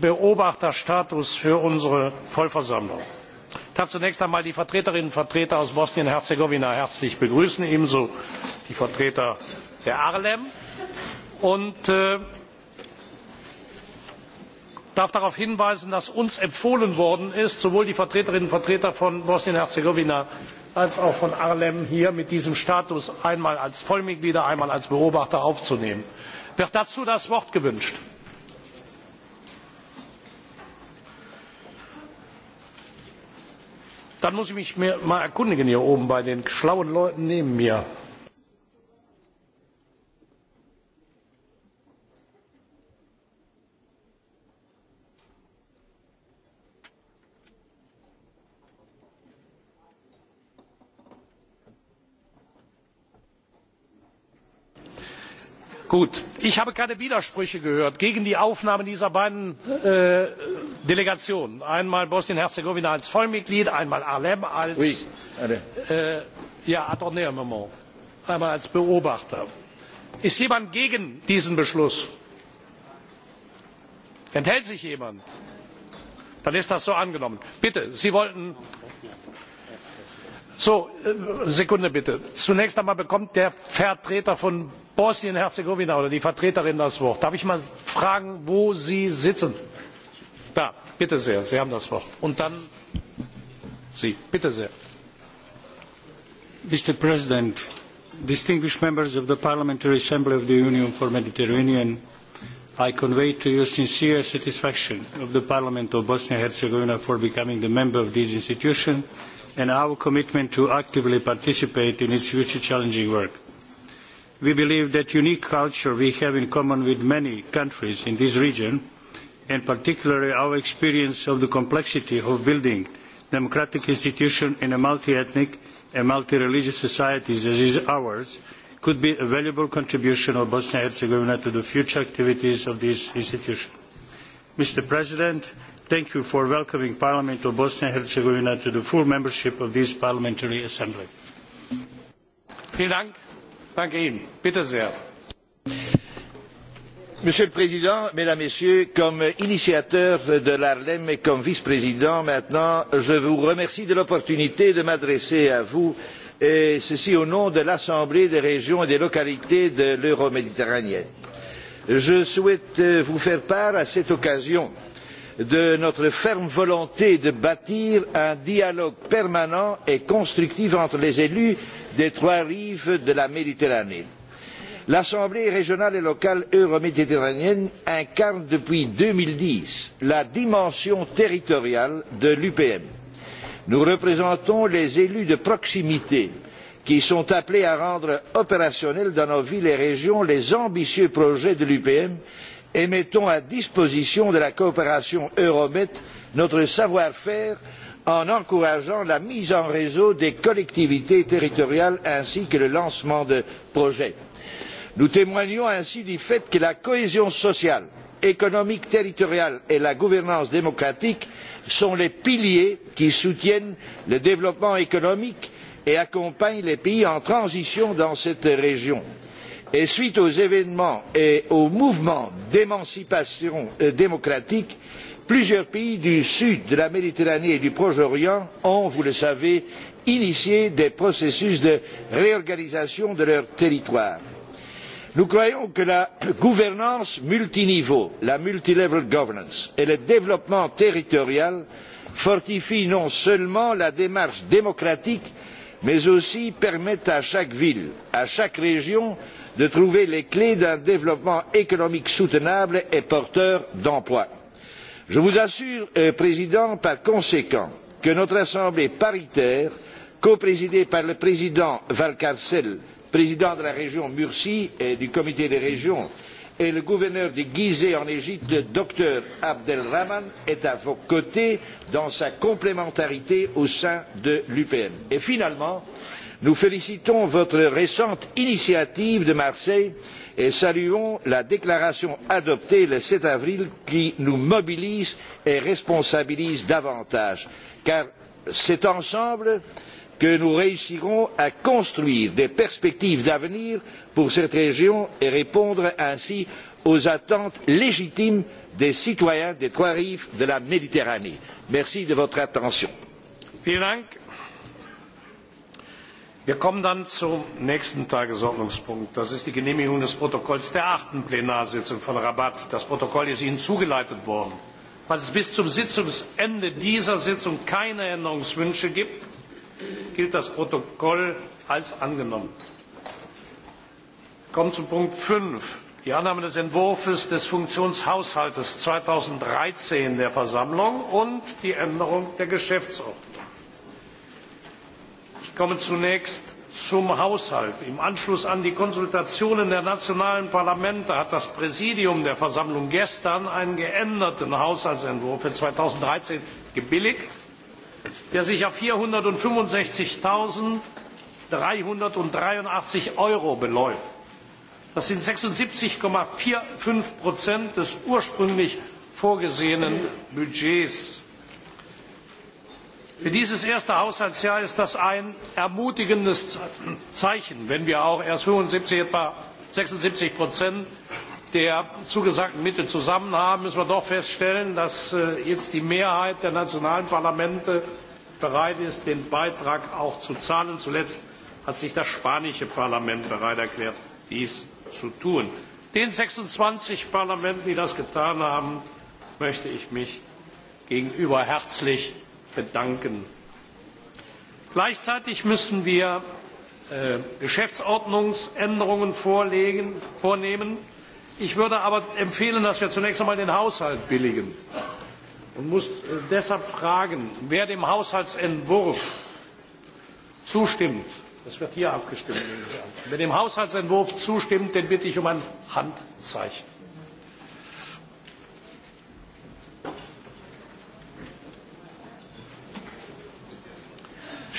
beobachterstatus für unsere vollversammlung. ich darf zunächst einmal die vertreterinnen und vertreter aus bosnien und herzegowina herzlich begrüßen ebenso die vertreter der arlem und äh, darf darauf hinweisen dass uns empfohlen worden ist sowohl die vertreterinnen und vertreter von bosnien und herzegowina als auch von arlem hier mit diesem status einmal als vollmitglieder einmal als beobachter aufzunehmen. wird dazu das wort gewünscht? Dann muss ich mich mal erkundigen hier oben bei den schlauen Leuten neben mir. Gut, ich habe keine Widersprüche gehört gegen die Aufnahme dieser beiden äh, Delegationen. Einmal Bosnien-Herzegowina als Vollmitglied, einmal Alem als, äh, einmal als Beobachter. Ist jemand gegen diesen Beschluss? Enthält sich jemand? Dann ist das so angenommen. Bitte, Sie wollten So, äh, Sekunde bitte. Zunächst einmal bekommt der Vertreter von Bosnien-Herzegowina oder die Vertreterin das Wort. Darf ich mal fragen, wo Sie sitzen? Da, bitte sehr, Sie haben das Wort. Und dann Sie, bitte sehr. Mr. President, distinguished members of the Parliamentary Assembly of the Union for Mediterranean, I convey to you sincere satisfaction of the Parliament of Bosnia-Herzegovina for becoming the member of this institution and our commitment to actively participate in its future challenging work. We believe that unique culture we have in common with many countries in this region, and particularly our experience of the complexity of building democratic institutions in a multi-ethnic and multi-religious society as is ours, could be a valuable contribution of Bosnia and Herzegovina to the future activities of this institution. Mr. President, thank you for welcoming Parliament of Bosnia and Herzegovina to the full membership of this Parliamentary Assembly. Dank. Monsieur le Président, Mesdames, et Messieurs, comme initiateur de l'ARLEM et comme vice-président maintenant, je vous remercie de l'opportunité de m'adresser à vous, et ceci au nom de l'Assemblée des régions et des localités de l'Euroméditerranée. Je souhaite vous faire part à cette occasion euh, de notre ferme volonté de bâtir un dialogue permanent et constructif entre les élus des trois rives de la Méditerranée. L'Assemblée régionale et locale euroméditerranéenne incarne depuis deux mille dix la dimension territoriale de l'UPM. Nous représentons les élus de proximité qui sont appelés à rendre opérationnels dans nos villes et régions les ambitieux projets de l'UPM et mettons à disposition de la coopération euromed notre savoir faire en encourageant la mise en réseau des collectivités territoriales ainsi que le lancement de projets. Nous témoignons ainsi du fait que la cohésion sociale, économique territoriale et la gouvernance démocratique sont les piliers qui soutiennent le développement économique et accompagnent les pays en transition dans cette région. Et suite aux événements et aux mouvements d'émancipation euh, démocratique, plusieurs pays du sud de la Méditerranée et du Proche-Orient ont, vous le savez, initié des processus de réorganisation de leur territoire. Nous croyons que la gouvernance multiniveau, la multilevel governance et le développement territorial fortifient non seulement la démarche démocratique, mais aussi permettent à chaque ville, à chaque région de trouver les clés d'un développement économique soutenable et porteur d'emplois. Je vous assure, euh, Président, par conséquent, que notre Assemblée paritaire, coprésidée par le président Valcarcel, président de la région Murcie et du comité des régions, et le gouverneur de Gizeh en Égypte, le docteur Abdelrahman, est à vos côtés dans sa complémentarité au sein de l'UPM. Et finalement, Nous félicitons votre récente initiative de Marseille et saluons la déclaration adoptée le sept avril qui nous mobilise et responsabilise davantage, car c'est ensemble que nous réussirons à construire des perspectives d'avenir pour cette région et répondre ainsi aux attentes légitimes des citoyens des trois rives de la Méditerranée. Merci de votre attention. Vielen Dank. Wir kommen dann zum nächsten Tagesordnungspunkt. Das ist die Genehmigung des Protokolls der achten Plenarsitzung von Rabat. Das Protokoll ist Ihnen zugeleitet worden. Falls es bis zum Sitzungsende dieser Sitzung keine Änderungswünsche gibt, gilt das Protokoll als angenommen. Wir kommen zu Punkt 5. Die Annahme des Entwurfs des Funktionshaushaltes 2013 der Versammlung und die Änderung der Geschäftsordnung. Ich komme zunächst zum Haushalt. Im Anschluss an die Konsultationen der nationalen Parlamente hat das Präsidium der Versammlung gestern einen geänderten Haushaltsentwurf für 2013 gebilligt, der sich auf 465.383 Euro beläuft. Das sind 76,45 Prozent des ursprünglich vorgesehenen Budgets. Für dieses erste Haushaltsjahr ist das ein ermutigendes Zeichen, wenn wir auch erst 75, etwa 76 Prozent der zugesagten Mittel zusammen haben, müssen wir doch feststellen, dass äh, jetzt die Mehrheit der nationalen Parlamente bereit ist, den Beitrag auch zu zahlen. Zuletzt hat sich das spanische Parlament bereit erklärt, dies zu tun. Den 26 Parlamenten, die das getan haben, möchte ich mich gegenüber herzlich bedanken. Gleichzeitig müssen wir äh, Geschäftsordnungsänderungen vorlegen, vornehmen. Ich würde aber empfehlen, dass wir zunächst einmal den Haushalt billigen und muss äh, deshalb fragen, wer dem Haushaltsentwurf zustimmt. Das wird hier abgestimmt. Wer dem Haushaltsentwurf zustimmt, den bitte ich um ein Handzeichen.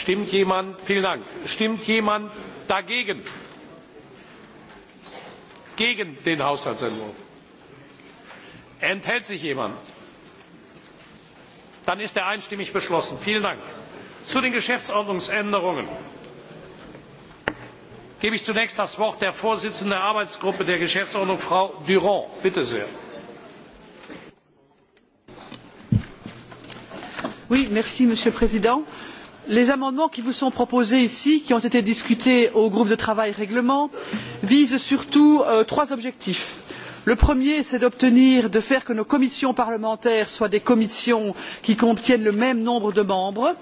Stimmt jemand? Vielen Dank. Stimmt jemand dagegen? Gegen den Haushaltsentwurf? Enthält sich jemand? Dann ist er einstimmig beschlossen. Vielen Dank. Zu den Geschäftsordnungsänderungen gebe ich zunächst das Wort der Vorsitzenden der Arbeitsgruppe der Geschäftsordnung, Frau Durand. Bitte sehr. Oui, merci, Monsieur le Président les amendements qui vous sont proposés ici, qui ont été discutés au groupe de travail règlement, visent surtout euh, trois objectifs. Le premier, c'est d'obtenir, de faire que nos commissions parlementaires soient des commissions qui contiennent le même nombre de membres.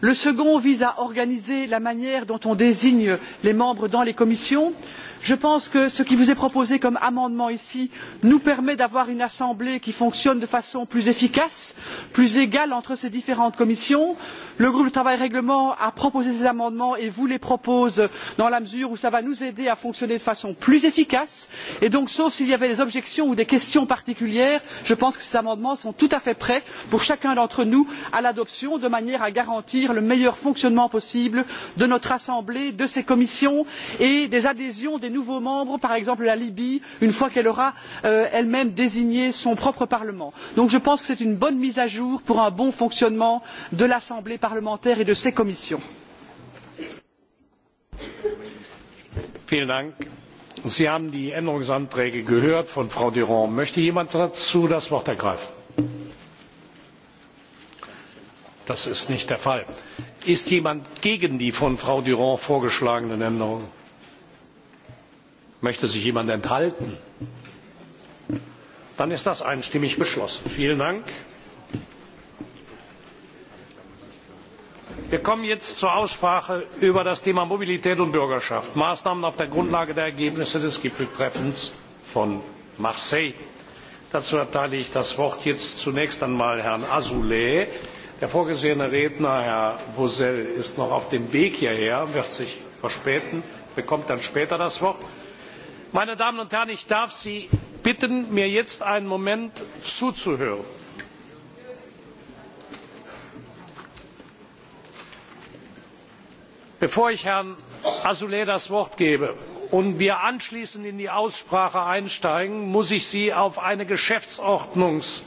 Le second vise à organiser la manière dont on désigne les membres dans les commissions. Le je pense que ce qui vous est proposé comme amendement ici nous permet d'avoir une assemblée qui fonctionne de façon plus efficace plus égale entre ces différentes commissions. le groupe de travail règlement a proposé ces amendements et vous les propose dans la mesure où cela va nous aider à fonctionner de façon plus efficace et donc sauf s'il y avait des objections ou des questions particulières je pense que ces amendements sont tout à fait prêts pour chacun d'entre nous à l'adoption de manière à garantir le meilleur fonctionnement possible de notre assemblée de ses commissions et des adhésions des des nouveaux membres, par exemple la Libye, une fois qu'elle aura euh, elle-même désigné son propre Parlement. Donc je pense que c'est une bonne mise à jour pour un bon fonctionnement de l'Assemblée parlementaire et de ses commissions. Vielen Dank. Sie haben die Änderungsanträge gehört von Frau Durand. Möchte jemand dazu das Wort ergreifen? Das ist nicht der Fall. Ist jemand gegen die von Frau Durand vorgeschlagenen Änderungen? Möchte sich jemand enthalten? Dann ist das einstimmig beschlossen. Vielen Dank. Wir kommen jetzt zur Aussprache über das Thema Mobilität und Bürgerschaft. Maßnahmen auf der Grundlage der Ergebnisse des Gipfeltreffens von Marseille. Dazu erteile ich das Wort jetzt zunächst einmal Herrn Azoulay. Der vorgesehene Redner, Herr Bosell, ist noch auf dem Weg hierher, wird sich verspäten, bekommt dann später das Wort. Meine Damen und Herren, ich darf Sie bitten, mir jetzt einen Moment zuzuhören. Bevor ich Herrn Azoulay das Wort gebe und wir anschließend in die Aussprache einsteigen, muss ich Sie auf eine Geschäftsordnungs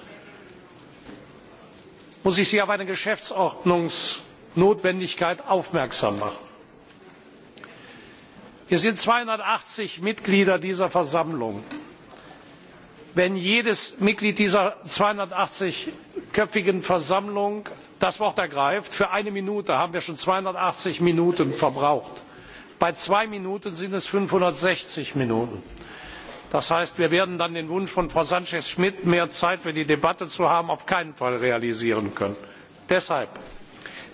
muss ich Sie auf eine Geschäftsordnungsnotwendigkeit aufmerksam machen wir sind zweihundertachtzig mitglieder dieser versammlung. wenn jedes mitglied dieser zweihundertachtzig köpfigen versammlung das wort ergreift für eine minute haben wir schon zweihundertachtzig minuten verbraucht bei zwei minuten sind es fünfhundertsechzig minuten. das heißt wir werden dann den wunsch von frau sanchez schmidt mehr zeit für die debatte zu haben auf keinen fall realisieren können. deshalb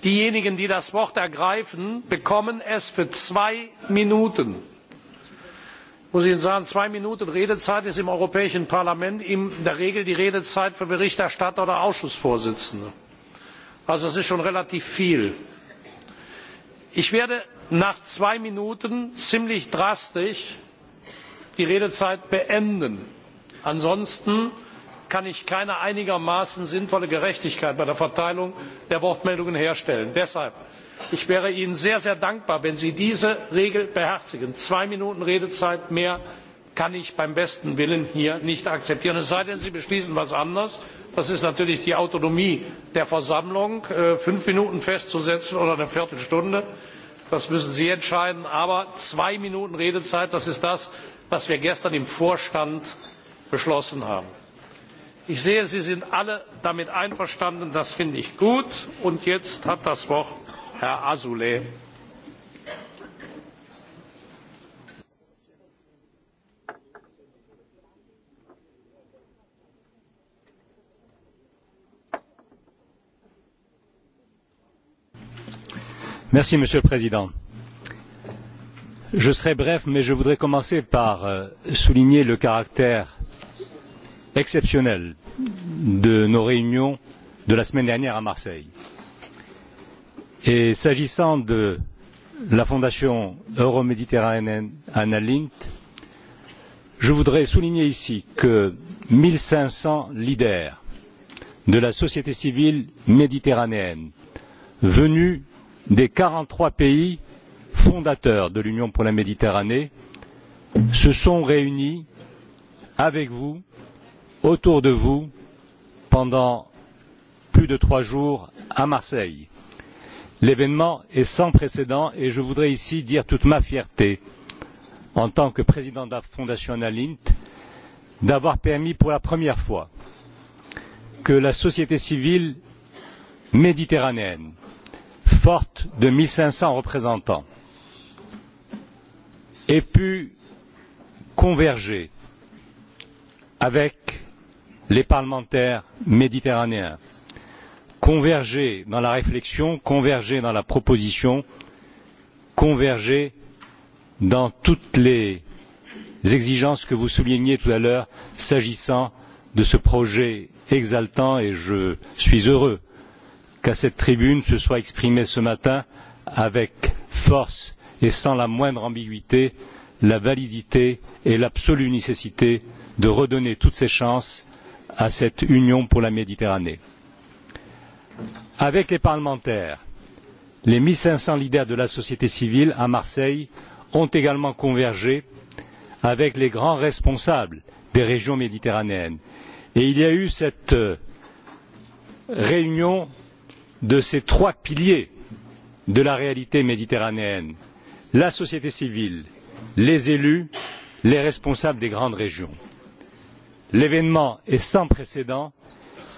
Diejenigen, die das Wort ergreifen, bekommen es für zwei Minuten. Ich muss Ihnen sagen, zwei Minuten Redezeit ist im Europäischen Parlament in der Regel die Redezeit für Berichterstatter oder Ausschussvorsitzende. Also das ist schon relativ viel. Ich werde nach zwei Minuten ziemlich drastisch die Redezeit beenden. Ansonsten kann ich keine einigermaßen sinnvolle Gerechtigkeit bei der Verteilung der Wortmeldungen herstellen. Deshalb, ich wäre Ihnen sehr, sehr dankbar, wenn Sie diese Regel beherzigen. Zwei Minuten Redezeit mehr kann ich beim besten Willen hier nicht akzeptieren. Es sei denn, Sie beschließen etwas anderes. Das ist natürlich die Autonomie der Versammlung, äh, fünf Minuten festzusetzen oder eine Viertelstunde. Das müssen Sie entscheiden. Aber zwei Minuten Redezeit, das ist das, was wir gestern im Vorstand beschlossen haben. Ich sehe, Sie sind alle damit einverstanden. Das finde ich gut. Und jetzt hat das Wort Herr Azoulay. Merci, Monsieur le Président. Je serai bref, mais je voudrais commencer par euh, souligner le caractère exceptionnelle de nos réunions de la semaine dernière à Marseille. Et s'agissant de la Fondation Euroméditerranéenne Analint, je voudrais souligner ici que 1500 leaders de la société civile méditerranéenne venus des 43 pays fondateurs de l'Union pour la Méditerranée se sont réunis avec vous autour de vous pendant plus de trois jours à Marseille. L'événement est sans précédent et je voudrais ici dire toute ma fierté en tant que président de la Fondation NALINT, d'avoir permis pour la première fois que la société civile méditerranéenne, forte de 1500 représentants, ait pu converger avec les parlementaires méditerranéens converger dans la réflexion, converger dans la proposition, converger dans toutes les exigences que vous souligniez tout à l'heure s'agissant de ce projet exaltant et je suis heureux qu'à cette tribune se soit exprimé ce matin avec force et sans la moindre ambiguïté la validité et l'absolue nécessité de redonner toutes ses chances à cette Union pour la Méditerranée. Avec les parlementaires, les 1500 leaders de la société civile à Marseille ont également convergé avec les grands responsables des régions méditerranéennes. Et il y a eu cette euh, réunion de ces trois piliers de la réalité méditerranéenne la société civile, les élus, les responsables des grandes régions. L'événement est sans précédent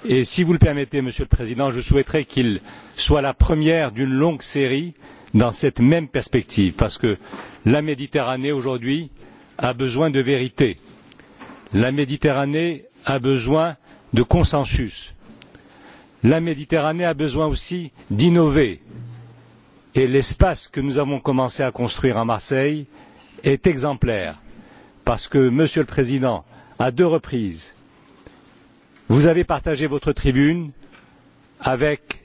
et si vous le permettez, Monsieur le Président, je souhaiterais qu'il soit la première d'une longue série dans cette même perspective, parce que la Méditerranée aujourd'hui a besoin de vérité. La Méditerranée a besoin de consensus. La Méditerranée a besoin aussi d'innover. Et l'espace que nous avons commencé à construire à Marseille est exemplaire. Parce que, Monsieur le Président, à deux reprises. Vous avez partagé votre tribune avec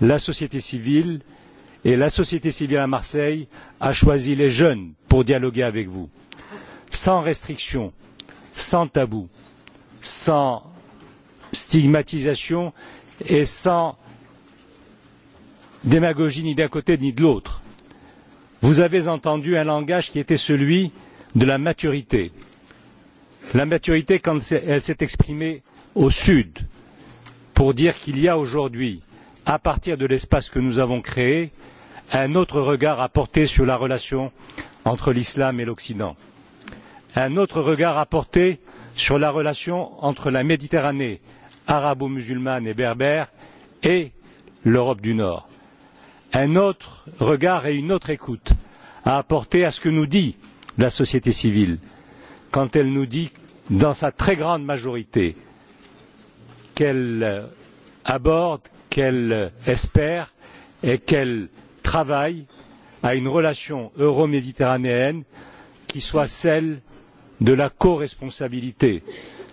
la société civile et la société civile à Marseille a choisi les jeunes pour dialoguer avec vous, sans restriction, sans tabou, sans stigmatisation et sans démagogie ni d'un côté ni de l'autre. Vous avez entendu un langage qui était celui de la maturité, la maturité quand elle s'est exprimée au Sud pour dire qu'il y a aujourd'hui, à partir de l'espace que nous avons créé, un autre regard à porter sur la relation entre l'islam et l'Occident, un autre regard à porter sur la relation entre la Méditerranée arabo-musulmane et berbère et l'Europe du Nord, un autre regard et une autre écoute à apporter à ce que nous dit la société civile quand elle nous dit dans sa très grande majorité, qu'elle aborde, qu'elle espère et qu'elle travaille à une relation euro-méditerranéenne qui soit celle de la co-responsabilité,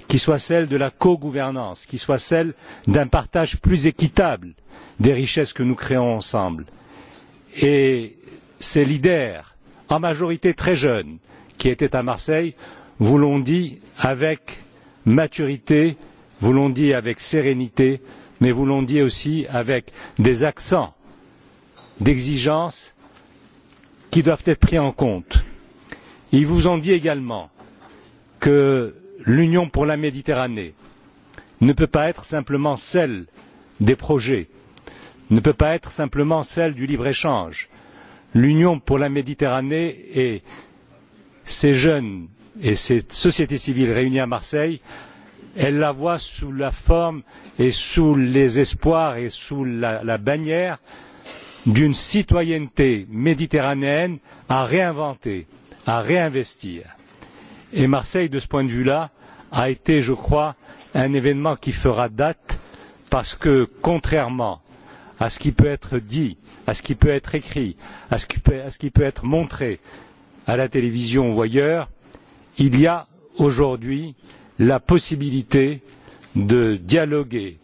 qui soit celle de la co-gouvernance, qui soit celle d'un partage plus équitable des richesses que nous créons ensemble. Et ces leaders, en majorité très jeunes, qui étaient à Marseille, vous l'ont dit avec maturité, vous l'ont dit avec sérénité, mais vous l'ont dit aussi avec des accents d'exigences qui doivent être pris en compte. Ils vous ont dit également que l'Union pour la Méditerranée ne peut pas être simplement celle des projets, ne peut pas être simplement celle du libre-échange. L'Union pour la Méditerranée et ses jeunes et cette société civile réunie à Marseille, elle la voit sous la forme et sous les espoirs et sous la, la bannière d'une citoyenneté méditerranéenne à réinventer, à réinvestir. Et Marseille, de ce point de vue-là, a été, je crois, un événement qui fera date parce que, contrairement à ce qui peut être dit, à ce qui peut être écrit, à ce qui peut, à ce qui peut être montré à la télévision ou ailleurs, il y a aujourd'hui la possibilité de dialoguer,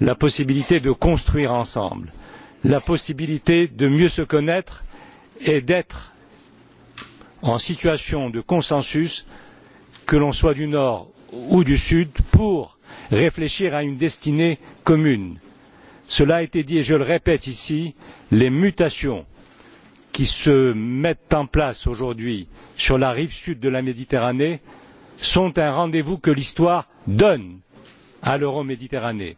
la possibilité de construire ensemble, la possibilité de mieux se connaître et d'être en situation de consensus, que l'on soit du Nord ou du Sud, pour réfléchir à une destinée commune. Cela a été dit et je le répète ici, les mutations qui se mettent en place aujourd'hui sur la rive sud de la Méditerranée sont un rendez-vous que l'histoire donne à l'euro-méditerranée.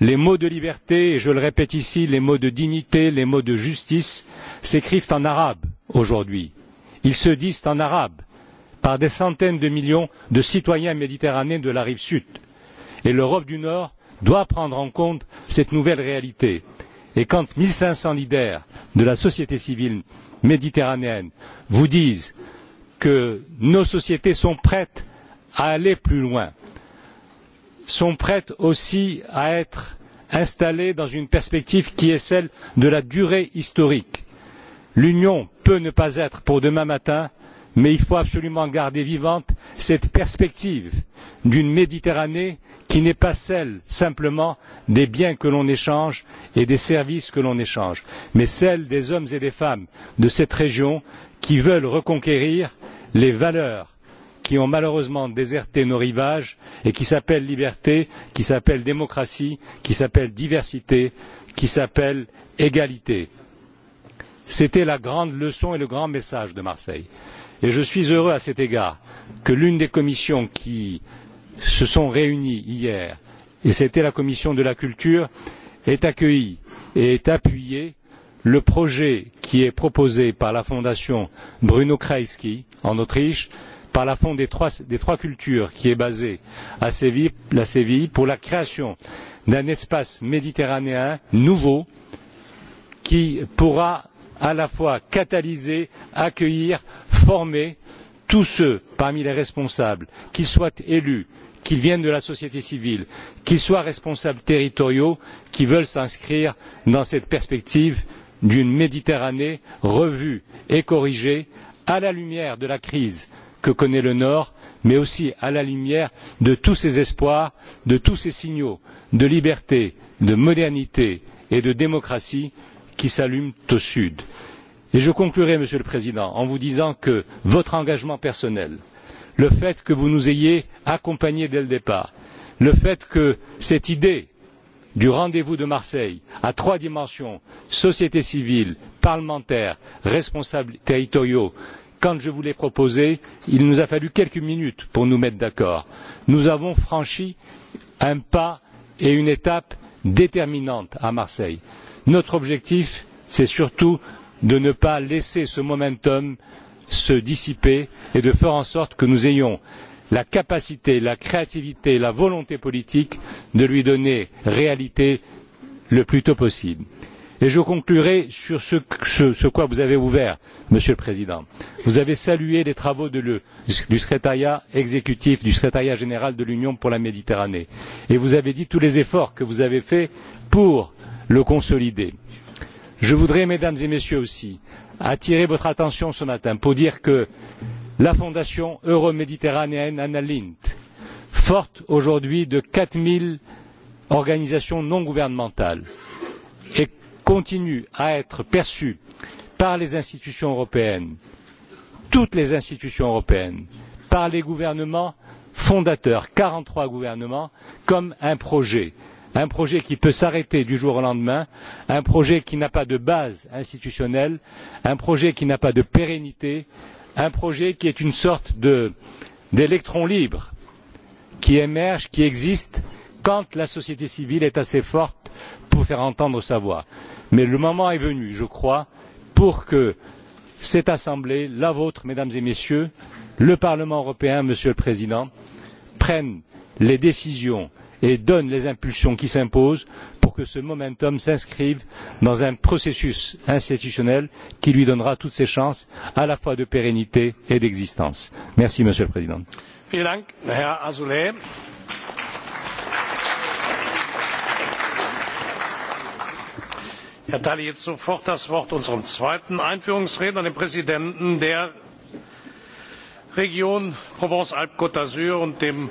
Les mots de liberté, et je le répète ici, les mots de dignité, les mots de justice s'écrivent en arabe aujourd'hui. Ils se disent en arabe par des centaines de millions de citoyens méditerranéens de la rive sud. Et l'Europe du Nord doit prendre en compte cette nouvelle réalité. Et quand 1500 leaders de la société civile méditerranéenne vous disent que nos sociétés sont prêtes à aller plus loin, sont prêtes aussi à être installées dans une perspective qui est celle de la durée historique. L'Union peut ne pas être pour demain matin Mais il faut absolument garder vivante cette perspective d'une Méditerranée qui n'est pas celle simplement des biens que l'on échange et des services que l'on échange, mais celle des hommes et des femmes de cette région qui veulent reconquérir les valeurs qui ont malheureusement déserté nos rivages et qui s'appellent liberté, qui s'appellent démocratie, qui s'appellent diversité, qui s'appellent égalité. C'était la grande leçon et le grand message de Marseille. Et je suis heureux à cet égard que l'une des commissions qui se sont réunies hier, et c'était la commission de la culture, ait accueilli et ait appuyé le projet qui est proposé par la fondation Bruno Kreisky en Autriche, par la Fond des trois, des trois cultures qui est basée à Séville, la Séville pour la création d'un espace méditerranéen nouveau qui pourra à la fois catalyser, accueillir, former tous ceux parmi les responsables, qu'ils soient élus, qu'ils viennent de la société civile, qu'ils soient responsables territoriaux, qui veulent s'inscrire dans cette perspective d'une Méditerranée revue et corrigée à la lumière de la crise que connaît le Nord, mais aussi à la lumière de tous ces espoirs, de tous ces signaux de liberté, de modernité et de démocratie qui s'allument au sud. Et je conclurai, Monsieur le Président, en vous disant que votre engagement personnel, le fait que vous nous ayez accompagnés dès le départ, le fait que cette idée du rendez-vous de Marseille à trois dimensions, société civile, parlementaire, responsables territoriaux, quand je vous l'ai proposé, il nous a fallu quelques minutes pour nous mettre d'accord. Nous avons franchi un pas et une étape déterminante à Marseille. Notre objectif, c'est surtout de ne pas laisser ce momentum se dissiper et de faire en sorte que nous ayons la capacité, la créativité, la volonté politique de lui donner réalité le plus tôt possible. Et je conclurai sur ce, ce, ce quoi vous avez ouvert, Monsieur le Président. Vous avez salué les travaux de le, du secrétariat exécutif, du secrétariat général de l'Union pour la Méditerranée. Et vous avez dit tous les efforts que vous avez faits pour le consolider. Je voudrais, mesdames et messieurs aussi, attirer votre attention ce matin pour dire que la Fondation euroméditerranéenne Annalint, forte aujourd'hui de quatre 4000 organisations non gouvernementales, et continue à être perçue par les institutions européennes, toutes les institutions européennes, par les gouvernements fondateurs, quarante trois gouvernements, comme un projet un projet qui peut s'arrêter du jour au lendemain, un projet qui n'a pas de base institutionnelle, un projet qui n'a pas de pérennité, un projet qui est une sorte d'électron libre qui émerge, qui existe quand la société civile est assez forte pour faire entendre sa voix. Mais le moment est venu, je crois, pour que cette Assemblée, la vôtre, mesdames et messieurs, le Parlement européen, Monsieur le Président, prenne les décisions et donne les impulsions qui s'imposent pour que ce momentum s'inscrive dans un processus institutionnel qui lui donnera toutes ses chances à la fois de pérennité et d'existence. Merci Monsieur le Président. Ich erteile jetzt sofort das Wort unserem zweiten Einführungsredner, dem Präsidenten der Region Provence-Alpes-Côte d'Azur und dem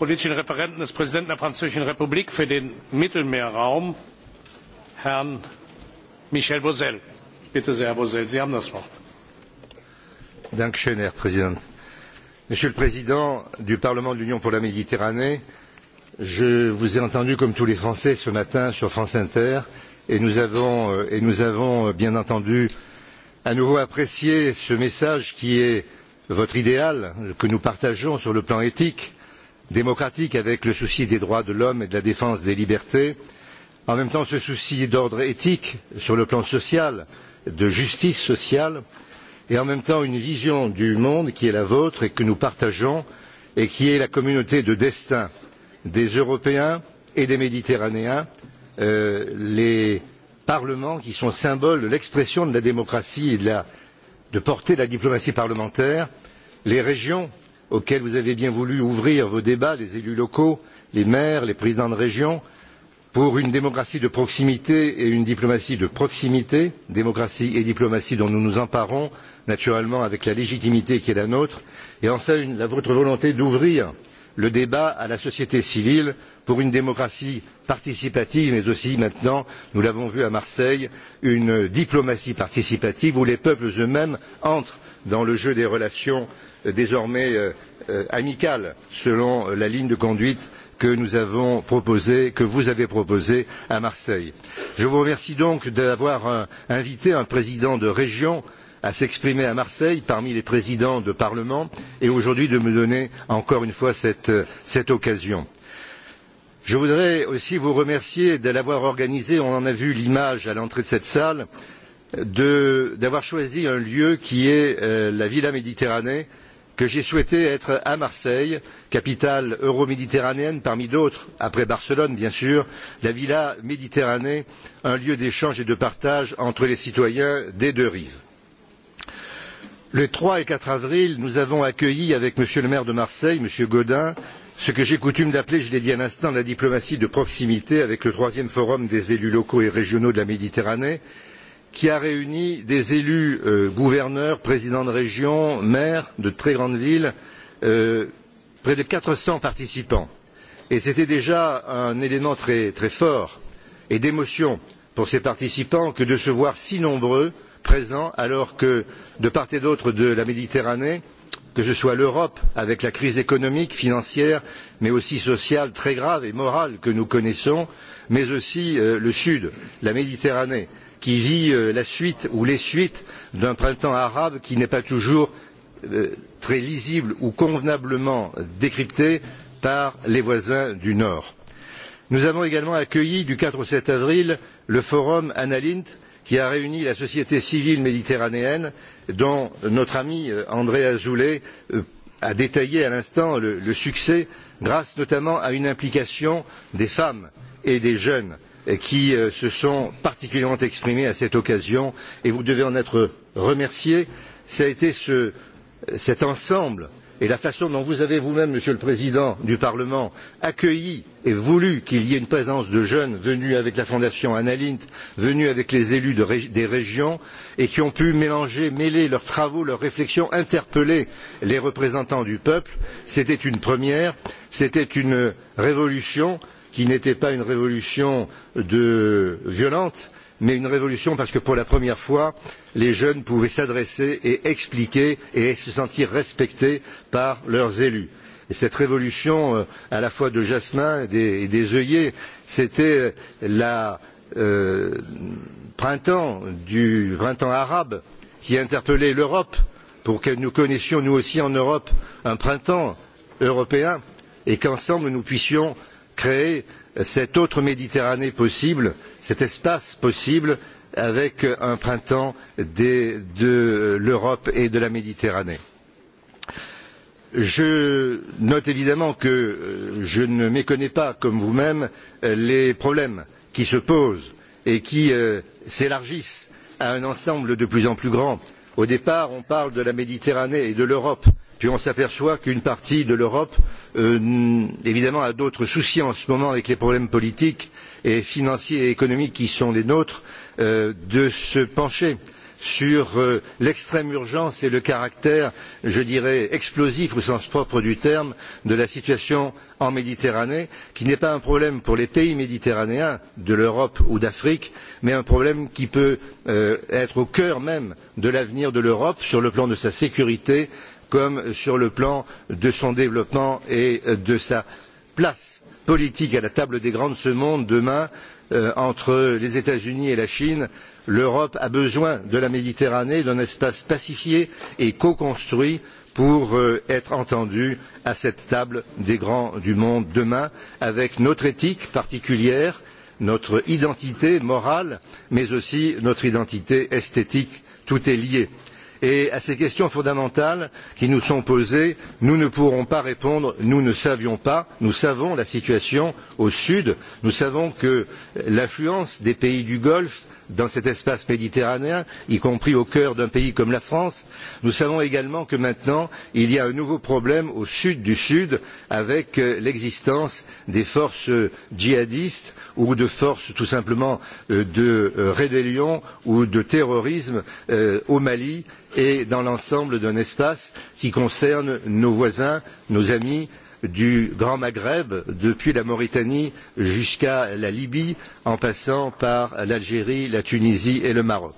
politischen Referenten des Präsidenten der Französischen Republik für den Mittelmeerraum, Herrn Michel Bozell. Bitte sehr, Herr Bozell, Sie haben das Wort. Dankeschön, Herr Präsident. Monsieur le Président du Parlement de l'Union pour la Méditerranée, je vous ai entendu comme tous les Français ce matin sur France Inter et nous avons, euh, et nous avons euh, bien entendu à nouveau apprécié ce message qui est votre idéal, que nous partageons sur le plan éthique, démocratique avec le souci des droits de l'homme et de la défense des libertés, en même temps ce souci d'ordre éthique sur le plan social, de justice sociale, et en même temps une vision du monde qui est la vôtre et que nous partageons et qui est la communauté de destin des Européens et des Méditerranéens, euh, les parlements qui sont symboles de l'expression de la démocratie et de la de porter la diplomatie parlementaire, les régions auxquels vous avez bien voulu ouvrir vos débats, les élus locaux, les maires, les présidents de région, pour une démocratie de proximité et une diplomatie de proximité, démocratie et diplomatie dont nous nous emparons, naturellement avec la légitimité qui est la nôtre, et enfin une, la, votre volonté d'ouvrir le débat à la société civile pour une démocratie participative, mais aussi maintenant, nous l'avons vu à Marseille, une diplomatie participative où les peuples eux-mêmes entrent dans le jeu des relations Euh, désormais euh, euh, amicale selon la ligne de conduite que nous avons proposée, que vous avez proposée à Marseille. Je vous remercie donc d'avoir invité un président de région à s'exprimer à Marseille parmi les présidents de Parlement et aujourd'hui de me donner encore une fois cette, cette occasion. Je voudrais aussi vous remercier de l'avoir organisé, on en a vu l'image à l'entrée de cette salle, d'avoir choisi un lieu qui est euh, la Villa Méditerranée, que j'ai souhaité être à Marseille, capitale euroméditerranéenne parmi d'autres, après Barcelone bien sûr, la Villa Méditerranée, un lieu d'échange et de partage entre les citoyens des deux rives. Le trois et quatre avril, nous avons accueilli avec Monsieur le maire de Marseille, Monsieur Gaudin, ce que j'ai coutume d'appeler, je l'ai dit à l'instant, la diplomatie de proximité avec le troisième forum des élus locaux et régionaux de la Méditerranée, qui a réuni des élus euh, gouverneurs, présidents de région, maires de très grandes villes, euh, près de quatre cents participants. Et c'était déjà un élément très, très fort et d'émotion pour ces participants que de se voir si nombreux présents alors que de part et d'autre de la Méditerranée, que ce soit l'Europe avec la crise économique, financière, mais aussi sociale très grave et morale que nous connaissons, mais aussi euh, le Sud, la Méditerranée, qui vit euh, la suite ou les suites d'un printemps arabe qui n'est pas toujours euh, très lisible ou convenablement décrypté par les voisins du Nord. Nous avons également accueilli du quatre au sept avril le forum Analint qui a réuni la société civile méditerranéenne dont notre ami euh, André Azoulay a détaillé à l'instant le, le succès grâce notamment à une implication des femmes et des jeunes qui euh, se sont particulièrement exprimés à cette occasion et vous devez en être remerciés. Ça a été ce, cet ensemble et la façon dont vous avez vous-même, Monsieur le Président du Parlement, accueilli et voulu qu'il y ait une présence de jeunes venus avec la Fondation Analint, venus avec les élus de des régions et qui ont pu mélanger, mêler leurs travaux, leurs réflexions, interpeller les représentants du peuple, c'était une première, c'était une révolution qui n'était pas une révolution de... violente, mais une révolution parce que pour la première fois, les jeunes pouvaient s'adresser et expliquer et se sentir respectés par leurs élus. Et cette révolution, euh, à la fois de jasmin et des, et des œillets, c'était euh, la euh, printemps du printemps arabe qui interpellait l'Europe pour que nous connaissions nous aussi en Europe un printemps européen et qu'ensemble nous puissions créer cette autre Méditerranée possible, cet espace possible avec un printemps des, de l'Europe et de la Méditerranée. Je note évidemment que euh, je ne méconnais pas, comme vous-même, les problèmes qui se posent et qui euh, s'élargissent à un ensemble de plus en plus grand Au départ, on parle de la Méditerranée et de l'Europe, puis on s'aperçoit qu'une partie de l'Europe, euh, évidemment, a d'autres soucis en ce moment avec les problèmes politiques et financiers et économiques qui sont les nôtres, euh, de se pencher euh, sur euh, l'extrême urgence et le caractère, je dirais, explosif au sens propre du terme de la situation en Méditerranée, qui n'est pas un problème pour les pays méditerranéens de l'Europe ou d'Afrique, mais un problème qui peut euh, être au cœur même de l'avenir de l'Europe sur le plan de sa sécurité comme sur le plan de son développement et euh, de sa place politique à la table des grands de ce monde demain euh, entre les États-Unis et la Chine L'Europe a besoin de la Méditerranée, d'un espace pacifié et co-construit pour euh, être entendue à cette table des grands du monde demain, avec notre éthique particulière, notre identité morale, mais aussi notre identité esthétique. Tout est lié. Et à ces questions fondamentales qui nous sont posées, nous ne pourrons pas répondre, nous ne savions pas, nous savons la situation au sud, nous savons que l'affluence des pays du Golfe dans cet espace méditerranéen, y compris au cœur d'un pays comme la France. Nous savons également que maintenant, il y a un nouveau problème au sud du sud avec euh, l'existence des forces euh, djihadistes ou de forces tout simplement euh, de rébellion ou de terrorisme au Mali et dans l'ensemble d'un espace qui concerne nos voisins, nos amis du Grand Maghreb, depuis la Mauritanie jusqu'à la Libye, en passant par l'Algérie, la Tunisie et le Maroc.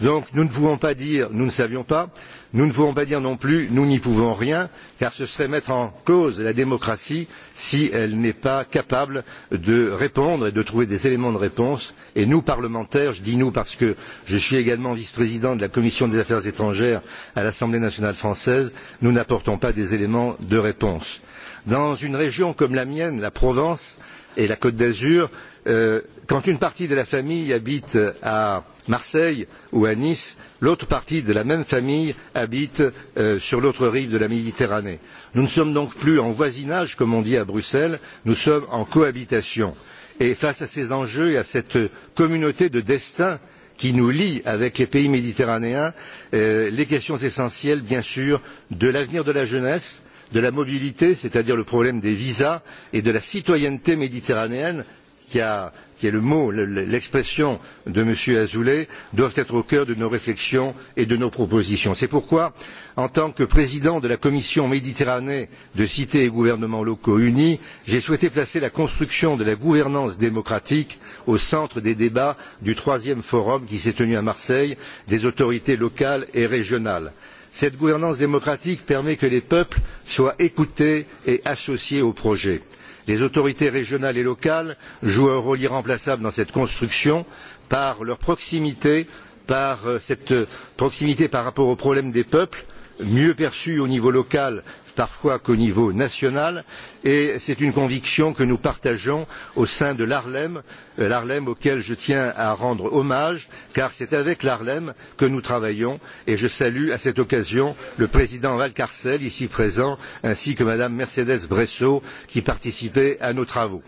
Donc nous ne pouvons pas dire nous ne savions pas, nous ne pouvons pas dire non plus nous n'y pouvons rien, car ce serait mettre en cause la démocratie si elle n'est pas capable de répondre et de trouver des éléments de réponse. Et nous, parlementaires, je dis nous parce que je suis également vice-président de la Commission des affaires étrangères à l'Assemblée nationale française, nous n'apportons pas des éléments de réponse dans une région comme la mienne, la Provence et la Côte d'Azur, euh, quand une partie de la famille habite à Marseille ou à Nice, l'autre partie de la même famille habite euh, sur l'autre rive de la Méditerranée. Nous ne sommes donc plus en voisinage, comme on dit à Bruxelles, nous sommes en cohabitation. Et face à ces enjeux et à cette communauté de destin qui nous lie avec les pays méditerranéens, euh, les questions essentielles, bien sûr, de l'avenir de la jeunesse, de la mobilité, c'est-à-dire le problème des visas et de la citoyenneté méditerranéenne, qui, a, qui est le mot, l'expression de M. Azoulay, doivent être au cœur de nos réflexions et de nos propositions. C'est pourquoi, en tant que président de la commission Méditerranée de cités et gouvernements locaux unis, j'ai souhaité placer la construction de la gouvernance démocratique au centre des débats du troisième forum qui s'est tenu à Marseille des autorités locales et régionales. Cette gouvernance démocratique permet que les peuples soient écoutés et associés au projet. Les autorités régionales et locales jouent un rôle irremplaçable dans cette construction par leur proximité, par euh, cette euh, proximité par rapport aux problèmes des peuples, mieux perçus au niveau local parfois qu'au niveau national et c'est une conviction que nous partageons au sein de l'Arlem, euh, l'Arlem auquel je tiens à rendre hommage car c'est avec l'Arlem que nous travaillons et je salue à cette occasion le président Valcarcel ici présent ainsi que madame Mercedes Bresso qui participait à nos travaux.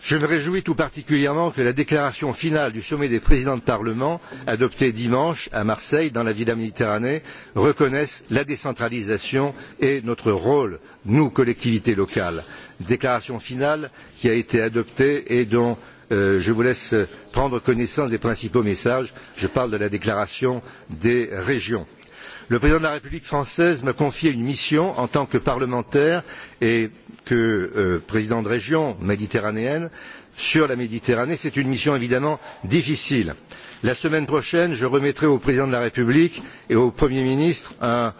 Je me réjouis tout particulièrement que la déclaration finale du sommet des présidents de Parlement, adoptée dimanche à Marseille, dans la Villa Méditerranée, reconnaisse la décentralisation et notre rôle, nous, collectivités locales. Déclaration finale qui a été adoptée et dont euh, je vous laisse prendre connaissance des principaux messages. Je parle de la déclaration des régions. Le président de la République française m'a confié une mission en tant que parlementaire et que euh, président de région méditerranéenne sur la Méditerranée. C'est une mission évidemment difficile. La semaine prochaine, je remettrai au président de la République et au Premier ministre un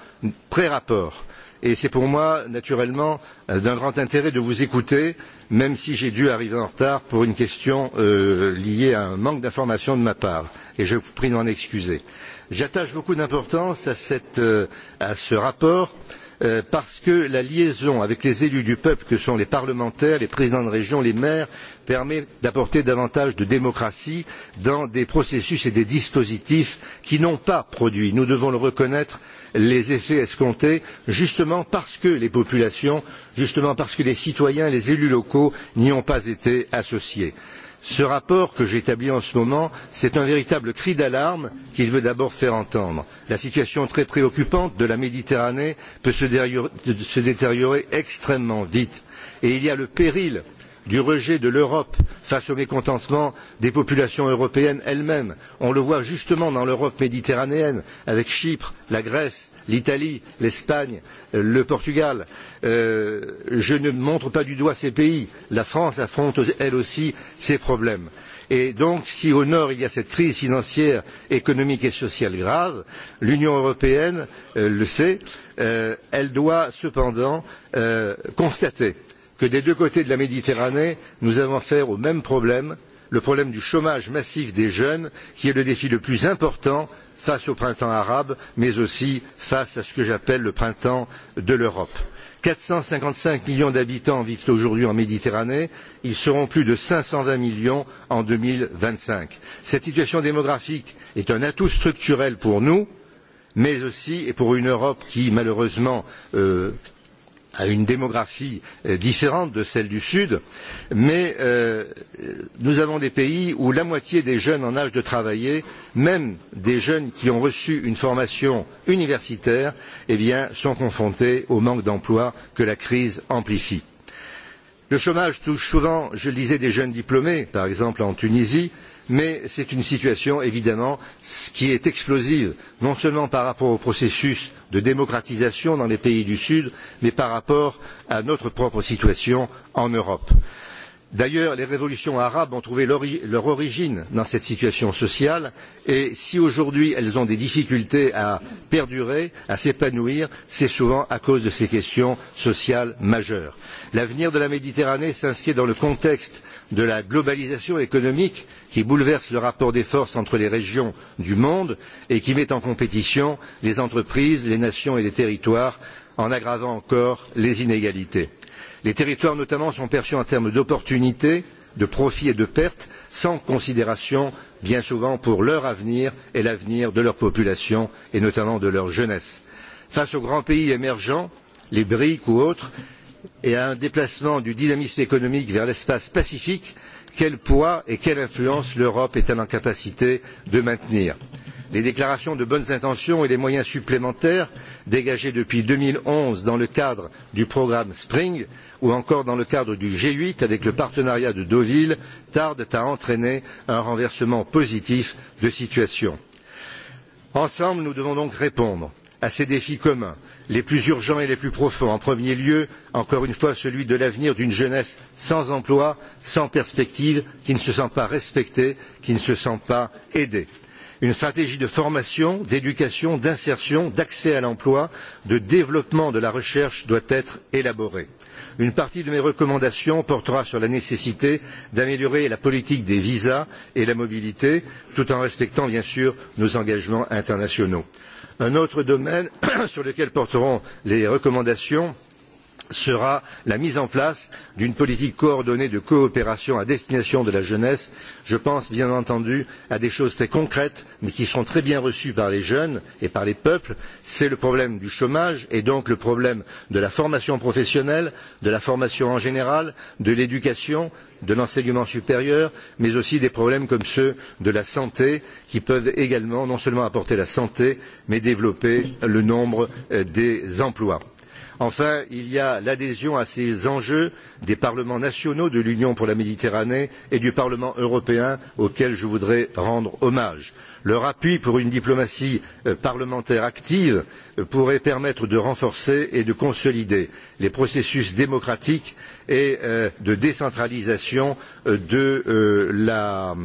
pré-rapport. Et c'est pour moi, naturellement, euh, d'un grand intérêt de vous écouter, même si j'ai dû arriver en retard pour une question euh, liée à un manque d'information de ma part. Et je vous prie d'en excuser. J'attache beaucoup d'importance à, euh, à ce rapport euh, Euh, parce que la liaison avec les élus du peuple que sont les parlementaires, les présidents de région, les maires permet d'apporter davantage de démocratie dans des processus et des dispositifs qui n'ont pas produit, nous devons le reconnaître, les effets escomptés, justement parce que les populations, justement parce que les citoyens, les élus locaux n'y ont pas été associés. Ce rapport que j'établis en ce moment, c'est un véritable cri d'alarme qu'il veut d'abord faire entendre. La situation très préoccupante de la Méditerranée peut se détériorer extrêmement vite. Et il y a le péril du rejet de l'Europe face au mécontentement des populations européennes elles-mêmes. On le voit justement dans l'Europe méditerranéenne avec Chypre, la Grèce, l'Italie, l'Espagne, euh, le Portugal. Euh, je ne montre pas du doigt ces pays. La France affronte elle aussi ces problèmes. Et donc, si au nord il y a cette crise financière, économique et sociale grave, l'Union européenne euh, le sait, euh, elle doit cependant euh, constater que des deux côtés de la Méditerranée, nous avons affaire au même problème, le problème du chômage massif des jeunes, qui est le défi le plus important face au printemps arabe, mais aussi face à ce que j'appelle le printemps de l'Europe. Quatre cent cinquante cinq millions d'habitants vivent aujourd'hui en Méditerranée, ils seront plus de cinq cent vingt millions en deux mille vingt cinq. Cette situation démographique est un atout structurel pour nous, mais aussi et pour une Europe qui malheureusement euh, à une démographie euh, différente de celle du Sud, mais euh, nous avons des pays où la moitié des jeunes en âge de travailler, même des jeunes qui ont reçu une formation universitaire, eh bien, sont confrontés au manque d'emploi que la crise amplifie. Le chômage touche souvent, je le disais, des jeunes diplômés, par exemple en Tunisie, mais c'est une situation évidemment qui est explosive, non seulement par rapport au processus de démocratisation dans les pays du Sud, mais par rapport à notre propre situation en Europe. D'ailleurs, les révolutions arabes ont trouvé leur origine dans cette situation sociale et si aujourd'hui elles ont des difficultés à perdurer, à s'épanouir, c'est souvent à cause de ces questions sociales majeures. L'avenir de la Méditerranée s'inscrit dans le contexte de la globalisation économique qui bouleverse le rapport des forces entre les régions du monde et qui met en compétition les entreprises, les nations et les territoires en aggravant encore les inégalités. Les territoires notamment sont perçus en termes d'opportunités, de profits et de pertes, sans considération bien souvent pour leur avenir et l'avenir de leur population et notamment de leur jeunesse. Face aux grands pays émergents, les BRIC ou autres, et à un déplacement du dynamisme économique vers l'espace pacifique, quel poids et quelle influence l'Europe est-elle en capacité de maintenir Les déclarations de bonnes intentions et les moyens supplémentaires dégagés depuis deux mille onze dans le cadre du programme Spring ou encore dans le cadre du g huit avec le partenariat de Deauville tardent à entraîner un renversement positif de situation. Ensemble, nous devons donc répondre à ces défis communs, les plus urgents et les plus profonds. En premier lieu, encore une fois, celui de l'avenir d'une jeunesse sans emploi, sans perspective, qui ne se sent pas respectée, qui ne se sent pas aidée une stratégie de formation, d'éducation, d'insertion, d'accès à l'emploi, de développement de la recherche doit être élaborée. Une partie de mes recommandations portera sur la nécessité d'améliorer la politique des visas et la mobilité, tout en respectant bien sûr nos engagements internationaux. Un autre domaine sur lequel porteront les recommandations sera la mise en place d'une politique coordonnée de coopération à destination de la jeunesse. Je pense bien entendu à des choses très concrètes mais qui sont très bien reçues par les jeunes et par les peuples. C'est le problème du chômage et donc le problème de la formation professionnelle, de la formation en général, de l'éducation, de l'enseignement supérieur, mais aussi des problèmes comme ceux de la santé, qui peuvent également non seulement apporter la santé, mais développer le nombre euh, des emplois. Enfin, il y a l'adhésion à ces enjeux des parlements nationaux de l'Union pour la Méditerranée et du Parlement européen auquel je voudrais rendre hommage. Leur appui pour une diplomatie euh, parlementaire active euh, pourrait permettre de renforcer et de consolider les processus démocratiques et euh, de décentralisation de la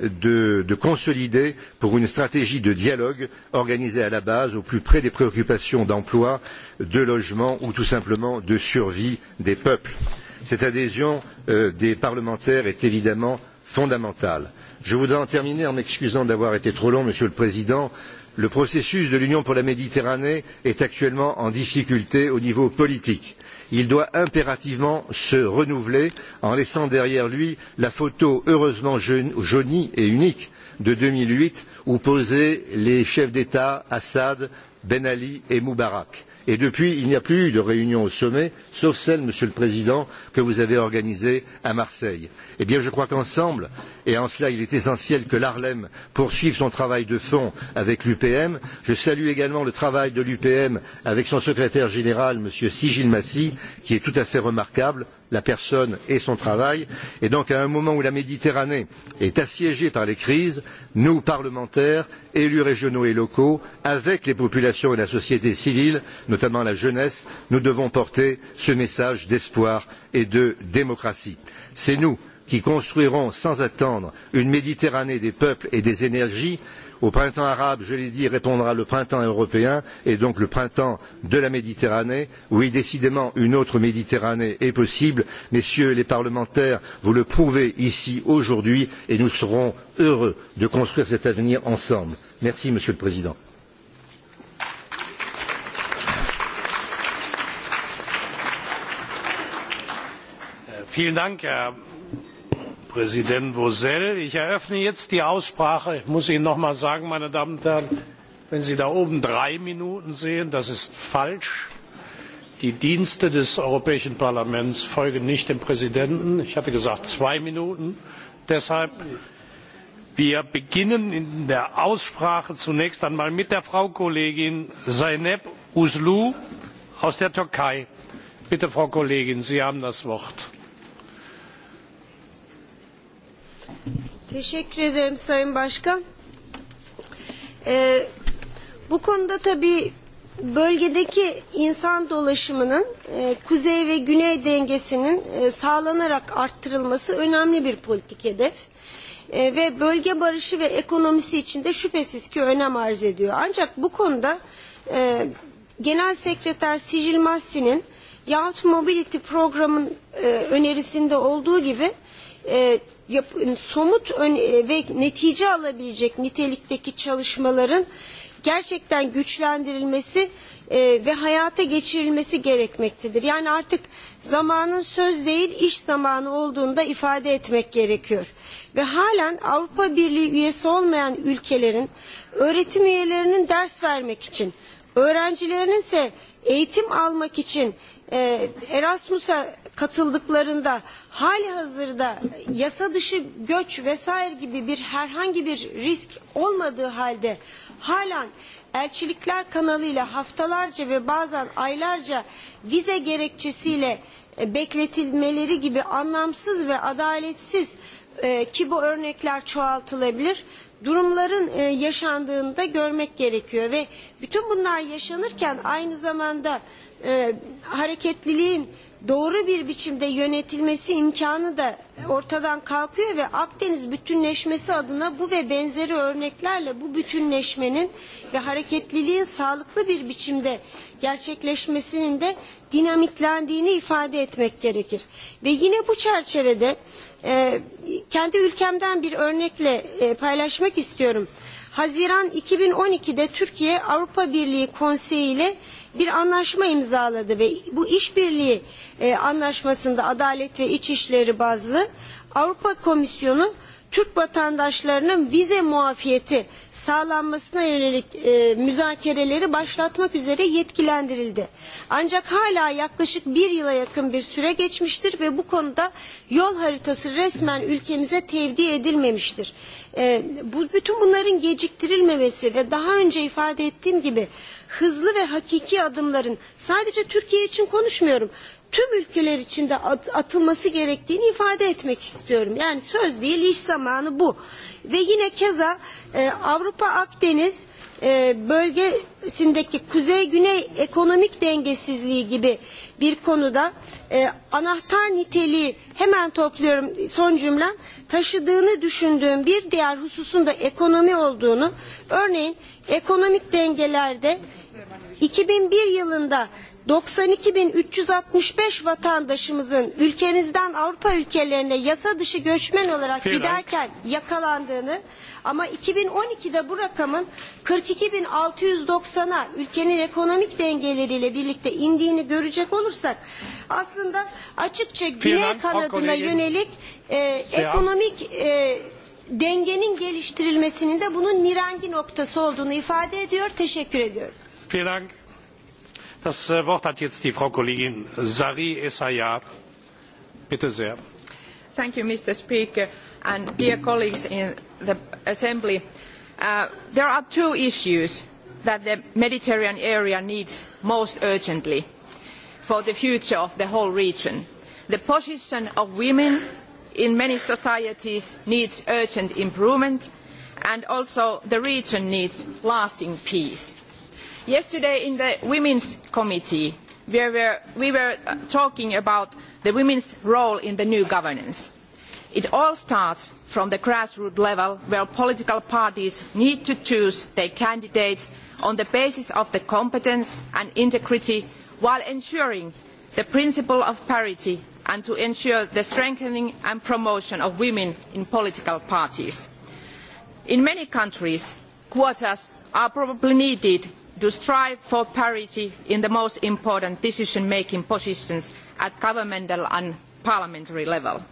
de, de consolider pour une stratégie de dialogue organisée à la base au plus près des préoccupations d'emploi, de logement ou tout simplement de survie des peuples. Cette adhésion euh, des parlementaires est évidemment fondamentale. Je voudrais en terminer en m'excusant d'avoir été trop long, Monsieur le Président. Le processus de l'Union pour la Méditerranée est actuellement en difficulté au niveau politique il doit impérativement se renouveler en laissant derrière lui la photo heureusement jaunie et unique de deux mille huit où posaient les chefs d'état assad ben ali et moubarak. Et depuis, il n'y a plus eu de réunion au sommet, sauf celle, Monsieur le Président, que vous avez organisée à Marseille. Eh bien, je crois qu'ensemble, et en cela il est essentiel que l'Arlem poursuive son travail de fond avec l'UPM, je salue également le travail de l'UPM avec son secrétaire général, M. Sigil Massi, qui est tout à fait remarquable la personne et son travail. Et donc, à un moment où la Méditerranée est assiégée par les crises, nous, parlementaires, élus régionaux et locaux, avec les populations et la société civile, notamment la jeunesse, nous devons porter ce message d'espoir et de démocratie. C'est nous qui construirons sans attendre une Méditerranée des peuples et des énergies Au printemps arabe, je l'ai dit, répondra le printemps européen et donc le printemps de la Méditerranée. Oui, décidément, une autre Méditerranée est possible. Messieurs les parlementaires, vous le prouvez ici aujourd'hui et nous serons heureux de construire cet avenir ensemble. Merci, Monsieur le Président. Vielen Dank, Herr Präsident Vosell. Ich eröffne jetzt die Aussprache. Ich muss Ihnen noch mal sagen, meine Damen und Herren, wenn Sie da oben drei Minuten sehen, das ist falsch. Die Dienste des Europäischen Parlaments folgen nicht dem Präsidenten. Ich hatte gesagt zwei Minuten. Deshalb wir beginnen in der Aussprache zunächst einmal mit der Frau Kollegin Zeynep Uslu aus der Türkei. Bitte, Frau Kollegin, Sie haben das Wort. Teşekkür ederim Sayın Başkan. Ee, bu konuda tabii bölgedeki insan dolaşımının e, kuzey ve güney dengesinin e, sağlanarak arttırılması önemli bir politik hedef. E, ve bölge barışı ve ekonomisi için de şüphesiz ki önem arz ediyor. Ancak bu konuda e, Genel Sekreter Sicil Massi'nin yahut Mobility programın e, önerisinde olduğu gibi e, yap, somut ön, e, ve netice alabilecek nitelikteki çalışmaların gerçekten güçlendirilmesi e, ve hayata geçirilmesi gerekmektedir. Yani artık zamanın söz değil iş zamanı olduğunda ifade etmek gerekiyor. Ve halen Avrupa Birliği üyesi olmayan ülkelerin öğretim üyelerinin ders vermek için, öğrencilerinin ise eğitim almak için e, Erasmus'a katıldıklarında hali hazırda yasa dışı göç vesaire gibi bir herhangi bir risk olmadığı halde halen elçilikler kanalıyla haftalarca ve bazen aylarca vize gerekçesiyle e, bekletilmeleri gibi anlamsız ve adaletsiz e, ki bu örnekler çoğaltılabilir durumların e, yaşandığını da görmek gerekiyor ve bütün bunlar yaşanırken aynı zamanda e, hareketliliğin doğru bir biçimde yönetilmesi imkanı da ortadan kalkıyor ve Akdeniz bütünleşmesi adına bu ve benzeri örneklerle bu bütünleşmenin ve hareketliliğin sağlıklı bir biçimde gerçekleşmesinin de dinamitlendiğini ifade etmek gerekir. Ve yine bu çerçevede e, kendi ülkemden bir örnekle e, paylaşmak istiyorum. Haziran 2012'de Türkiye Avrupa Birliği Konseyi ile bir anlaşma imzaladı ve bu işbirliği e, anlaşmasında Adalet ve İçişleri bazlı Avrupa Komisyonu Türk vatandaşlarının vize muafiyeti sağlanmasına yönelik e, müzakereleri başlatmak üzere yetkilendirildi. Ancak hala yaklaşık bir yıla yakın bir süre geçmiştir ve bu konuda yol haritası resmen ülkemize tevdi edilmemiştir. E, bu, bütün bunların geciktirilmemesi ve daha önce ifade ettiğim gibi hızlı ve hakiki adımların sadece Türkiye için konuşmuyorum tüm ülkeler için içinde atılması gerektiğini ifade etmek istiyorum. Yani söz değil iş zamanı bu. Ve yine keza e, Avrupa Akdeniz e, bölgesindeki kuzey-güney ekonomik dengesizliği gibi bir konuda e, anahtar niteliği hemen topluyorum son cümlem taşıdığını düşündüğüm bir diğer hususun da ekonomi olduğunu örneğin ekonomik dengelerde 2001 yılında 92.365 vatandaşımızın ülkemizden Avrupa ülkelerine yasa dışı göçmen olarak Vielen giderken yakalandığını ama 2012'de bu rakamın 42.690'a ülkenin ekonomik dengeleriyle birlikte indiğini görecek olursak aslında açıkça Güney kanadına yönelik e, ekonomik e, dengenin geliştirilmesinin de bunun nirengi noktası olduğunu ifade ediyor. Teşekkür ediyorum. Vielen Dank. Das äh, Wort hat jetzt die Frau Kollegin Sari Essaya. Bitte sehr. Thank you, Mr. Speaker, and dear colleagues in the Assembly. Uh, there are two issues that the Mediterranean area needs most urgently for the future of the whole region. The position of women in many societies needs urgent improvement, and also the region needs lasting peace. Yesterday in the Women's Committee, we were, we were uh, talking about the women's role in the new governance. It all starts from the grassroots level where political parties need to choose their candidates on the basis of their competence and integrity while ensuring the principle of parity and to ensure the strengthening and promotion of women in political parties. In many countries, quotas are probably needed to strive for parity in the most important decision-making positions at governmental and parliamentary level.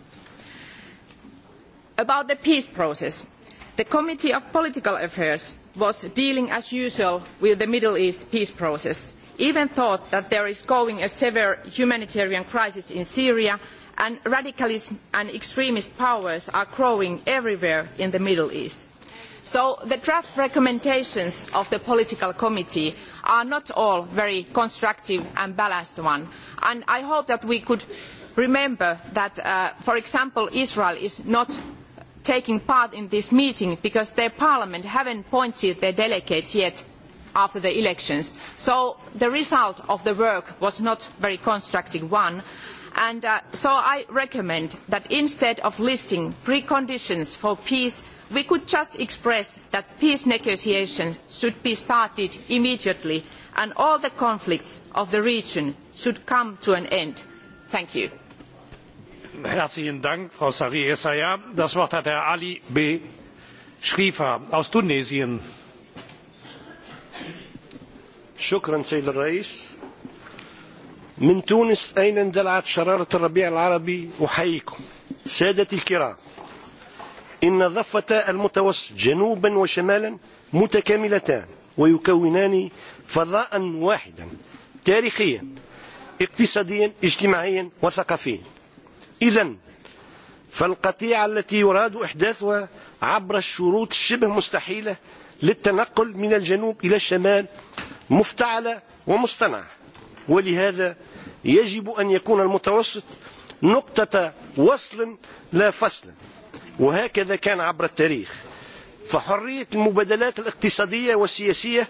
About the peace process, the Committee on Political Affairs was dealing as usual with the Middle East peace process, even thought that there is going a severe humanitarian crisis in Syria and radicalism and extremist powers are growing everywhere in the Middle East. So the draft recommendations of the political committee are not all very constructive and balanced ones. And I hope that we could remember that, uh, for example, Israel is not taking part in this meeting because their parliament has not appointed their delegates yet after the elections. So the result of the work was not a very constructive one. And uh, so I recommend that instead of listing preconditions for peace We could just express that peace negotiations should be started immediately and all the conflicts of the region should come to an end. Thank you. Herzlichen Dank, Frau Sari Das Wort hat Herr Ali B. شريفة aus Tunesien. شكرا سيد الرئيس من تونس أين اندلعت شرارة الربيع العربي الكرام إن ضفتا المتوسط جنوبا وشمالا متكاملتان ويكونان فضاء واحدا تاريخيا اقتصاديا اجتماعيا وثقافيا إذا فالقطيعة التي يراد إحداثها عبر الشروط الشبه مستحيلة للتنقل من الجنوب إلى الشمال مفتعلة ومصطنعة ولهذا يجب أن يكون المتوسط نقطة وصل لا فصل وهكذا كان عبر التاريخ فحرية المبادلات الاقتصادية والسياسية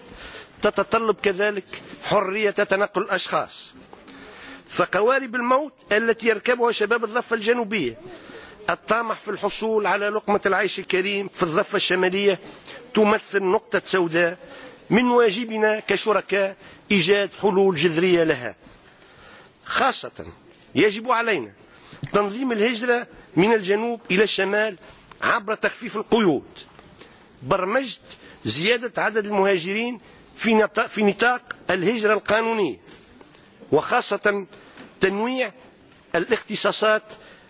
تتطلب كذلك حرية تنقل الأشخاص فقوارب الموت التي يركبها شباب الضفة الجنوبية الطامح في الحصول على لقمة العيش الكريم في الضفة الشمالية تمثل نقطة سوداء من واجبنا كشركاء إيجاد حلول جذرية لها خاصة يجب علينا تنظيم الهجرة من الجنوب إلى الشمال عبر تخفيف القيود برمجت زيادة عدد المهاجرين في نطاق الهجرة القانونية وخاصة تنويع الاختصاصات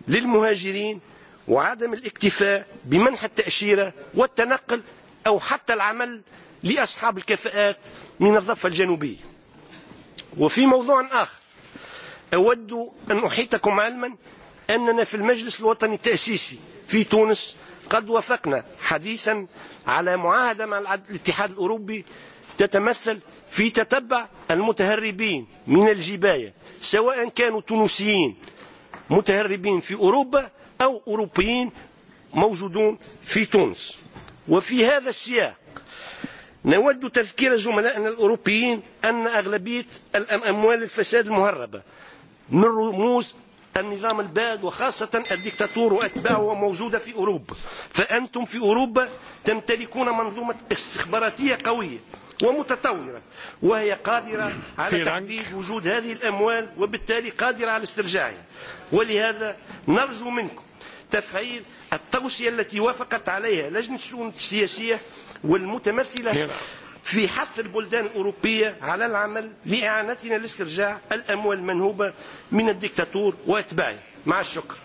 للمهاجرين وعدم الاكتفاء بمنح التأشيرة والتنقل أو حتى العمل لأصحاب الكفاءات من الضفة الجنوبية وفي موضوع آخر أود أن أحيطكم علما أننا في المجلس الوطني التأسيسي في تونس قد وافقنا حديثا على معاهدة مع الاتحاد الأوروبي تتمثل في تتبع المتهربين من الجباية سواء كانوا تونسيين متهربين في أوروبا أو أوروبيين موجودون في تونس وفي هذا السياق نود تذكير زملائنا الأوروبيين أن أغلبية الأموال الفساد المهربة من رموز النظام الباد وخاصة الدكتاتور وأتباعه موجودة في أوروبا فأنتم في أوروبا تمتلكون منظومة استخباراتية قوية ومتطورة وهي قادرة على تحديد وجود هذه الأموال وبالتالي قادرة على استرجاعها ولهذا نرجو منكم تفعيل التوصية التي وافقت عليها لجنة الشؤون السياسية والمتمثلة في حث البلدان الأوروبية على العمل لإعانتنا لاسترجاع الأموال المنهوبة من الدكتاتور وأتباعه مع الشكر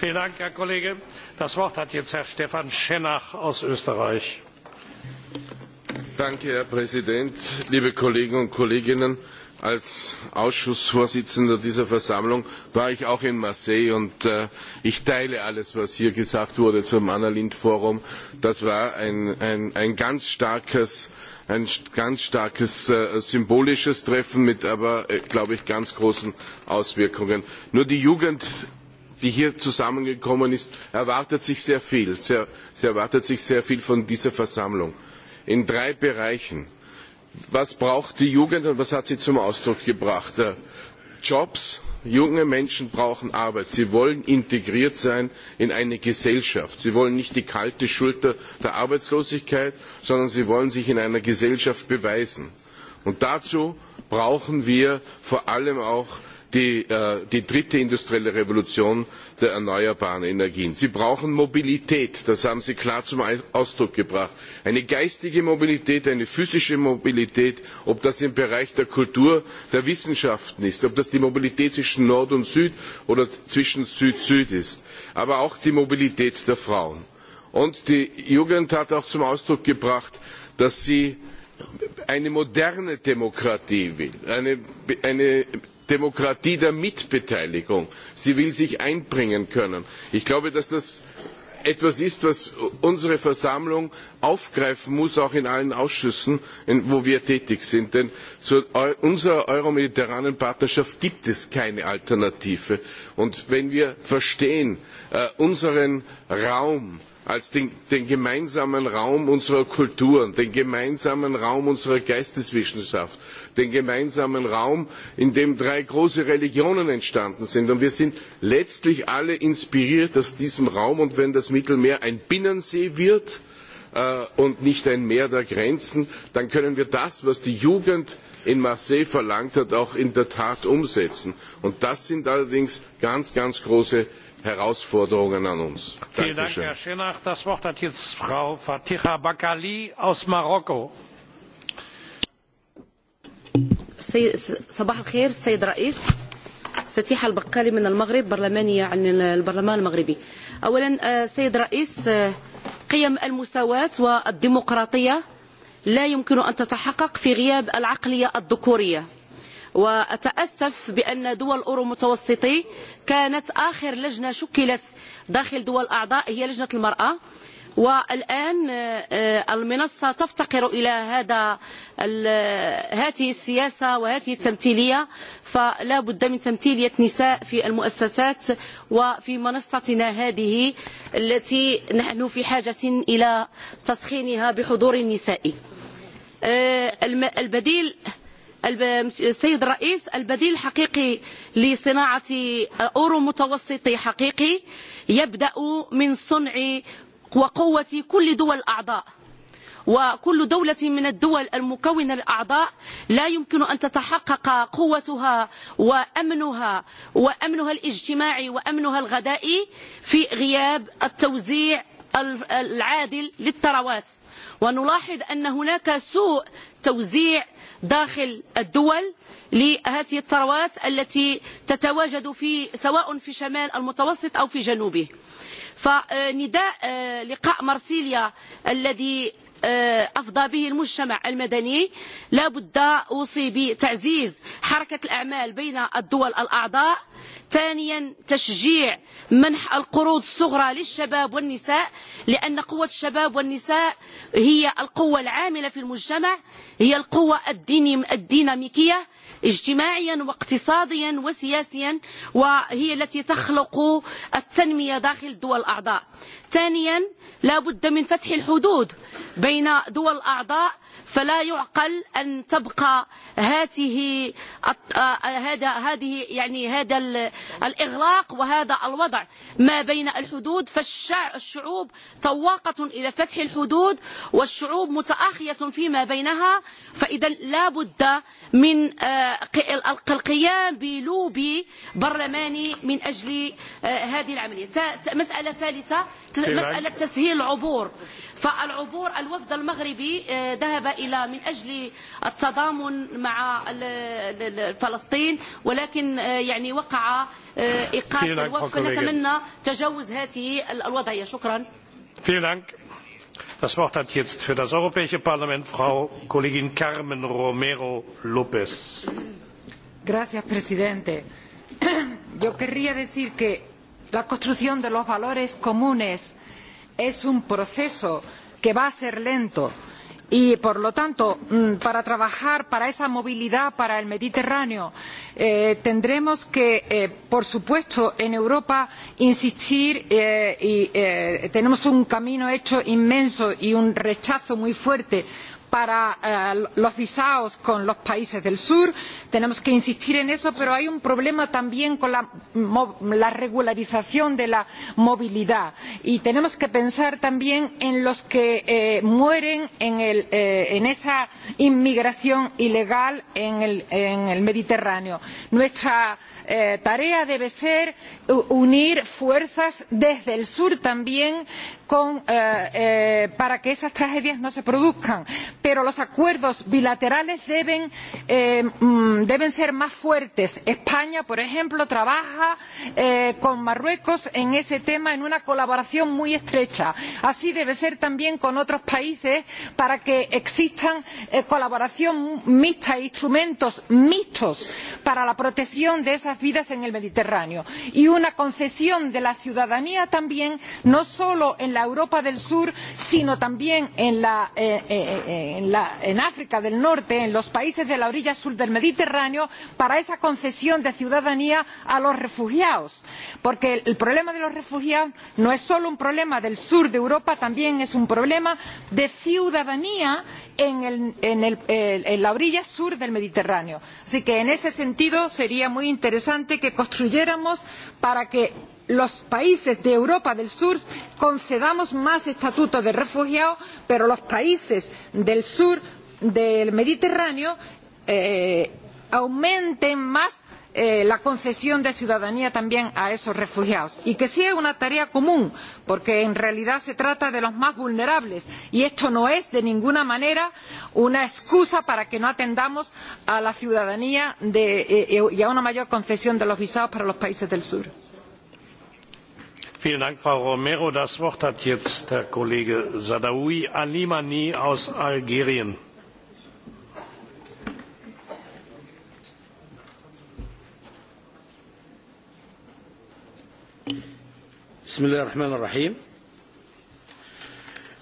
Vielen Dank, Herr Kollege. Das Wort hat jetzt Herr Stefan Schenach aus Österreich. Danke, Herr Präsident, liebe Kollegen und Kolleginnen. Als Ausschussvorsitzender dieser Versammlung war ich auch in Marseille und äh, ich teile alles, was hier gesagt wurde zum Annalind Forum. Das war ein, ein, ein ganz starkes ein ganz starkes äh, symbolisches Treffen mit aber, äh, glaube ich, ganz großen Auswirkungen. Nur die Jugend die hier zusammengekommen ist, erwartet sich sehr viel. Sehr, sie erwartet sich sehr viel von dieser Versammlung. In drei Bereichen. Was braucht die Jugend und was hat sie zum Ausdruck gebracht? Äh, Jobs, Junge Menschen brauchen Arbeit. Sie wollen integriert sein in eine Gesellschaft. Sie wollen nicht die kalte Schulter der Arbeitslosigkeit, sondern sie wollen sich in einer Gesellschaft beweisen. Und dazu brauchen wir vor allem auch die, äh, die dritte industrielle Revolution der erneuerbaren Energien. Sie brauchen Mobilität, das haben Sie klar zum Ausdruck gebracht. Eine geistige Mobilität, eine physische Mobilität, ob das im Bereich der Kultur, der Wissenschaften ist, ob das die Mobilität zwischen Nord und Süd oder zwischen Süd-Süd ist, aber auch die Mobilität der Frauen. Und die Jugend hat auch zum Ausdruck gebracht, dass sie eine moderne Demokratie will, eine, eine Demokratie der Mitbeteiligung. Sie will sich einbringen können. Ich glaube, dass das etwas ist, was unsere Versammlung aufgreifen muss, auch in allen Ausschüssen, wo wir tätig sind. Denn zu unserer euromediterranen Partnerschaft gibt es keine Alternative. Und wenn wir verstehen, äh, unseren Raum, als den, den gemeinsamen Raum unserer Kulturen, den gemeinsamen Raum unserer Geisteswissenschaft, den gemeinsamen Raum, in dem drei große Religionen entstanden sind. Und wir sind letztlich alle inspiriert aus diesem Raum. Und wenn das Mittelmeer ein Binnensee wird äh, und nicht ein Meer der Grenzen, dann können wir das, was die Jugend in Marseille verlangt hat, auch in der Tat umsetzen. Und das sind allerdings ganz, ganz große Herausforderungen an uns. Vielen Dank, Herr Schenach. Das Wort hat jetzt Frau Fatiha Bakali aus Marokko. صباح الخير السيد رئيس فتيحة البقالي من المغرب برلمانية عن البرلمان المغربي أولا سيد رئيس قيم المساواة والديمقراطية لا يمكن أن تتحقق في غياب العقلية الذكورية وأتأسف بأن دول أورو متوسطي كانت آخر لجنة شكلت داخل دول أعضاء هي لجنة المرأة والآن المنصة تفتقر إلى هذا هذه السياسة وهذه التمثيلية فلا بد من تمثيلية نساء في المؤسسات وفي منصتنا هذه التي نحن في حاجة إلى تسخينها بحضور نسائي البديل السيد الرئيس البديل الحقيقي لصناعة أورو متوسطي حقيقي يبدأ من صنع وقوة كل دول الأعضاء وكل دولة من الدول المكونة الأعضاء لا يمكن أن تتحقق قوتها وأمنها وأمنها الاجتماعي وأمنها الغذائي في غياب التوزيع العادل للثروات ونلاحظ أن هناك سوء توزيع داخل الدول لهذه الثروات التي تتواجد في سواء في شمال المتوسط أو في جنوبه فنداء لقاء مرسيليا الذي أفضى به المجتمع المدني لا بد أوصي بتعزيز حركة الأعمال بين الدول الأعضاء ثانيا تشجيع منح القروض الصغرى للشباب والنساء لأن قوة الشباب والنساء هي القوة العاملة في المجتمع هي القوة الديناميكية اجتماعيا واقتصاديا وسياسيا وهي التي تخلق التنمية داخل الدول الأعضاء ثانيا لا بد من فتح الحدود بين دول الأعضاء فلا يعقل أن تبقى هذه هذا هذه يعني هذا الإغلاق وهذا الوضع ما بين الحدود فالشعوب طواقة إلى فتح الحدود والشعوب متأخية فيما بينها فإذا لا بد من القيام بلوبي برلماني من أجل هذه العملية مسألة ثالثة مسألة تسهيل العبور فالعبور الوفد المغربي ذهب إلى من أجل التضامن مع فلسطين ولكن يعني وقع إيقاف الوفد فنتمنى تجاوز هذه الوضعية شكرا Vielen Das Wort hat jetzt für das Europäische Parlament Frau Kollegin Carmen Romero López. Gracias, presidente. Yo querría decir que la construcción de los valores comunes es un proceso que va a ser lento y, por lo tanto, mm, para trabajar para esa movilidad para el Mediterráneo, eh, tendremos que, eh, por supuesto, en Europa insistir eh, y eh, tenemos un camino hecho inmenso y un rechazo muy fuerte para eh, los visados con los países del sur. Tenemos que insistir en eso, pero hay un problema también con la, la regularización de la movilidad. Y tenemos que pensar también en los que eh, mueren en, el, eh, en, esa inmigración ilegal en el, en el Mediterráneo. Nuestra Eh, tarea debe ser unir fuerzas desde el sur también con, eh, eh, para que esas tragedias no se produzcan. Pero los acuerdos bilaterales deben, eh, mm, deben ser más fuertes. España, por ejemplo, trabaja con Marruecos en ese tema en una colaboración muy estrecha. Así debe ser también con otros países para que existan colaboración mixta e instrumentos mixtos para la protección de esas vidas en el Mediterráneo y una concesión de la ciudadanía también, no solo en la Europa del Sur, sino también en, la, eh, eh, eh, en, la, en África del Norte, en los países de la orilla sur del Mediterráneo, para esa concesión de ciudadanía a los refugiados. Porque el, el problema de los refugiados no es solo un problema del sur de Europa, también es un problema de ciudadanía en, el, en, el, en la orilla sur del Mediterráneo. Así que en ese sentido sería muy interesante que construyéramos para que los países de Europa del Sur concedamos más estatutos de refugiados, pero los países del sur del Mediterráneo eh, aumenten más eh, la concesión de ciudadanía también a esos refugiados y que sí es una tarea común porque en realidad se trata de los más vulnerables y esto no es de ninguna manera una excusa para que no atendamos a la ciudadanía de, eh, eh y a una mayor concesión de los visados para los países del sur. Vielen Dank, Frau Romero. Das Wort hat jetzt Kollege Sadawi Alimani aus Algerien. بسم الله الرحمن الرحيم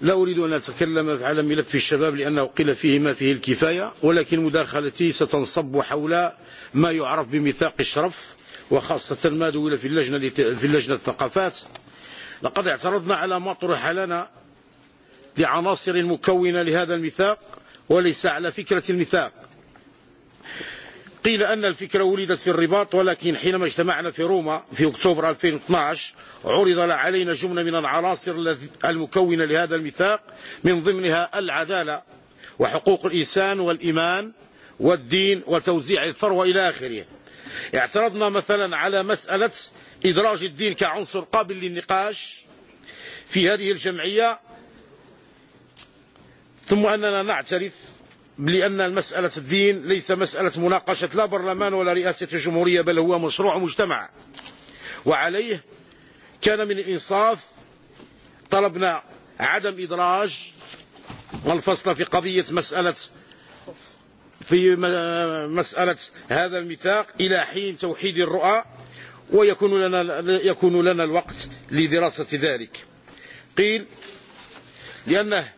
لا أريد أن أتكلم على ملف الشباب لأنه قيل فيه ما فيه الكفاية ولكن مداخلتي ستنصب حول ما يعرف بميثاق الشرف وخاصة ما دول في اللجنة, في اللجنة الثقافات لقد اعترضنا على ما طرح لنا لعناصر مكونة لهذا الميثاق وليس على فكرة الميثاق قيل أن الفكرة ولدت في الرباط ولكن حينما اجتمعنا في روما في أكتوبر 2012 عرض علينا جملة من العناصر المكونة لهذا الميثاق من ضمنها العدالة وحقوق الإنسان والإيمان والدين وتوزيع الثروة إلى آخره اعترضنا مثلا على مسألة إدراج الدين كعنصر قابل للنقاش في هذه الجمعية ثم أننا نعترف لأن المسألة الدين ليس مسألة مناقشة لا برلمان ولا رئاسة الجمهورية بل هو مشروع مجتمع وعليه كان من الإنصاف طلبنا عدم إدراج والفصل في قضية مسألة في مسألة هذا الميثاق إلى حين توحيد الرؤى ويكون لنا يكون لنا الوقت لدراسة ذلك قيل لأنه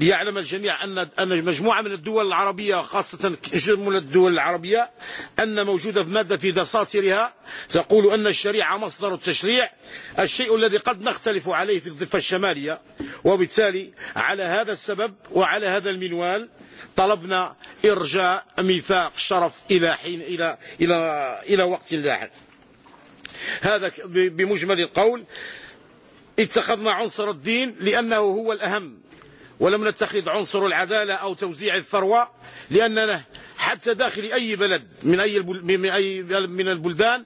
ليعلم الجميع أن أن مجموعة من الدول العربية خاصة من الدول العربية أن موجودة في مادة في دساتيرها تقول أن الشريعة مصدر التشريع الشيء الذي قد نختلف عليه في الضفة الشمالية وبالتالي على هذا السبب وعلى هذا المنوال طلبنا إرجاء ميثاق الشرف إلى حين إلى إلى إلى إلى وقت لاحق هذا بمجمل القول اتخذنا عنصر الدين لأنه هو الأهم ولم نتخذ عنصر العدالة أو توزيع الثروة لأننا حتى داخل أي بلد من أي, من أي من البلدان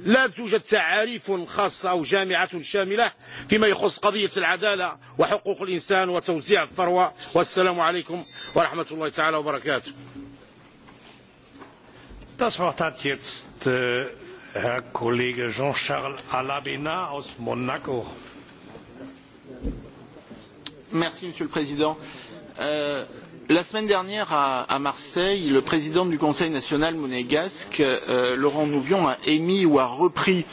لا توجد تعاريف خاصة أو جامعة شاملة فيما يخص قضية العدالة وحقوق الإنسان وتوزيع الثروة والسلام عليكم ورحمة الله تعالى وبركاته Das Wort hat jetzt äh, Herr Kollege Jean-Charles Alabina aus Monaco. Merci, Monsieur le Président. Euh, la semaine dernière, à, à Marseille, le président du Conseil national monégasque, euh, Laurent Nouvion, a émis ou a repris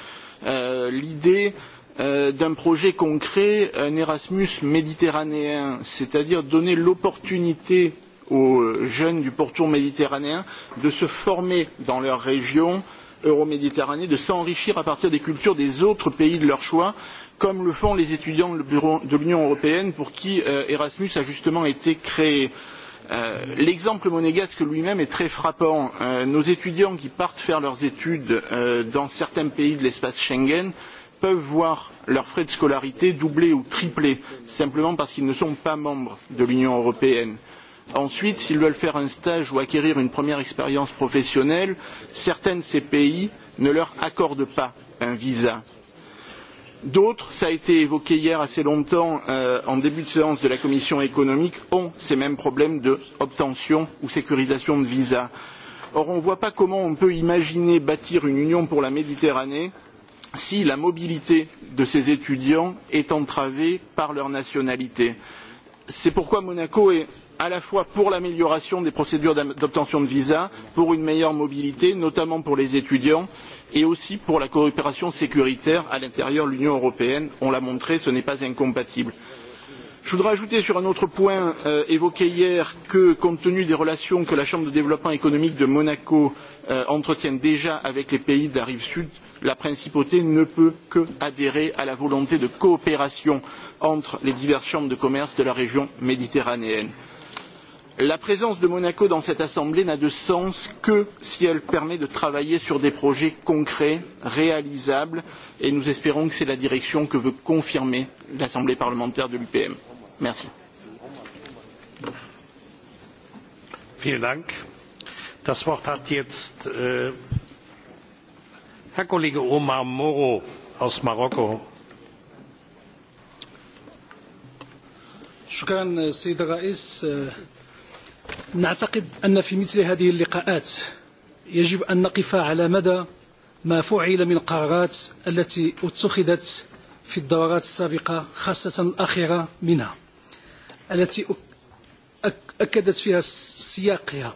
euh, l'idée euh, d'un projet concret, un Erasmus méditerranéen, c'est-à-dire donner l'opportunité aux jeunes du pourtour méditerranéen de se former dans leur région euroméditerranée, de s'enrichir à partir des cultures des autres pays de leur choix, euh, comme le font les étudiants de l'Union européenne pour qui euh, Erasmus a justement été créé. Euh, l'exemple monégasque lui-même est très frappant. Euh, nos étudiants qui partent faire leurs études dans certains pays de l'espace Schengen peuvent voir leurs frais de scolarité doublés ou triplés, simplement parce qu'ils ne sont pas membres de l'Union européenne. Ensuite, s'ils veulent faire un stage ou acquérir une première expérience professionnelle, certains de ces pays ne leur accordent pas un visa. D'autres, cela a été évoqué hier assez longtemps euh, en début de séance de la commission économique, ont ces mêmes problèmes d'obtention ou sécurisation de visas. Or, on ne voit pas comment on peut imaginer bâtir une union pour la Méditerranée si la mobilité de ces étudiants est entravée par leur nationalité. C'est pourquoi Monaco est à la fois pour l'amélioration des procédures d'obtention de visas, pour une meilleure mobilité, notamment pour les étudiants, et aussi pour la coopération sécuritaire à l'intérieur de l'Union européenne. On l'a montré, ce n'est pas incompatible. Je voudrais ajouter sur un autre point euh, évoqué hier que, compte tenu des relations que la Chambre de développement économique de Monaco euh, entretient déjà avec les pays de la rive sud, la principauté ne peut que adhérer à la volonté de coopération entre les diverses chambres de commerce de la région méditerranéenne. La présence de Monaco dans cette Assemblée n'a de sens que si elle permet de travailler sur des projets concrets, réalisables, et nous espérons que c'est la direction que veut confirmer l'Assemblée parlementaire de l'UPM. Merci. Vielen Dank. Das Wort hat jetzt äh, Herr Kollege Omar Moro aus Marokko. شكرا سيد الرئيس نعتقد أن في مثل هذه اللقاءات يجب أن نقف على مدى ما فعل من قرارات التي اتخذت في الدورات السابقة خاصة الأخيرة منها التي أكدت فيها سياقها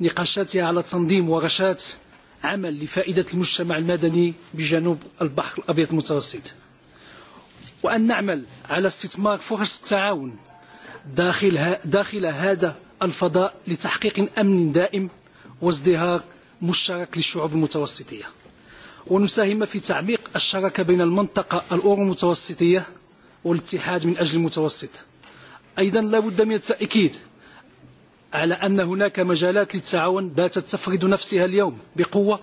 نقاشاتها على تنظيم ورشات عمل لفائدة المجتمع المدني بجنوب البحر الأبيض المتوسط وأن نعمل على استثمار فرص التعاون داخل, داخل هذا الفضاء لتحقيق أمن دائم وازدهار مشترك للشعوب المتوسطية ونساهم في تعميق الشركة بين المنطقة الأورو المتوسطية والاتحاد من أجل المتوسط أيضا لا بد من التأكيد على أن هناك مجالات للتعاون باتت تفرد نفسها اليوم بقوة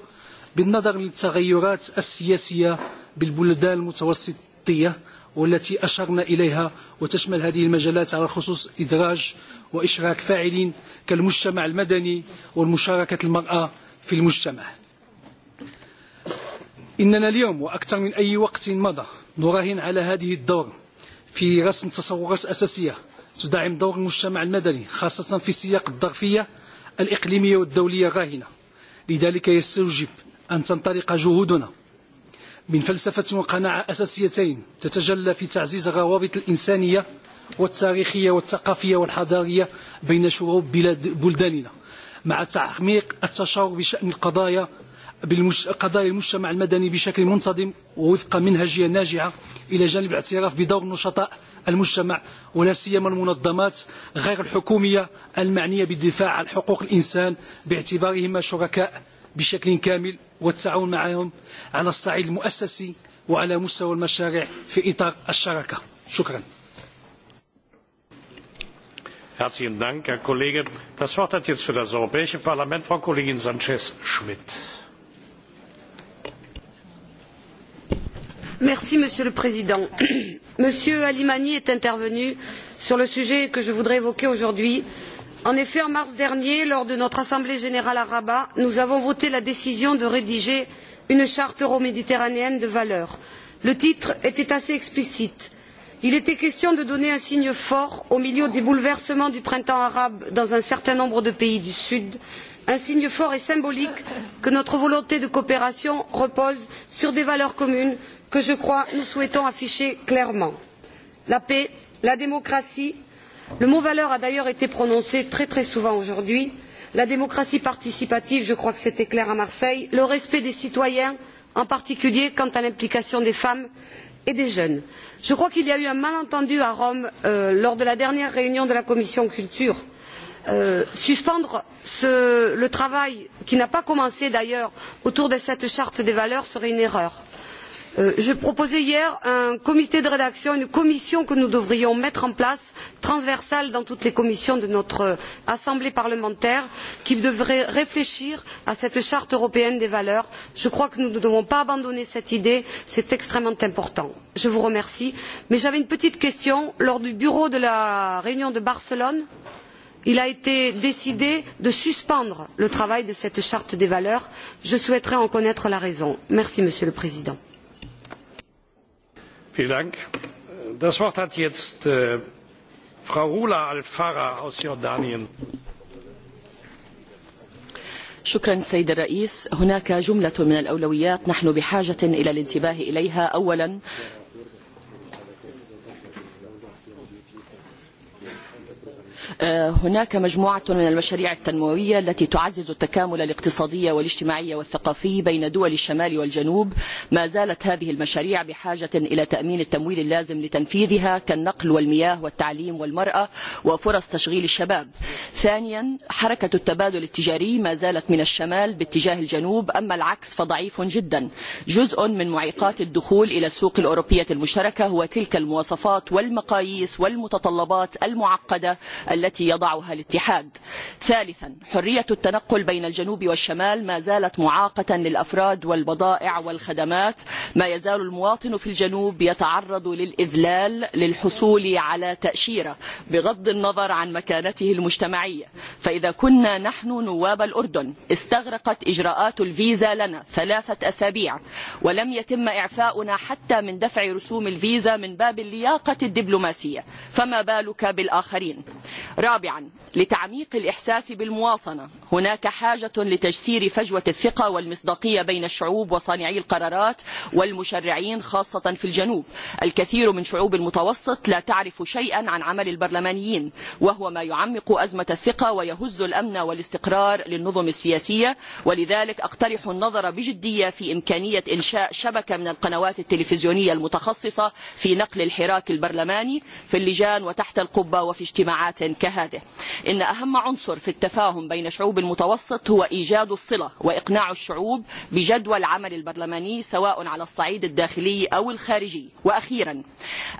بالنظر للتغيرات السياسية بالبلدان المتوسطية والتي أشرنا إليها وتشمل هذه المجالات على خصوص إدراج وإشراك فاعلين كالمجتمع المدني والمشاركة المرأة في المجتمع إننا اليوم وأكثر من أي وقت مضى نراهن على هذه الدور في رسم تصورات أساسية تدعم دور المجتمع المدني خاصة في سياق الظرفية الإقليمية والدولية الراهنة لذلك يستوجب أن تنطلق جهودنا من فلسفة وقناعة أساسيتين تتجلى في تعزيز الروابط الإنسانية والتاريخية والثقافية والحضارية بين شعوب بلاد بلداننا مع تعميق التشاور بشأن القضايا قضايا المجتمع المدني بشكل منتظم ووفق منهجية ناجعة إلى جانب الاعتراف بدور نشطاء المجتمع ولا سيما المنظمات غير الحكومية المعنية بالدفاع عن حقوق الإنسان باعتبارهما شركاء بشكل كامل والتعاون معهم على الصعيد المؤسسي وعلى مستوى المشاريع في إطار الشراكة شكرا Herzlichen Dank, Herr Kollege. Das Wort hat jetzt für das Europäische Parlament Frau Kollegin Sanchez-Schmidt. Merci, Monsieur le Président. Monsieur Alimani est intervenu sur le sujet que je voudrais évoquer aujourd'hui, En effet, en mars dernier, lors de notre Assemblée générale à Rabat, nous avons voté la décision de rédiger une charte euroméditerranéenne de valeurs. Le titre était assez explicite. Il était question de donner un signe fort au milieu des bouleversements du printemps arabe dans un certain nombre de pays du Sud, un signe fort et symbolique que notre volonté de coopération repose sur des valeurs communes que je crois nous souhaitons afficher clairement. La paix, la démocratie, Le mot valeur a d'ailleurs été prononcé très très souvent aujourd'hui. La démocratie participative, je crois que c'était clair à Marseille, le respect des citoyens, en particulier quant à l'implication des femmes et des jeunes. Je crois qu'il y a eu un malentendu à Rome euh, lors de la dernière réunion de la commission culture. Euh, suspendre ce, le travail qui n'a pas commencé d'ailleurs autour de cette charte des valeurs serait une erreur. Euh, je proposais hier un comité de rédaction, une commission que nous devrions mettre en place, transversale dans toutes les commissions de notre Assemblée parlementaire, qui devrait réfléchir à cette charte européenne des valeurs. Je crois que nous ne devons pas abandonner cette idée, c'est extrêmement important. Je vous remercie. Mais j'avais une petite question. Lors du bureau de la réunion de Barcelone, il a été décidé de suspendre le travail de cette charte des valeurs. Je souhaiterais en connaître la raison. Merci, Monsieur le Président. Das Wort hat jetzt äh, Frau Rula Al-Farah aus Jordanien. شكرا سيد الرئيس هناك جملة من الأولويات نحن بحاجة إلى الانتباه إليها أولا هناك مجموعة من المشاريع التنموية التي تعزز التكامل الاقتصادية والاجتماعية والثقافي بين دول الشمال والجنوب ما زالت هذه المشاريع بحاجة إلى تأمين التمويل اللازم لتنفيذها كالنقل والمياه والتعليم والمرأة وفرص تشغيل الشباب ثانيا حركة التبادل التجاري ما زالت من الشمال باتجاه الجنوب أما العكس فضعيف جدا جزء من معيقات الدخول إلى السوق الأوروبية المشتركة هو تلك المواصفات والمقاييس والمتطلبات المعقدة التي التي يضعها الاتحاد ثالثا حرية التنقل بين الجنوب والشمال ما زالت معاقة للأفراد والبضائع والخدمات ما يزال المواطن في الجنوب يتعرض للإذلال للحصول على تأشيرة بغض النظر عن مكانته المجتمعية فإذا كنا نحن نواب الأردن استغرقت إجراءات الفيزا لنا ثلاثة أسابيع ولم يتم إعفاؤنا حتى من دفع رسوم الفيزا من باب اللياقة الدبلوماسية فما بالك بالآخرين رابعا لتعميق الإحساس بالمواطنة هناك حاجة لتجسير فجوة الثقة والمصداقية بين الشعوب وصانعي القرارات والمشرعين خاصة في الجنوب الكثير من شعوب المتوسط لا تعرف شيئا عن عمل البرلمانيين وهو ما يعمق أزمة الثقة ويهز الأمن والاستقرار للنظم السياسية ولذلك أقترح النظر بجدية في إمكانية إنشاء شبكة من القنوات التلفزيونية المتخصصة في نقل الحراك البرلماني في اللجان وتحت القبة وفي اجتماعات كهذه إن أهم عنصر في التفاهم بين شعوب المتوسط هو إيجاد الصلة وإقناع الشعوب بجدوى العمل البرلماني سواء على الصعيد الداخلي أو الخارجي وأخيرا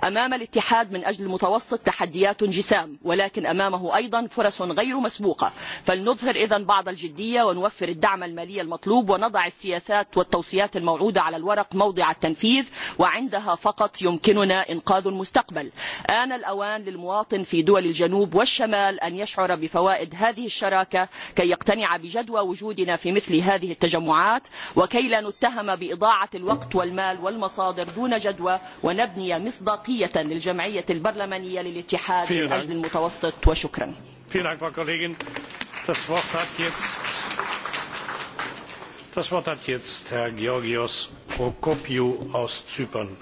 أمام الاتحاد من أجل المتوسط تحديات جسام ولكن أمامه أيضا فرص غير مسبوقة فلنظهر إذن بعض الجدية ونوفر الدعم المالي المطلوب ونضع السياسات والتوصيات الموعودة على الورق موضع التنفيذ وعندها فقط يمكننا إنقاذ المستقبل آن الأوان للمواطن في دول الجنوب والشمال أن يشعر يشعر بفوائد هذه الشراكة كي يقتنع بجدوى وجودنا في مثل هذه التجمعات وكي لا نتهم بإضاعة الوقت والمال والمصادر دون جدوى ونبني مصداقية للجمعية البرلمانية للاتحاد من المتوسط وشكرا Vielen Dank, Frau Kollegin. Das Wort hat jetzt, das Wort hat jetzt Herr Georgios Prokopiou aus Zypern.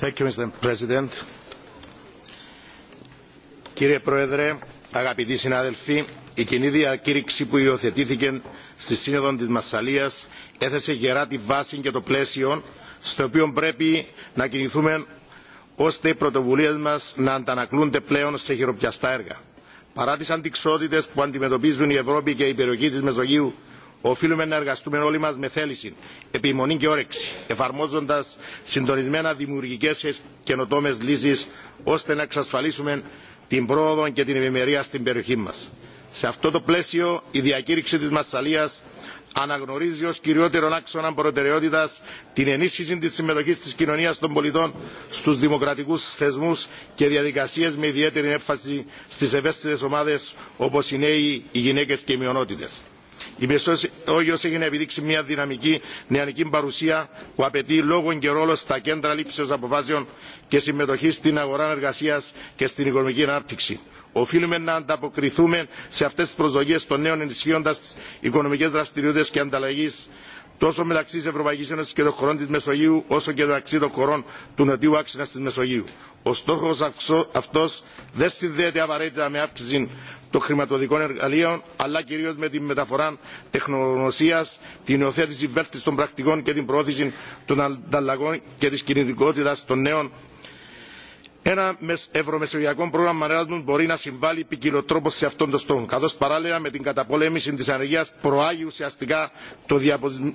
Thank you, Mr. President. Κύριε Πρόεδρε, αγαπητοί συνάδελφοι, η κοινή διακήρυξη που υιοθετήθηκε στη Σύνοδο της Μασσαλίας έθεσε γερά τη βάση και το πλαίσιο στο οποίο πρέπει να κινηθούμε ώστε οι πρωτοβουλίε μα να αντανακλούνται πλέον σε χειροπιαστά έργα. Παρά τι αντικσότητε που αντιμετωπίζουν η Ευρώπη και η περιοχή τη Μεσογείου, οφείλουμε να εργαστούμε όλοι μα με θέληση, επιμονή και όρεξη, εφαρμόζοντα συντονισμένα δημιουργικέ και καινοτόμε λύσει, ώστε να εξασφαλίσουμε την πρόοδο και την ευημερία στην περιοχή μας. Σε αυτό το πλαίσιο, η διακήρυξη της Μασσαλίας αναγνωρίζει ως κυριότερον άξονα προτεραιότητας την ενίσχυση της συμμετοχής της κοινωνίας των πολιτών στους δημοκρατικούς θεσμούς και διαδικασίες με ιδιαίτερη έμφαση στις ευαίσθητες ομάδες όπως οι νέοι, οι γυναίκες και οι μειονότητες. Η Μεσόγειος έχει να επιδείξει μια δυναμική νεανική παρουσία που απαιτεί λόγω και ρόλο στα κέντρα λήψεως αποφάσεων και συμμετοχή στην αγορά εργασία και στην οικονομική ανάπτυξη. Οφείλουμε να ανταποκριθούμε σε αυτέ τι προσδοκίες των νέων ενισχύοντα τι οικονομικέ δραστηριότητε και ανταλλαγή τόσο μεταξύ της Ευρωπαϊκή Ένωση και των χωρών τη Μεσογείου, όσο και μεταξύ των χωρών του νοτιού Άξινας τη Μεσογείου. Ο στόχο αυτό δεν συνδέεται απαραίτητα με αύξηση των χρηματοδικών εργαλείων, αλλά κυρίω με τη μεταφορά τεχνογνωσίας, την υιοθέτηση βέλτιστων πρακτικών και την προώθηση των ανταλλαγών και τη κινητικότητα των νέων Ένα ευρωμεσογειακό πρόγραμμα Erasmus μπορεί να συμβάλλει ποικιλοτρόπω σε αυτόν τον στόχο, καθώ παράλληλα με την καταπολέμηση τη ανεργία προάγει ουσιαστικά το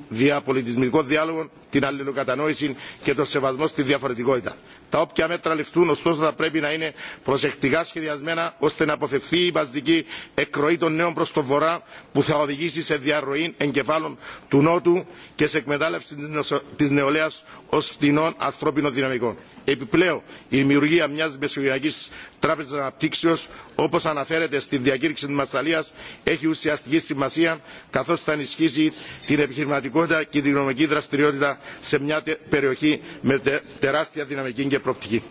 διαπολιτισμικό διάλογο, την αλληλοκατανόηση και τον σεβασμό στη διαφορετικότητα. Τα όποια μέτρα ληφθούν, ωστόσο, θα πρέπει να είναι προσεκτικά σχεδιασμένα ώστε να αποφευθεί η βασική εκροή των νέων προ το βορρά που θα οδηγήσει σε διαρροή εγκεφάλων του Νότου και σε εκμετάλλευση τη νεολαία ω φτηνών ανθρώπινων δυναμικών. Επιπλέον, η δημιουργία ουσία μιας μεσογειακής τράπεζας αναπτύξεως όπως αναφέρεται στη διακήρυξη της Μασσαλίας έχει ουσιαστική σημασία καθώς θα ενισχύσει την επιχειρηματικότητα και την οικονομική δραστηριότητα σε μια περιοχή με τεράστια δυναμική και προοπτική.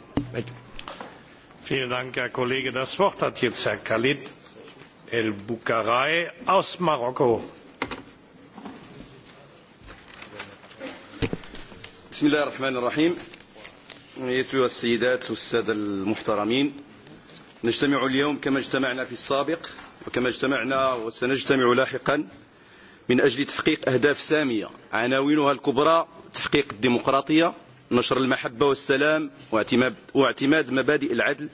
Vielen Dank, Herr Kollege. Das Wort hat jetzt Herr Khalid El Boukarai aus Marokko. بسم أيتها السيدات والسادة المحترمين نجتمع اليوم كما اجتمعنا في السابق وكما اجتمعنا وسنجتمع لاحقا من أجل تحقيق أهداف سامية عناوينها الكبرى تحقيق الديمقراطية نشر المحبة والسلام واعتماد مبادئ العدل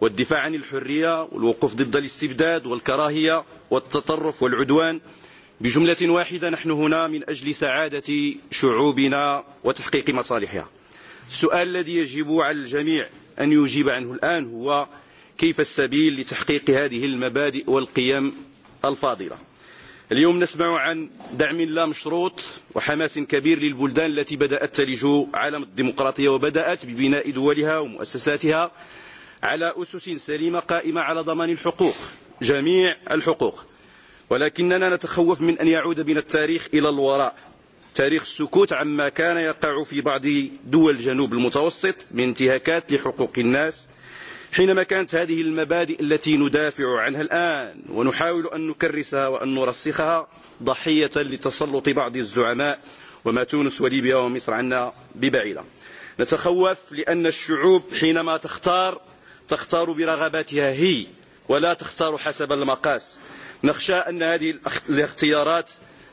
والدفاع عن الحرية والوقوف ضد الاستبداد والكراهية والتطرف والعدوان بجملة واحدة نحن هنا من أجل سعادة شعوبنا وتحقيق مصالحها السؤال الذي يجب على الجميع أن يجيب عنه الآن هو كيف السبيل لتحقيق هذه المبادئ والقيم الفاضلة اليوم نسمع عن دعم لا مشروط وحماس كبير للبلدان التي بدأت تلج عالم الديمقراطية وبدأت ببناء دولها ومؤسساتها على أسس سليمة قائمة على ضمان الحقوق جميع الحقوق ولكننا نتخوف من أن يعود بنا التاريخ إلى الوراء تاريخ السكوت عما كان يقع في بعض دول جنوب المتوسط من انتهاكات لحقوق الناس حينما كانت هذه المبادئ التي ندافع عنها الآن ونحاول أن نكرسها وأن نرسخها ضحية لتسلط بعض الزعماء وما تونس وليبيا ومصر عنا ببعيدة نتخوف لأن الشعوب حينما تختار تختار برغباتها هي ولا تختار حسب المقاس نخشى أن هذه الاختيارات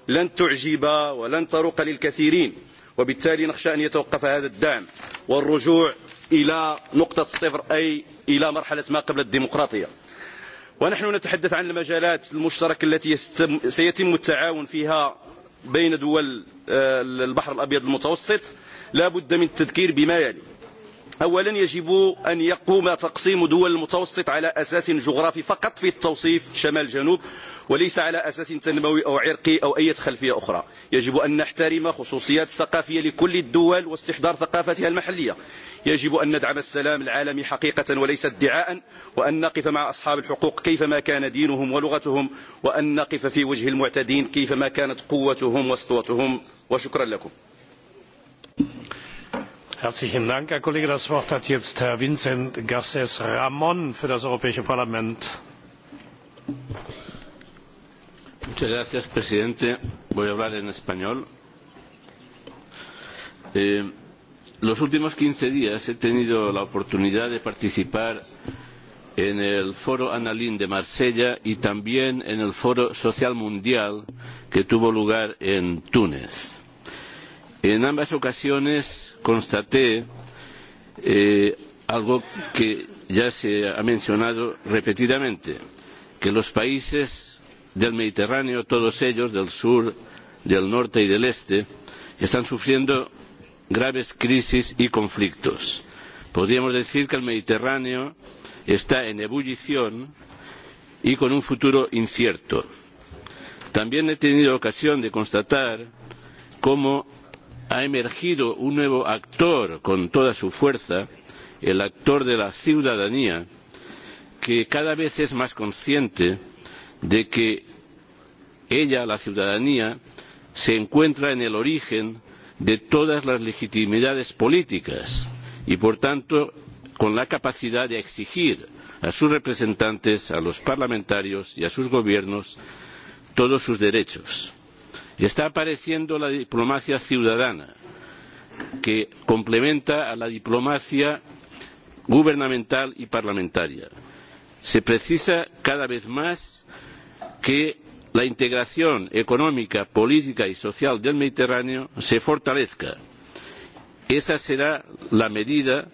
لن تعجب ولن تروق للكثيرين وبالتالي نخشى أن يتوقف هذا الدعم والرجوع إلى نقطة الصفر أي إلى مرحلة ما قبل الديمقراطية ونحن نتحدث عن المجالات المشتركة التي سيتم التعاون فيها بين دول البحر الأبيض المتوسط لا بد من التذكير بما يلي أولا يجب أن يقوم تقسيم دول المتوسط على أساس جغرافي فقط في التوصيف شمال جنوب وليس على أساس تنموي أو عرقي أو أي خلفية أخرى يجب أن نحترم خصوصيات ثقافية لكل الدول واستحضار ثقافتها المحلية يجب أن ندعم السلام العالمي حقيقة وليس ادعاء وأن نقف مع أصحاب الحقوق كيفما كان دينهم ولغتهم وأن نقف في وجه المعتدين كيفما كانت قوتهم وسطوتهم وشكرا لكم Herzlichen Dank, Herr Kollege. Das Wort hat jetzt Herr Vincent Garces Ramon für das Europäische Parlament. Muchas gracias, presidente. Voy a hablar en español. Eh, los últimos 15 días he tenido la oportunidad de participar en el Foro Analín de Marsella y también en el Foro Social Mundial que tuvo lugar en Túnez. En ambas ocasiones constaté eh, algo que ya se ha mencionado repetidamente, que los países del Mediterráneo, todos ellos, del sur, del norte y del este, están sufriendo graves crisis y conflictos. Podríamos decir que el Mediterráneo está en ebullición y con un futuro incierto. También he tenido ocasión de constatar cómo ha emergido un nuevo actor con toda su fuerza, el actor de la ciudadanía, que cada vez es más consciente de que ella, la ciudadanía, se encuentra en el origen de todas las legitimidades políticas y, por tanto, con la capacidad de exigir a sus representantes, a los parlamentarios y a sus gobiernos todos sus derechos está apareciendo la diplomacia ciudadana, que complementa a la diplomacia gubernamental y parlamentaria. Se precisa cada vez más que la integración económica, política y social del Mediterráneo se fortalezca. Esa será la medida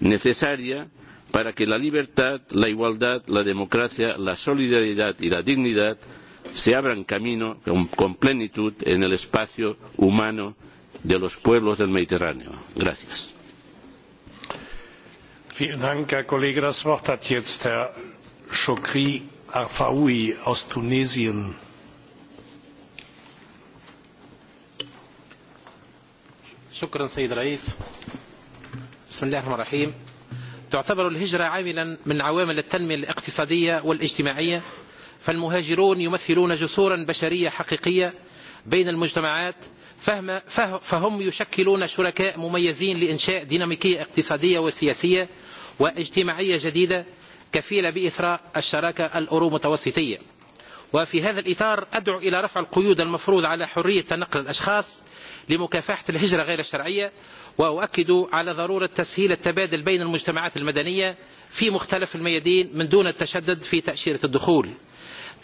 necesaria para que la libertad, la igualdad, la democracia, la solidaridad y la dignidad se abran camino con, con plenitud en el espacio humano de los pueblos del Mediterráneo. Gracias. Vielen Dank, Herr Kollege. Das Wort hat jetzt Herr Chokri Arfaoui aus Tunesien. شكرا Sayyid Rais. Bismillahirrahmanirrahim. الله الرحمن الرحيم تعتبر الهجرة عاملا من عوامل التنمية الاقتصادية والاجتماعية فالمهاجرون يمثلون جسورا بشرية حقيقية بين المجتمعات فهم فهم يشكلون شركاء مميزين لإنشاء ديناميكية اقتصادية وسياسية واجتماعية جديدة كفيلة بإثراء الشراكة الأورو متوسطية وفي هذا الإطار أدعو إلى رفع القيود المفروض على حرية تنقل الأشخاص لمكافحة الهجرة غير الشرعية وأؤكد على ضرورة تسهيل التبادل بين المجتمعات المدنية في مختلف الميادين من دون التشدد في تأشيرة الدخول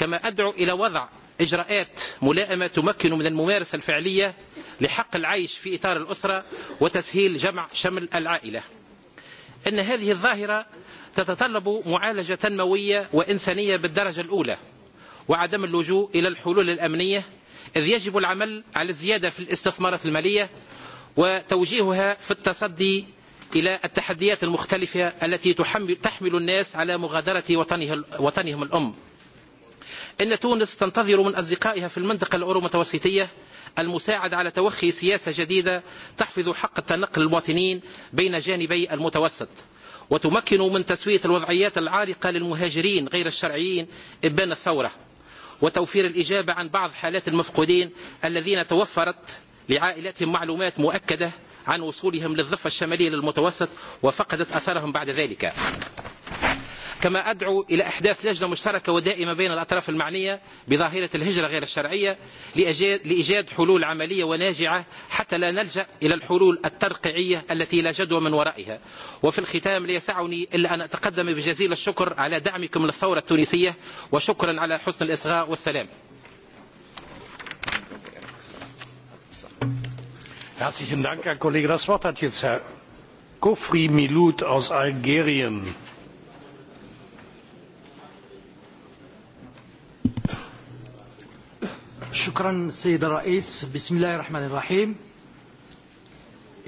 كما أدعو إلى وضع إجراءات ملائمة تمكن من الممارسة الفعلية لحق العيش في إطار الأسرة وتسهيل جمع شمل العائلة إن هذه الظاهرة تتطلب معالجة تنموية وإنسانية بالدرجة الأولى وعدم اللجوء إلى الحلول الأمنية إذ يجب العمل على الزيادة في الاستثمارات المالية وتوجيهها في التصدي إلى التحديات المختلفة التي تحمل الناس على مغادرة وطنهم الأم إن تونس تنتظر من أصدقائها في المنطقة الأورو متوسطية المساعد على توخي سياسة جديدة تحفظ حق التنقل للمواطنين بين جانبي المتوسط وتمكن من تسوية الوضعيات العارقة للمهاجرين غير الشرعيين إبان الثورة وتوفير الإجابة عن بعض حالات المفقودين الذين توفرت لعائلاتهم معلومات مؤكدة عن وصولهم للضفة الشمالية للمتوسط وفقدت أثرهم بعد ذلك كما أدعو إلى إحداث لجنة مشتركة ودائمة بين الأطراف المعنية بظاهرة الهجرة غير الشرعية لإيجاد حلول عملية وناجعة حتى لا نلجأ إلى الحلول الترقيعية التي لا جدوى من ورائها وفي الختام ليسعني إلا أن أتقدم بجزيل الشكر على دعمكم للثورة التونسية وشكرا على حسن الإصغاء والسلام Herzlichen Dank, Herr Kollege. Das Wort hat jetzt Herr Kofri Milut aus Algerien. شكرا سيد الرئيس بسم الله الرحمن الرحيم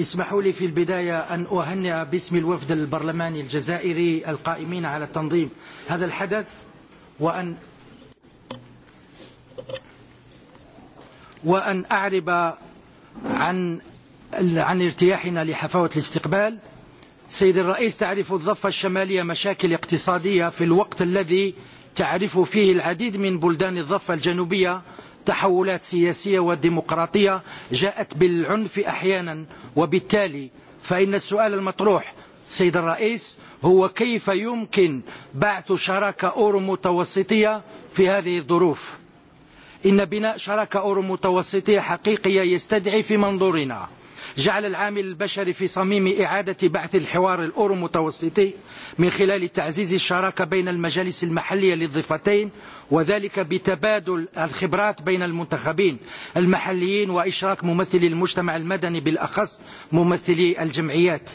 اسمحوا لي في البداية أن أهنئ باسم الوفد البرلماني الجزائري القائمين على التنظيم هذا الحدث وأن وأن أعرب عن عن ارتياحنا لحفاوة الاستقبال سيد الرئيس تعرف الضفة الشمالية مشاكل اقتصادية في الوقت الذي تعرف فيه العديد من بلدان الضفة الجنوبية تحولات سياسية وديمقراطية جاءت بالعنف أحيانا وبالتالي فإن السؤال المطروح سيد الرئيس هو كيف يمكن بعث شراكة أورو متوسطية في هذه الظروف إن بناء شراكة أورو متوسطية حقيقية يستدعي في منظورنا جعل العامل البشري في صميم إعادة بعث الحوار الأورو متوسطي من خلال تعزيز الشراكة بين المجالس المحلية للضفتين وذلك بتبادل الخبرات بين المنتخبين المحليين وإشراك ممثلي المجتمع المدني بالأخص ممثلي الجمعيات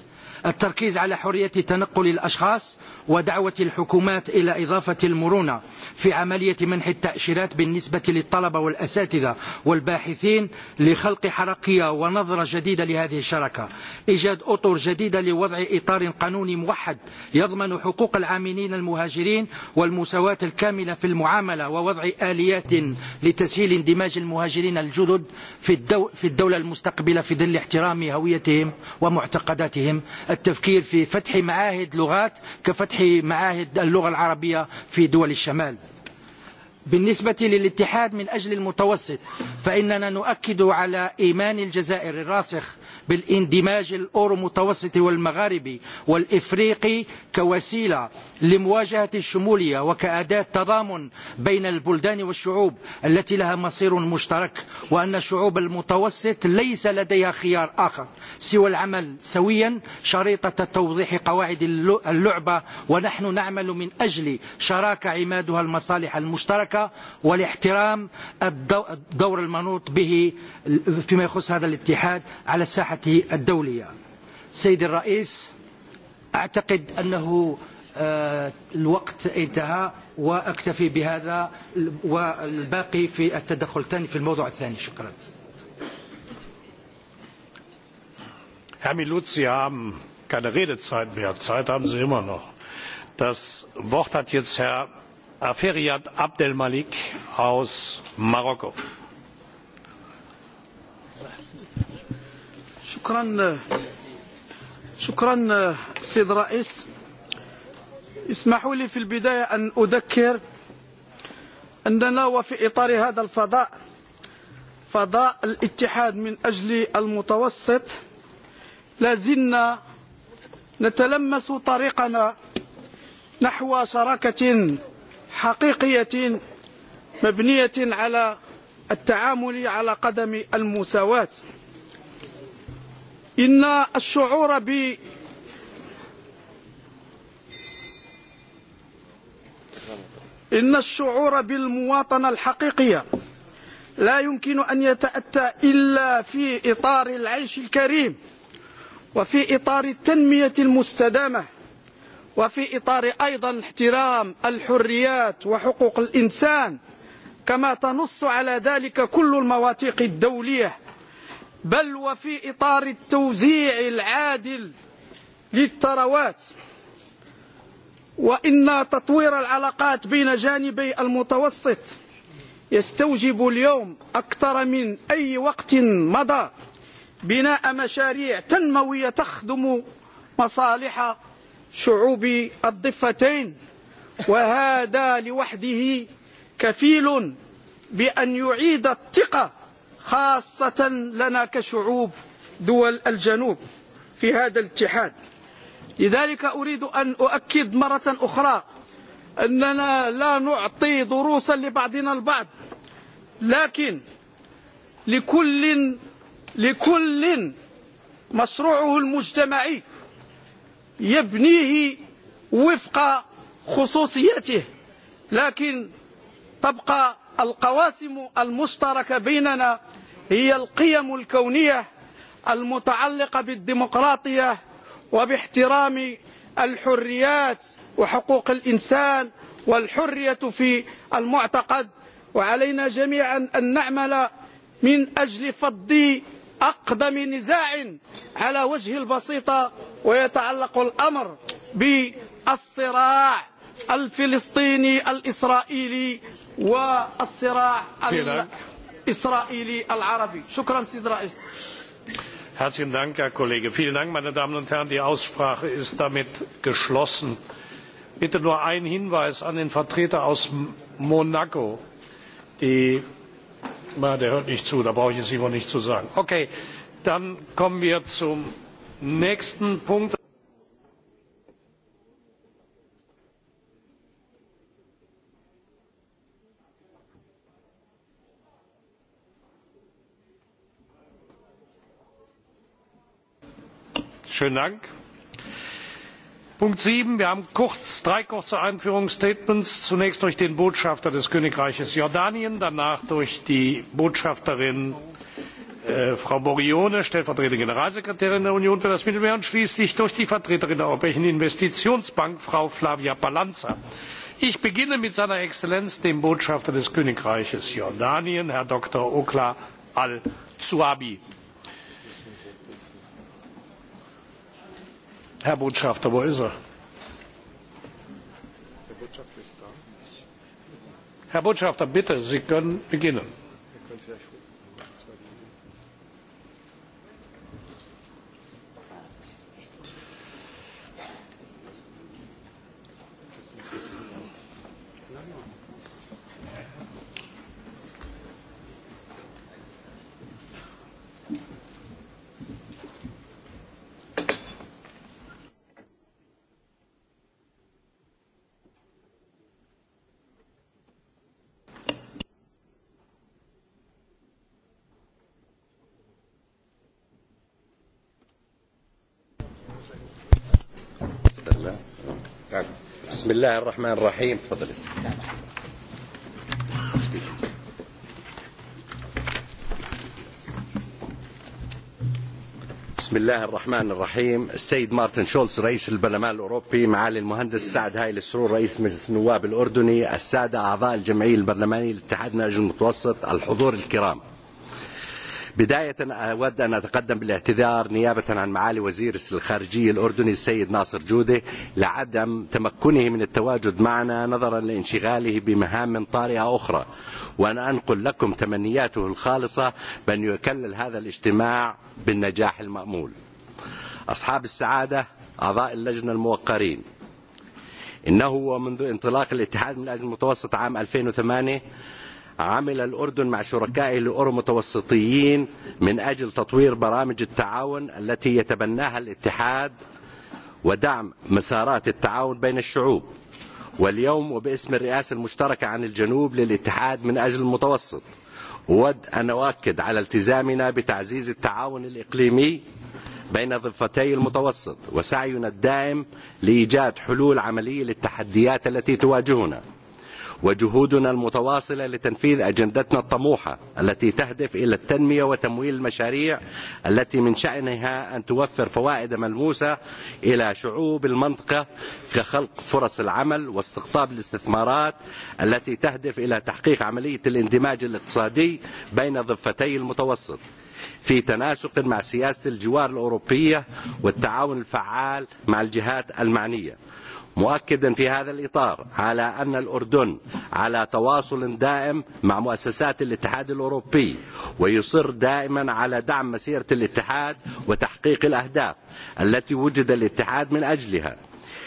التركيز على حرية تنقل الأشخاص ودعوة الحكومات إلى إضافة المرونة في عملية منح التأشيرات بالنسبة للطلبة والأساتذة والباحثين لخلق حركية ونظرة جديدة لهذه الشركة إيجاد أطر جديدة لوضع إطار قانوني موحد يضمن حقوق العاملين المهاجرين والمساواة الكاملة في المعاملة ووضع آليات لتسهيل اندماج المهاجرين الجدد في الدولة المستقبلة في ظل احترام هويتهم ومعتقداتهم التفكير في فتح معاهد لغات كفتح معاهد اللغة العربية في دول الشمال بالنسبة للاتحاد من أجل المتوسط فإننا نؤكد على إيمان الجزائر الراسخ بالاندماج الأورو متوسطي والمغاربي والإفريقي كوسيلة لمواجهة الشمولية وكأداة تضامن بين البلدان والشعوب التي لها مصير مشترك وأن شعوب المتوسط ليس لديها خيار آخر سوى العمل سويا شريطة توضيح قواعد اللعبة ونحن نعمل من أجل شراكة عمادها المصالح المشتركة والاحترام الدور المنوط به فيما يخص هذا الاتحاد على الساحة الجامعة الدولية سيد الرئيس أعتقد أنه الوقت انتهى وأكتفي بهذا والباقي في التدخل الثاني في الموضوع الثاني شكرا Herr Miluz, Sie haben keine Redezeit mehr. Zeit haben Sie immer noch. Das Wort hat jetzt Herr Aferiat Abdelmalik aus Marokko. شكرا شكرا سيد رئيس اسمحوا لي في البداية أن أذكر أننا وفي إطار هذا الفضاء فضاء الاتحاد من أجل المتوسط لازلنا نتلمس طريقنا نحو شراكة حقيقية مبنية على التعامل على قدم المساواة إن الشعور ب إن الشعور بالمواطنة الحقيقية لا يمكن أن يتأتى إلا في إطار العيش الكريم وفي إطار التنمية المستدامة وفي إطار أيضا احترام الحريات وحقوق الإنسان كما تنص على ذلك كل المواثيق الدولية بل وفي إطار التوزيع العادل للثروات وإن تطوير العلاقات بين جانبي المتوسط يستوجب اليوم أكثر من أي وقت مضى بناء مشاريع تنموية تخدم مصالح شعوب الضفتين وهذا لوحده كفيل بأن يعيد الثقة خاصة لنا كشعوب دول الجنوب في هذا الاتحاد لذلك أريد أن أؤكد مرة أخرى أننا لا نعطي دروسا لبعضنا البعض لكن لكل لكل مشروعه المجتمعي يبنيه وفق خصوصيته لكن تبقى القواسم المشتركة بيننا هي القيم الكونية المتعلقة بالديمقراطية وباحترام الحريات وحقوق الإنسان والحرية في المعتقد وعلينا جميعا أن نعمل من أجل فض أقدم نزاع على وجه البسيطة ويتعلق الأمر بالصراع الفلسطيني الإسرائيلي والصراع الإسرائيلي العربي شكرا سيد رئيس Herzlichen Dank, Herr Kollege. Vielen Dank, meine Damen und Herren. Die Aussprache ist damit geschlossen. Bitte nur ein Hinweis an den Vertreter aus Monaco. Die, na, der hört nicht zu, da brauche ich es ihm nicht zu sagen. Okay, dann kommen wir zum nächsten Punkt. Punkt sieben Wir haben kurz, drei kurze Einführungsstatements. Zunächst durch den Botschafter des Königreiches Jordanien, danach durch die Botschafterin äh, Frau Borione, stellvertretende Generalsekretärin der Union für das Mittelmeer und schließlich durch die Vertreterin der Europäischen Investitionsbank, Frau Flavia Palanza. Ich beginne mit seiner Exzellenz, dem Botschafter des Königreiches Jordanien, Herr Dr. Okla al-Zuabi. Herr Botschafter, wo ist er? Herr Botschafter, bitte, Sie können beginnen. بسم الله الرحمن الرحيم تفضل بسم الله الرحمن الرحيم السيد مارتن شولز رئيس البرلمان الأوروبي معالي المهندس سعد هايل السرور رئيس مجلس النواب الأردني السادة أعضاء الجمعية البرلمانية لاتحادنا الأجنبي المتوسط الحضور الكرام بداية أود أن أتقدم بالاعتذار نيابة عن معالي وزير الخارجية الأردني السيد ناصر جودة لعدم تمكنه من التواجد معنا نظرا لانشغاله بمهام طارئة أخرى وأنا أنقل لكم تمنياته الخالصة بأن يكلل هذا الاجتماع بالنجاح المأمول أصحاب السعادة أعضاء اللجنة الموقرين إنه منذ انطلاق الاتحاد من الأجل المتوسط عام 2008 عمل الأردن مع شركائه الأورو متوسطيين من أجل تطوير برامج التعاون التي يتبناها الاتحاد ودعم مسارات التعاون بين الشعوب واليوم وباسم الرئاسة المشتركة عن الجنوب للاتحاد من أجل المتوسط أود أن أؤكد على التزامنا بتعزيز التعاون الإقليمي بين ضفتي المتوسط وسعينا الدائم لإيجاد حلول عملية للتحديات التي تواجهنا وجهودنا المتواصلة لتنفيذ أجندتنا الطموحة التي تهدف إلى التنمية وتمويل المشاريع التي من شأنها أن توفر فوائد ملموسة إلى شعوب المنطقة كخلق فرص العمل واستقطاب الاستثمارات التي تهدف إلى تحقيق عملية الاندماج الاقتصادي بين ضفتي المتوسط في تناسق مع سياسة الجوار الأوروبية والتعاون الفعال مع الجهات المعنية مؤكدا في هذا الإطار على أن الأردن على تواصل دائم مع مؤسسات الاتحاد الأوروبي ويصر دائما على دعم مسيرة الاتحاد وتحقيق الأهداف التي وجد الاتحاد من أجلها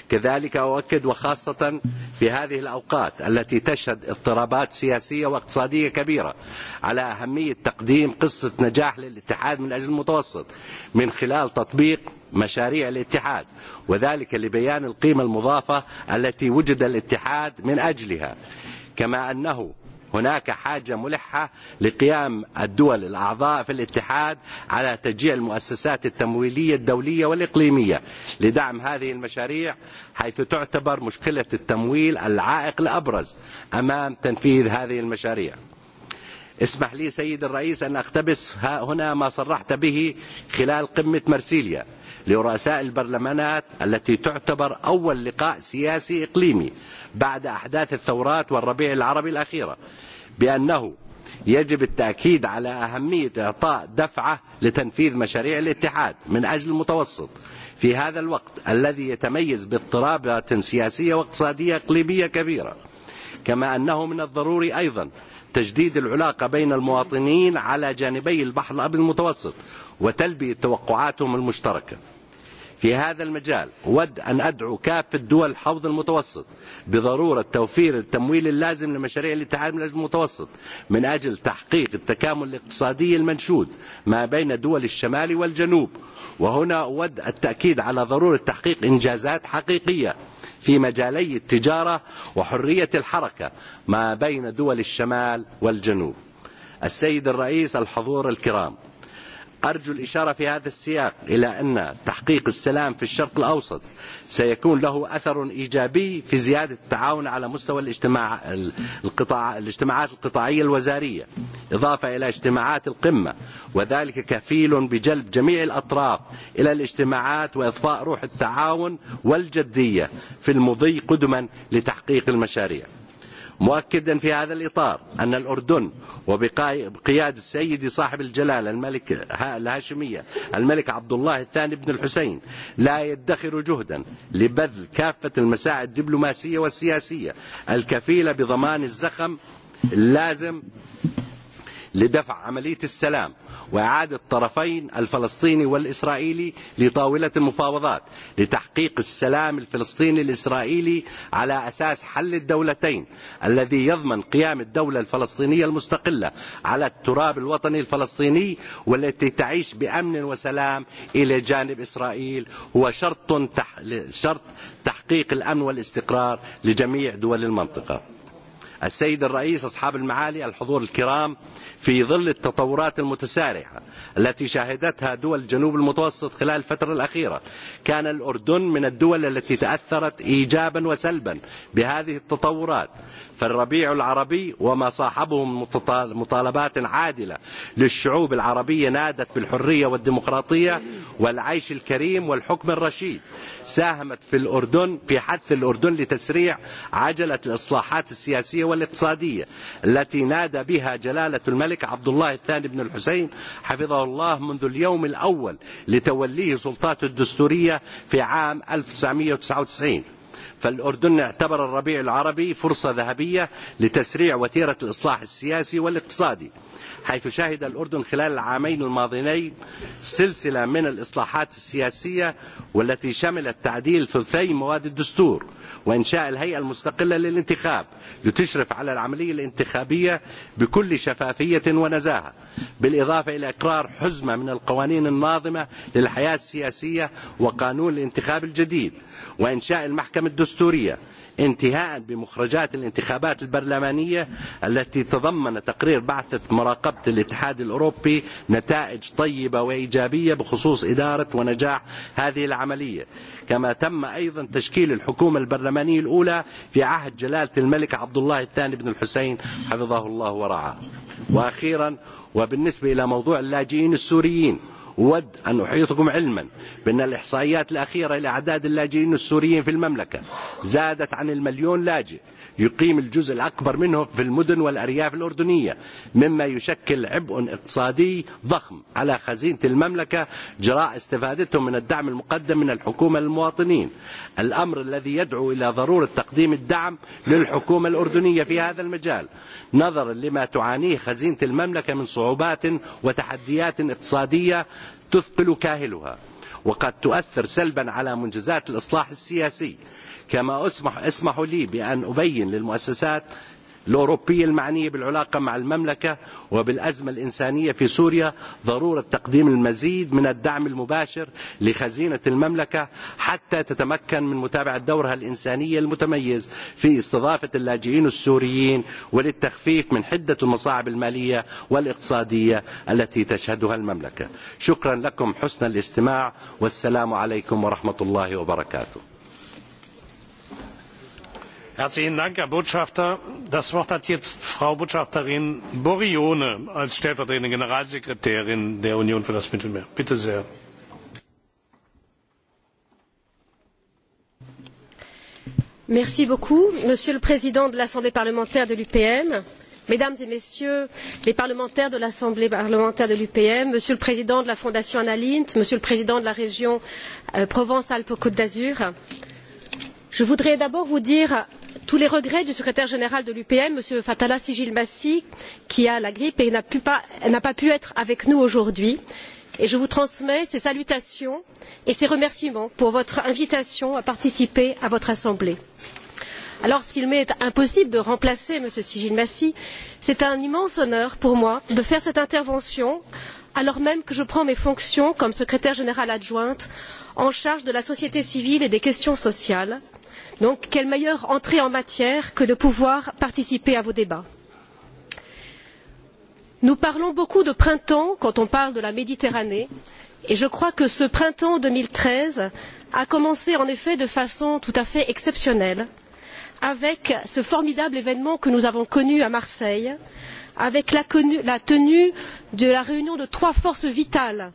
كذلك أؤكد وخاصة في هذه الأوقات التي تشهد اضطرابات سياسية واقتصادية كبيرة على أهمية تقديم قصة نجاح للاتحاد من أجل المتوسط من خلال تطبيق مشاريع الاتحاد وذلك لبيان القيمة المضافة التي وجد الاتحاد من أجلها كما أنه هناك حاجة ملحة لقيام الدول الأعضاء في الاتحاد على تجيع المؤسسات التمويلية الدولية والإقليمية لدعم هذه المشاريع حيث تعتبر مشكلة التمويل العائق الأبرز أمام تنفيذ هذه المشاريع اسمح لي سيد الرئيس أن أقتبس هنا ما صرحت به خلال قمة مرسيليا لرؤساء البرلمانات التي تعتبر أول لقاء سياسي إقليمي بعد أحداث الثورات والربيع العربي الأخيرة بأنه يجب التأكيد على أهمية إعطاء دفعة لتنفيذ مشاريع الاتحاد من أجل المتوسط في هذا الوقت الذي يتميز باضطرابات سياسية واقتصادية إقليمية كبيرة كما أنه من الضروري أيضا تجديد العلاقة بين المواطنين على جانبي البحر الأبيض المتوسط وتلبية توقعاتهم المشتركة في هذا المجال ود أن أدعو كافة دول حوض المتوسط بضرورة توفير التمويل اللازم لمشاريع الاتحاد من أجل المتوسط من أجل تحقيق التكامل الاقتصادي المنشود ما بين دول الشمال والجنوب وهنا أود التأكيد على ضرورة تحقيق إنجازات حقيقية في مجالي التجارة وحرية الحركة ما بين دول الشمال والجنوب السيد الرئيس الحضور الكرام أرجو الإشارة في هذا السياق إلى أن تحقيق السلام في الشرق الأوسط سيكون له أثر إيجابي في زيادة التعاون على مستوى الاجتماع القطاع الاجتماعات القطاعية الوزارية إضافة إلى اجتماعات القمة وذلك كفيل بجلب جميع الأطراف إلى الاجتماعات وإضفاء روح التعاون والجدية في المضي قدما لتحقيق المشاريع مؤكدا في هذا الإطار أن الأردن وبقيادة سيدي صاحب الجلالة الملك الهاشمية الملك عبد الله الثاني بن الحسين لا يدخر جهدا لبذل كافة المساعي الدبلوماسية والسياسية الكفيلة بضمان الزخم اللازم لدفع عملية السلام وإعادة الطرفين الفلسطيني والإسرائيلي لطاولة المفاوضات لتحقيق السلام الفلسطيني الإسرائيلي على أساس حل الدولتين الذي يضمن قيام الدولة الفلسطينية المستقلة على التراب الوطني الفلسطيني والتي تعيش بأمن وسلام إلى جانب إسرائيل هو شرط تحقيق الأمن والاستقرار لجميع دول المنطقة السيد الرئيس أصحاب المعالي الحضور الكرام في ظل التطورات المتسارعة التي شهدتها دول جنوب المتوسط خلال الفترة الأخيرة كان الأردن من الدول التي تأثرت إيجابا وسلبا بهذه التطورات فالربيع العربي وما صاحبه من مطالبات عادلة للشعوب العربية نادت بالحرية والديمقراطية والعيش الكريم والحكم الرشيد ساهمت في الأردن في حث الأردن لتسريع عجلة الإصلاحات السياسية والاقتصادية التي نادى بها جلالة الملك عبد الله الثاني بن الحسين حفظه الله منذ اليوم الأول لتوليه سلطات الدستورية في عام 1999 فالأردن اعتبر الربيع العربي فرصة ذهبية لتسريع وتيرة الإصلاح السياسي والاقتصادي حيث شهد الأردن خلال العامين الماضيين سلسلة من الإصلاحات السياسية والتي شملت تعديل ثلثي مواد الدستور وإنشاء الهيئة المستقلة للانتخاب لتشرف على العملية الانتخابية بكل شفافية ونزاهة بالإضافة إلى إقرار حزمة من القوانين الناظمة للحياة السياسية وقانون الانتخاب الجديد وإنشاء المحكمة الدستورية انتهاء بمخرجات الانتخابات البرلمانية التي تضمن تقرير بعثة مراقبة الاتحاد الأوروبي نتائج طيبة وإيجابية بخصوص إدارة ونجاح هذه العملية كما تم أيضا تشكيل الحكومة البرلمانية الأولى في عهد جلالة الملك عبد الله الثاني بن الحسين حفظه الله ورعاه وأخيرا وبالنسبة إلى موضوع اللاجئين السوريين أود أن أحيطكم علما بأن الإحصائيات الأخيرة لأعداد اللاجئين السوريين في المملكة زادت عن المليون لاجئ يقيم الجزء الأكبر منه في المدن والأرياف الأردنية مما يشكل عبء اقتصادي ضخم على خزينة المملكة جراء استفادتهم من الدعم المقدم من الحكومة للمواطنين الأمر الذي يدعو إلى ضرورة تقديم الدعم للحكومة الأردنية في هذا المجال نظرا لما تعانيه خزينة المملكة من صعوبات وتحديات اقتصادية تثقل كاهلها وقد تؤثر سلبا على منجزات الإصلاح السياسي كما أسمح اسمحوا لي بأن أبين للمؤسسات الأوروبية المعنية بالعلاقة مع المملكة وبالأزمة الإنسانية في سوريا ضرورة تقديم المزيد من الدعم المباشر لخزينة المملكة حتى تتمكن من متابعة دورها الإنسانية المتميز في استضافة اللاجئين السوريين وللتخفيف من حدة المصاعب المالية والاقتصادية التي تشهدها المملكة شكرا لكم حسن الاستماع والسلام عليكم ورحمة الله وبركاته Herzlichen Dank, Herr Botschafter. Das Wort hat jetzt Frau Botschafterin Borione als stellvertretende Generalsekretärin der Union für das Mittelmeer. Bitte sehr. Monsieur le Président de l'Assemblée parlementaire de l'UPM, Mesdames et Messieurs les parlementaires de l'Assemblée parlementaire de l'UPM, Monsieur le Président de la Fondation Anna Analint, Monsieur le Président de la région euh, Provence-Alpes-Côte d'Azur, Je voudrais d'abord vous dire tous les regrets du secrétaire général de l'UPM, M. Fatala Massi, qui a la grippe et n'a pas, pu être avec nous aujourd'hui. Et je vous transmets ses salutations et ses remerciements pour votre invitation à participer à votre assemblée. Alors s'il m'est impossible de remplacer M. Massi, c'est un immense honneur pour moi de faire cette intervention alors même que je prends mes fonctions comme secrétaire générale adjointe en charge de la société civile et des questions sociales Donc, quelle meilleure entrée en matière que de pouvoir participer à vos débats. Nous parlons beaucoup de printemps quand on parle de la Méditerranée et je crois que ce printemps deux mille treize a commencé en effet de façon tout à fait exceptionnelle avec ce formidable événement que nous avons connu à Marseille, avec la, tenue de la réunion de trois forces vitales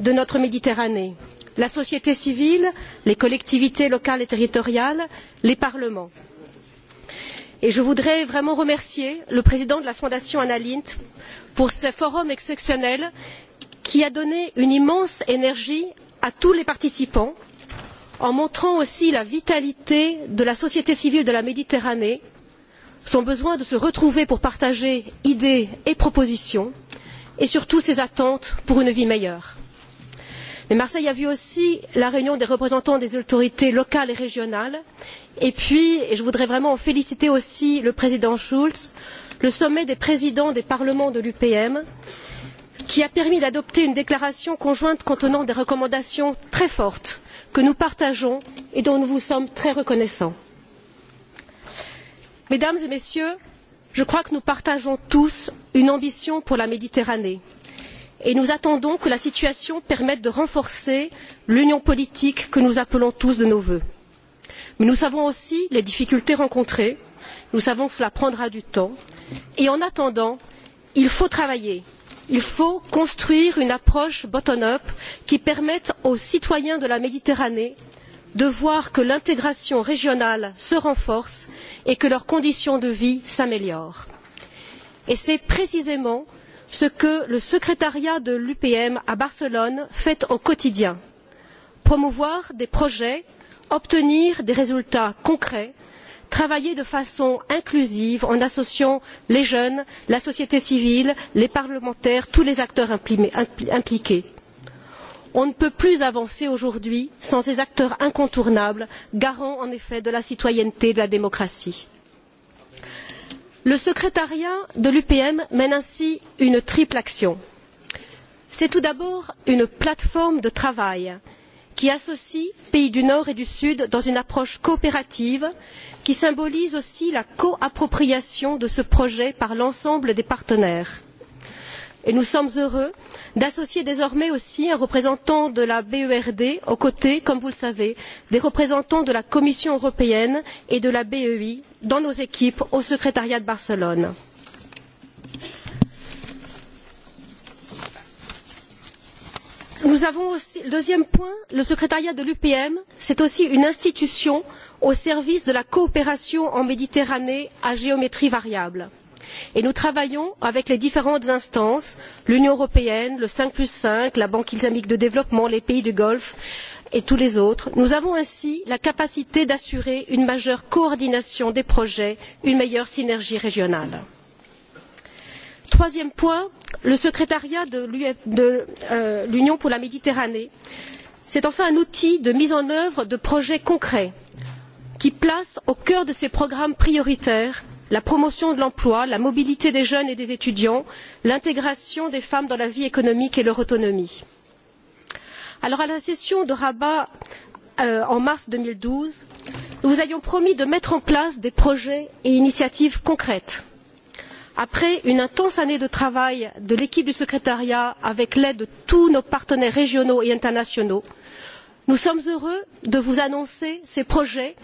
de notre Méditerranée la société civile, les collectivités locales et territoriales, les parlements. Et je voudrais vraiment remercier le président de la Fondation Annalint pour ce forum exceptionnel qui a donné une immense énergie à tous les participants en montrant aussi la vitalité de la société civile de la Méditerranée, son besoin de se retrouver pour partager idées et propositions, et surtout ses attentes pour une vie meilleure. Mais Marseille a vu aussi la réunion des représentants des autorités locales et régionales. Et puis, et je voudrais vraiment féliciter aussi le président Schulz, le sommet des présidents des parlements de l'UPM, qui a permis d'adopter une déclaration conjointe contenant des recommandations très fortes que nous partageons et dont nous vous sommes très reconnaissants. Mesdames et Messieurs, je crois que nous partageons tous une ambition pour la Méditerranée et nous attendons que la situation permette de renforcer l'union politique que nous appelons tous de nos vœux. Mais nous savons aussi les difficultés rencontrées, nous savons que cela prendra du temps et en attendant, il faut travailler, il faut construire une approche bottom-up qui permette aux citoyens de la Méditerranée de voir que l'intégration régionale se renforce et que leurs conditions de vie s'améliorent. Et c'est précisément ce que le secrétariat de l'UPM à Barcelone fait au quotidien promouvoir des projets, obtenir des résultats concrets, travailler de façon inclusive en associant les jeunes, la société civile, les parlementaires, tous les acteurs impliqués. On ne peut plus avancer aujourd'hui sans ces acteurs incontournables, garants en effet de la citoyenneté et de la démocratie. Le secrétariat de l'UPM mène ainsi une triple action. C'est tout d'abord une plateforme de travail qui associe pays du Nord et du Sud dans une approche coopérative qui symbolise aussi la coappropriation de ce projet par l'ensemble des partenaires. Et nous sommes heureux d'associer désormais aussi un représentant de la BERD aux côtés, comme vous le savez, des représentants de la Commission européenne et de la BEI dans nos équipes au secrétariat de Barcelone. Nous avons aussi, le deuxième point, le secrétariat de l'UPM, c'est aussi une institution au service de la coopération en Méditerranée à géométrie variable. Et nous travaillons avec les différentes instances, l'Union européenne, le cinq plus cinq, la Banque islamique de développement, les pays du Golfe, et tous les autres, nous avons ainsi la capacité d'assurer une majeure coordination des projets, une meilleure synergie régionale. Troisième point, le secrétariat de e euh, l'Union euh, pour la Méditerranée. C'est enfin un outil de mise en œuvre de projets concrets qui place au cœur de ses programmes prioritaires la promotion de l'emploi, la mobilité des jeunes et des étudiants, l'intégration des femmes dans la vie économique et leur autonomie. Alors à la session de Rabat euh, en mars deux mille douze, nous vous avions promis de mettre en place des projets et initiatives concrètes. Après une intense année de travail de l'équipe du secrétariat avec l'aide de tous nos partenaires régionaux et internationaux, nous sommes heureux de vous annoncer ces projets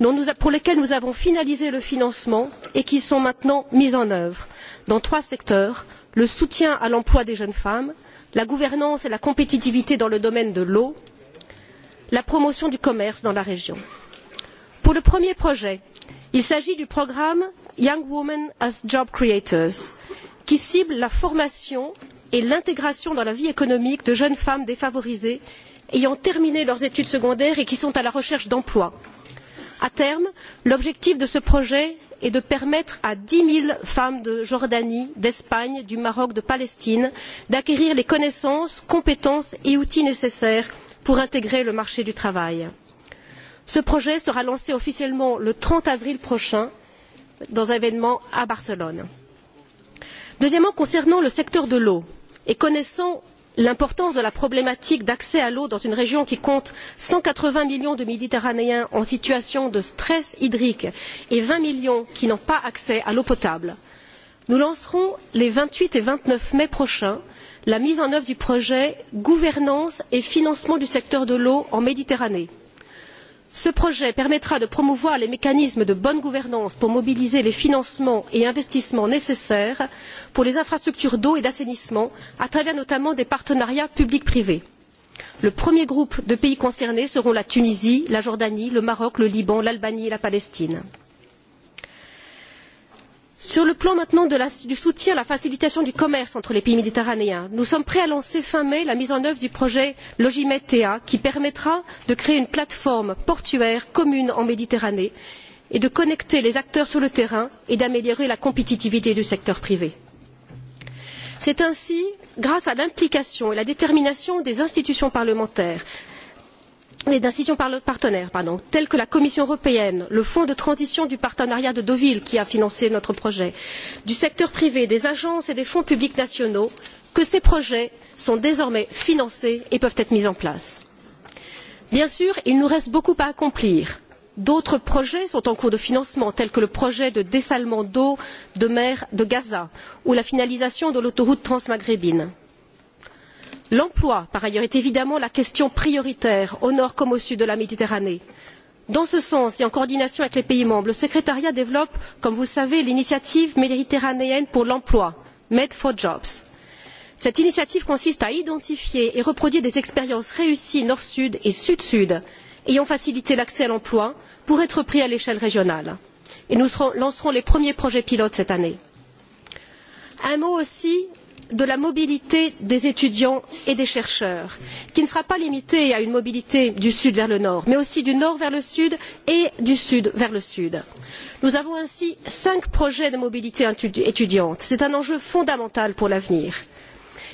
nous, pour lesquels nous avons finalisé le financement et qui sont maintenant mis en œuvre dans trois secteurs le soutien à l'emploi des jeunes femmes, la gouvernance et la compétitivité dans le domaine de l'eau, la promotion du commerce dans la région. Pour le premier projet, il s'agit du programme Young Women as Job Creators, qui cible la formation et l'intégration dans la vie économique de jeunes femmes défavorisées ayant terminé leurs études secondaires et qui sont à la recherche d'emploi. À terme, l'objectif de ce projet et de permettre à dix 000 femmes de Jordanie, d'Espagne, du Maroc, de Palestine d'acquérir les connaissances, compétences et outils nécessaires pour intégrer le marché du travail. Ce projet sera lancé officiellement le trente avril prochain dans un événement à Barcelone. Deuxièmement, concernant le secteur de l'eau et connaissant l'importance de la problématique d'accès à l'eau dans une région qui compte cent quatre vingts millions de méditerranéens en situation de stress hydrique et vingt millions qui n'ont pas accès à l'eau potable. nous lancerons les vingt huit et vingt neuf mai prochains la mise en œuvre du projet gouvernance et financement du secteur de l'eau en méditerranée. Ce projet permettra de promouvoir les mécanismes de bonne gouvernance pour mobiliser les financements et investissements nécessaires pour les infrastructures d'eau et d'assainissement à travers notamment des partenariats public privé. Le premier groupe de pays concernés seront la Tunisie, la Jordanie, le Maroc, le Liban, l'Albanie et la Palestine. Sur le plan maintenant de la, du soutien à la facilitation du commerce entre les pays méditerranéens, nous sommes prêts à lancer fin mai la mise en œuvre du projet Logimetea qui permettra de créer une plateforme portuaire commune en Méditerranée et de connecter les acteurs sur le terrain et d'améliorer la compétitivité du secteur privé. C'est ainsi, grâce à l'implication et la détermination des institutions parlementaires, les institutions partenaires, pardon, telles que la Commission européenne, le Fonds de transition du partenariat de Deauville qui a financé notre projet, du secteur privé, des agences et des fonds publics nationaux, que ces projets sont désormais financés et peuvent être mis en place. Bien sûr, il nous reste beaucoup à accomplir. D'autres projets sont en cours de financement, tels que le projet de dessalement d'eau de mer de Gaza ou la finalisation de l'autoroute transmaghrébine. L'emploi, par ailleurs, est évidemment la question prioritaire au nord comme au sud de la Méditerranée. Dans ce sens et en coordination avec les pays membres, le secrétariat développe, comme vous le savez, l'initiative méditerranéenne pour l'emploi, Med for Jobs. Cette initiative consiste à identifier et reproduire des expériences réussies nord-sud et sud-sud ayant facilité l'accès à l'emploi pour être pris à l'échelle régionale. Et nous lancerons les premiers projets pilotes cette année. Un mot aussi de la mobilité des étudiants et des chercheurs, qui ne sera pas limitée à une mobilité du sud vers le nord, mais aussi du nord vers le sud et du sud vers le sud. Nous avons ainsi cinq projets de mobilité étudiante. C'est un enjeu fondamental pour l'avenir.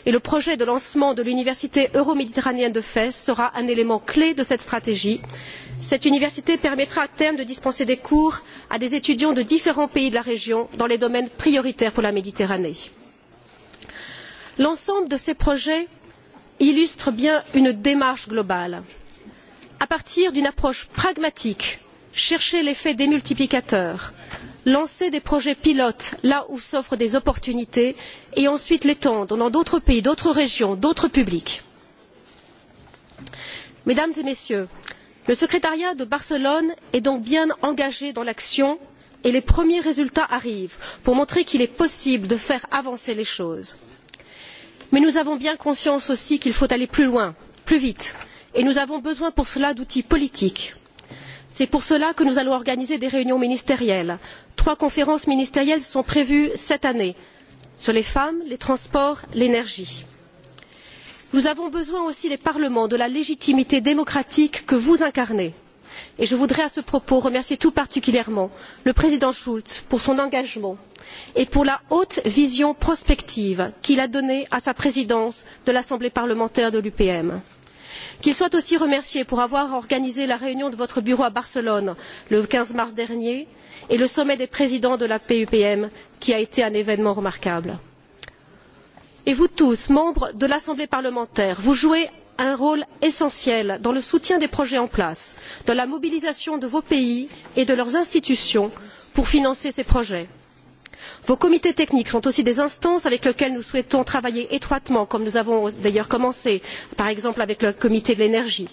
Et le projet de lancement de l'université euroméditerranéenne de Fès sera un élément clé de cette stratégie. Cette université permettra à terme de dispenser des cours à des étudiants de différents pays de la région dans les domaines prioritaires pour la Méditerranée. L'ensemble de ces projets illustre bien une démarche globale. À partir d'une approche pragmatique, chercher l'effet démultiplicateur, lancer des projets pilotes là où s'offrent des opportunités et ensuite l'étendre dans d'autres pays, d'autres régions, d'autres publics. Mesdames et Messieurs, le secrétariat de Barcelone est donc bien engagé dans l'action et les premiers résultats arrivent pour montrer qu'il est possible de faire avancer les choses. Mais nous avons bien conscience aussi qu'il faut aller plus loin, plus vite, et nous avons besoin pour cela d'outils politiques. C'est pour cela que nous allons organiser des réunions ministérielles. Trois conférences ministérielles sont prévues cette année sur les femmes, les transports, l'énergie. Nous avons besoin aussi des parlements de la légitimité démocratique que vous incarnez et je voudrais à ce propos remercier tout particulièrement le président Schulz pour son engagement et pour la haute vision prospective qu'il a donnée à sa présidence de l'Assemblée parlementaire de l'UPM. Qu'il soit aussi remercié pour avoir organisé la réunion de votre bureau à Barcelone le quinze mars dernier et le sommet des présidents de la PUPM qui a été un événement remarquable. Et vous tous, membres de l'Assemblée parlementaire, vous jouez un rôle essentiel dans le soutien des projets en place, dans la mobilisation de vos pays et de leurs institutions pour financer ces projets. Vos comités techniques sont aussi des instances avec lesquelles nous souhaitons travailler étroitement, comme nous avons d'ailleurs commencé, par exemple avec le comité de l'énergie.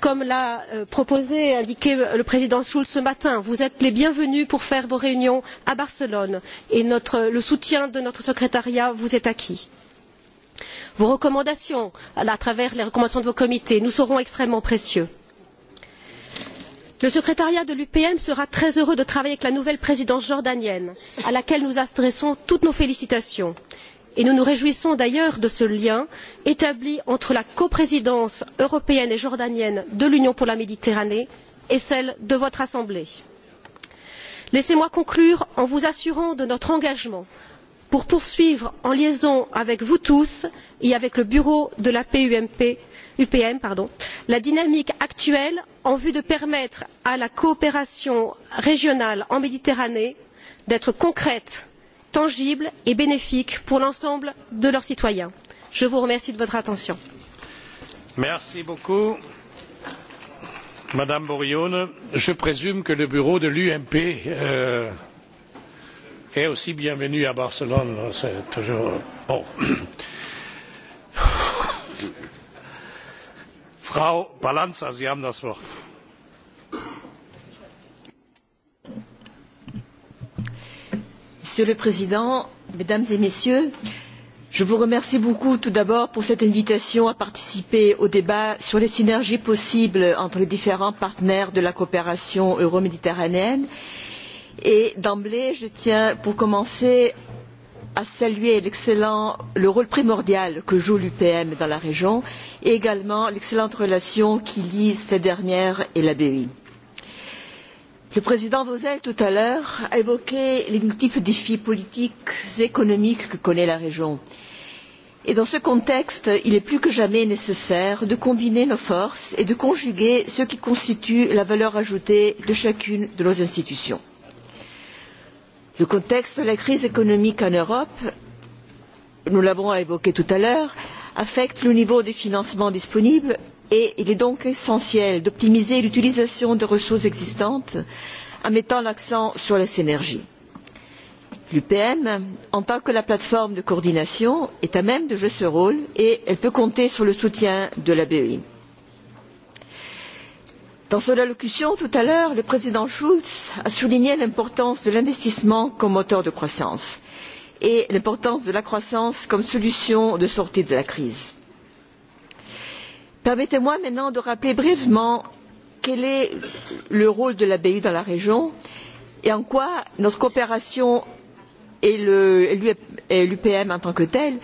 Comme l'a euh, proposé et indiqué euh, le président Schulz ce matin, vous êtes les bienvenus pour faire vos réunions à Barcelone et notre, le soutien de notre secrétariat vous est acquis. Vos recommandations, à travers les recommandations de vos comités, nous seront extrêmement précieux. Le secrétariat de l'UPM sera très heureux de travailler avec la nouvelle présidence jordanienne, à laquelle nous adressons toutes nos félicitations. Et nous nous réjouissons d'ailleurs de ce lien établi entre la coprésidence européenne et jordanienne de l'Union pour la Méditerranée et celle de votre Assemblée. Laissez-moi conclure en vous assurant de notre engagement pour poursuivre en liaison avec vous tous et avec le bureau de la PUMP, UPM pardon, la dynamique actuelle en vue de permettre à la coopération régionale en Méditerranée d'être concrète, tangible et bénéfique pour l'ensemble de leurs citoyens. Je vous remercie de votre attention. Merci beaucoup. Madame Borione, je présume que le bureau de l'UMP euh, Et aussi bienvenue à Barcelone. C'est toujours bon. Frau Balanza, Sie haben das Wort. Monsieur le Président, Mesdames et Messieurs, je vous remercie beaucoup tout d'abord pour cette invitation à participer au débat sur les synergies possibles entre les différents partenaires de la coopération euroméditerranéenne méditerranéenne Et d'emblée, je tiens, pour commencer, à saluer l'excellent, le rôle primordial que joue l'UPM dans la région et également l'excellente relation qui lie cette dernière et la BEI. Le président Vosel, tout à l'heure, a évoqué les multiples défis politiques et économiques que connaît la région. Et dans ce contexte, il est plus que jamais nécessaire de combiner nos forces et de conjuguer ce qui constitue la valeur ajoutée de chacune de nos institutions. Le contexte de la crise économique en Europe, nous l'avons évoqué tout à l'heure, affecte le niveau des financements disponibles et il est donc essentiel d'optimiser l'utilisation des ressources existantes en mettant l'accent sur la synergies. L'UPM, en tant que la plateforme de coordination, est à même de jouer ce rôle et elle peut compter sur le soutien de la BEI. Dans son allocution tout à l'heure, le président Schulz a souligné l'importance de l'investissement comme moteur de croissance et l'importance de la croissance comme solution de sortie de la crise. Permettez-moi maintenant de rappeler brièvement quel est le rôle de la BEI dans la région et en quoi notre coopération et l'UPM en tant que telle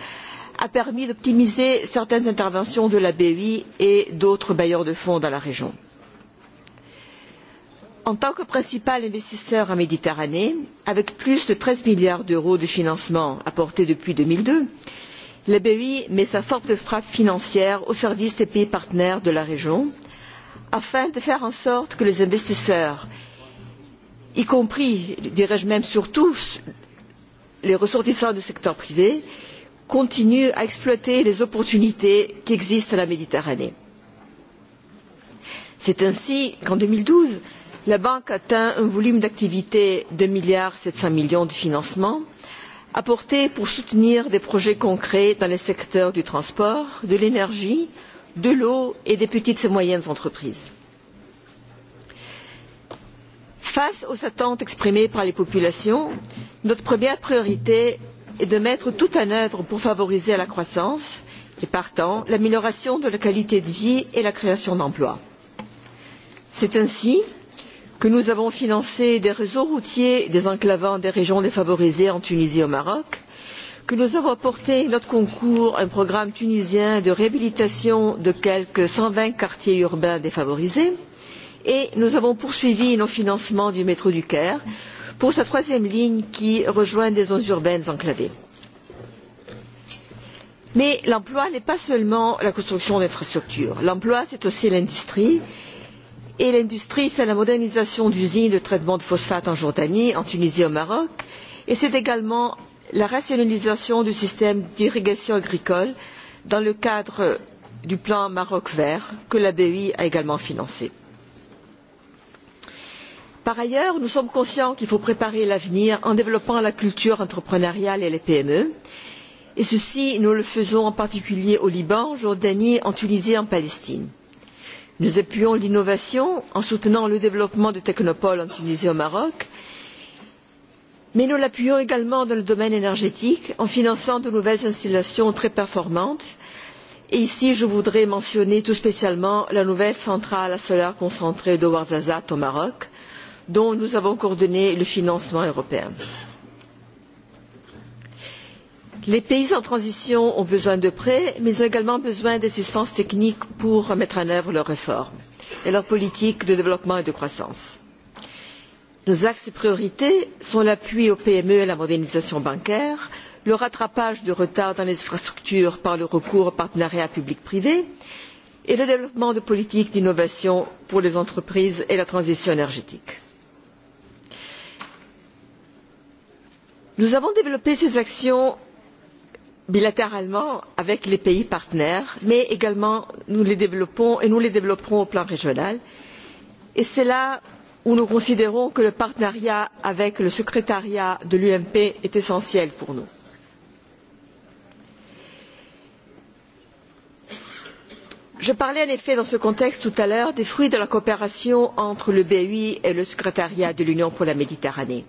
a permis d'optimiser certaines interventions de la BEI et d'autres bailleurs de fonds dans la région. En tant que principal investisseur en Méditerranée, avec plus de treize milliards d'euros de financement apportés depuis deux mille deux, la BEI met sa forte frappe financière au service des pays partenaires de la région afin de faire en sorte que les investisseurs, y compris, dirais-je même surtout, les ressortissants du secteur privé, continuent à exploiter les opportunités qui existent à la Méditerranée. C'est ainsi qu'en deux mille douze La banque atteint un volume d'activité de milliards millions de financements apportés pour soutenir des projets concrets dans les secteurs du transport, de l'énergie, de l'eau et des petites et moyennes entreprises. Face aux attentes exprimées par les populations, notre première priorité est de mettre tout en œuvre pour favoriser la croissance et partant l'amélioration de la qualité de vie et la création d'emplois. C'est ainsi que nous avons financé des réseaux routiers désenclavant des régions défavorisées en Tunisie et au Maroc, que nous avons apporté notre concours à un programme tunisien de réhabilitation de quelque cent vingt quartiers urbains défavorisés, et nous avons poursuivi nos financements du métro du Caire pour sa troisième ligne qui rejoint des zones urbaines enclavées. Mais l'emploi n'est pas seulement la construction d'infrastructures. L'emploi, c'est aussi l'industrie, et l'industrie, c'est la modernisation d'usines de traitement de phosphate en Jordanie, en Tunisie, au Maroc, et c'est également la rationalisation du système d'irrigation agricole dans le cadre du plan Maroc vert que la BEI a également financé. Par ailleurs, nous sommes conscients qu'il faut préparer l'avenir en développant la culture entrepreneuriale et les PME. Et ceci, nous le faisons en particulier au Liban, en Jordanie, en Tunisie et en Palestine. Nous appuyons l'innovation en soutenant le développement de technopoles en Tunisie et au Maroc, mais nous l'appuyons également dans le domaine énergétique en finançant de nouvelles installations très performantes. Et ici, je voudrais mentionner tout spécialement la nouvelle centrale à solaire concentrée de Ouarzazate au Maroc, dont nous avons coordonné le financement européen. Les pays en transition ont besoin de prêts, mais ils ont également besoin d'assistance technique pour mettre en œuvre leurs réformes et leurs politiques de développement et de croissance. Nos axes de priorité sont l'appui aux PME et la modernisation bancaire, le rattrapage de retard dans les infrastructures par le recours aux partenariats public privé et le développement de politiques d'innovation pour les entreprises et la transition énergétique. Nous avons développé ces actions bilatéralement avec les pays partenaires, mais également nous les développons et nous les développerons au plan régional. Et c'est là où nous considérons que le partenariat avec le secrétariat de l'UMP est essentiel pour nous. Je parlais en effet dans ce contexte tout à l'heure des fruits de la coopération entre le BUI et le secrétariat de l'Union pour la Méditerranée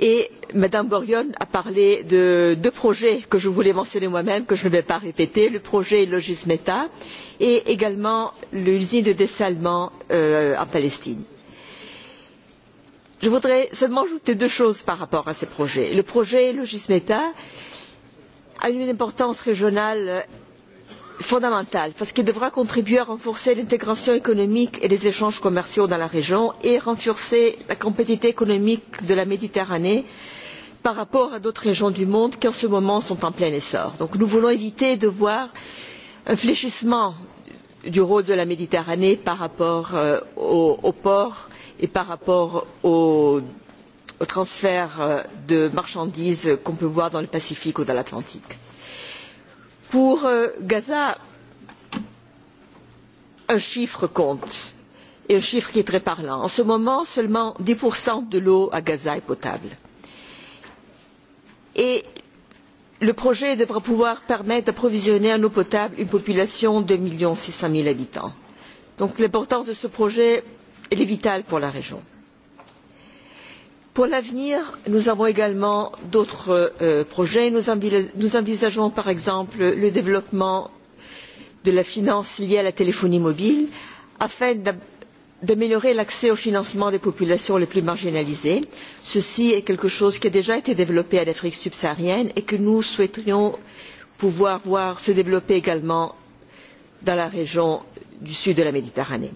et Madame Borion a parlé de deux projets que je voulais mentionner moi-même, que je ne vais pas répéter, le projet Logis Meta et également l'usine de dessalement euh, en Palestine. Je voudrais seulement ajouter deux choses par rapport à ces projets. Le projet Logis Meta a une importance régionale fondamental, parce qu'il devra contribuer à renforcer l'intégration économique et les échanges commerciaux dans la région et renforcer la compétitivité économique de la Méditerranée par rapport à d'autres régions du monde qui en ce moment sont en plein essor. Donc nous voulons éviter de voir un fléchissement du rôle de la Méditerranée par rapport euh, aux au ports et par rapport aux au transferts euh, de marchandises qu'on peut voir dans le Pacifique ou dans l'Atlantique. Pour euh, Gaza, un chiffre compte, et un chiffre qui est très parlant. En ce moment, seulement 10% de l'eau à Gaza est potable. Et le projet devra pouvoir permettre d'approvisionner en eau potable une population de 1 600 000 habitants. Donc l'importance de ce projet, est vitale pour la région. Pour l'avenir, nous avons également d'autres euh, projets. Nous, nous envisageons par exemple le développement de la finance liée à la téléphonie mobile afin d'améliorer l'accès au financement des populations les plus marginalisées. Ceci est quelque chose qui a déjà été développé en Afrique subsaharienne et que nous souhaiterions pouvoir voir se développer également dans la région du sud de la Méditerranée.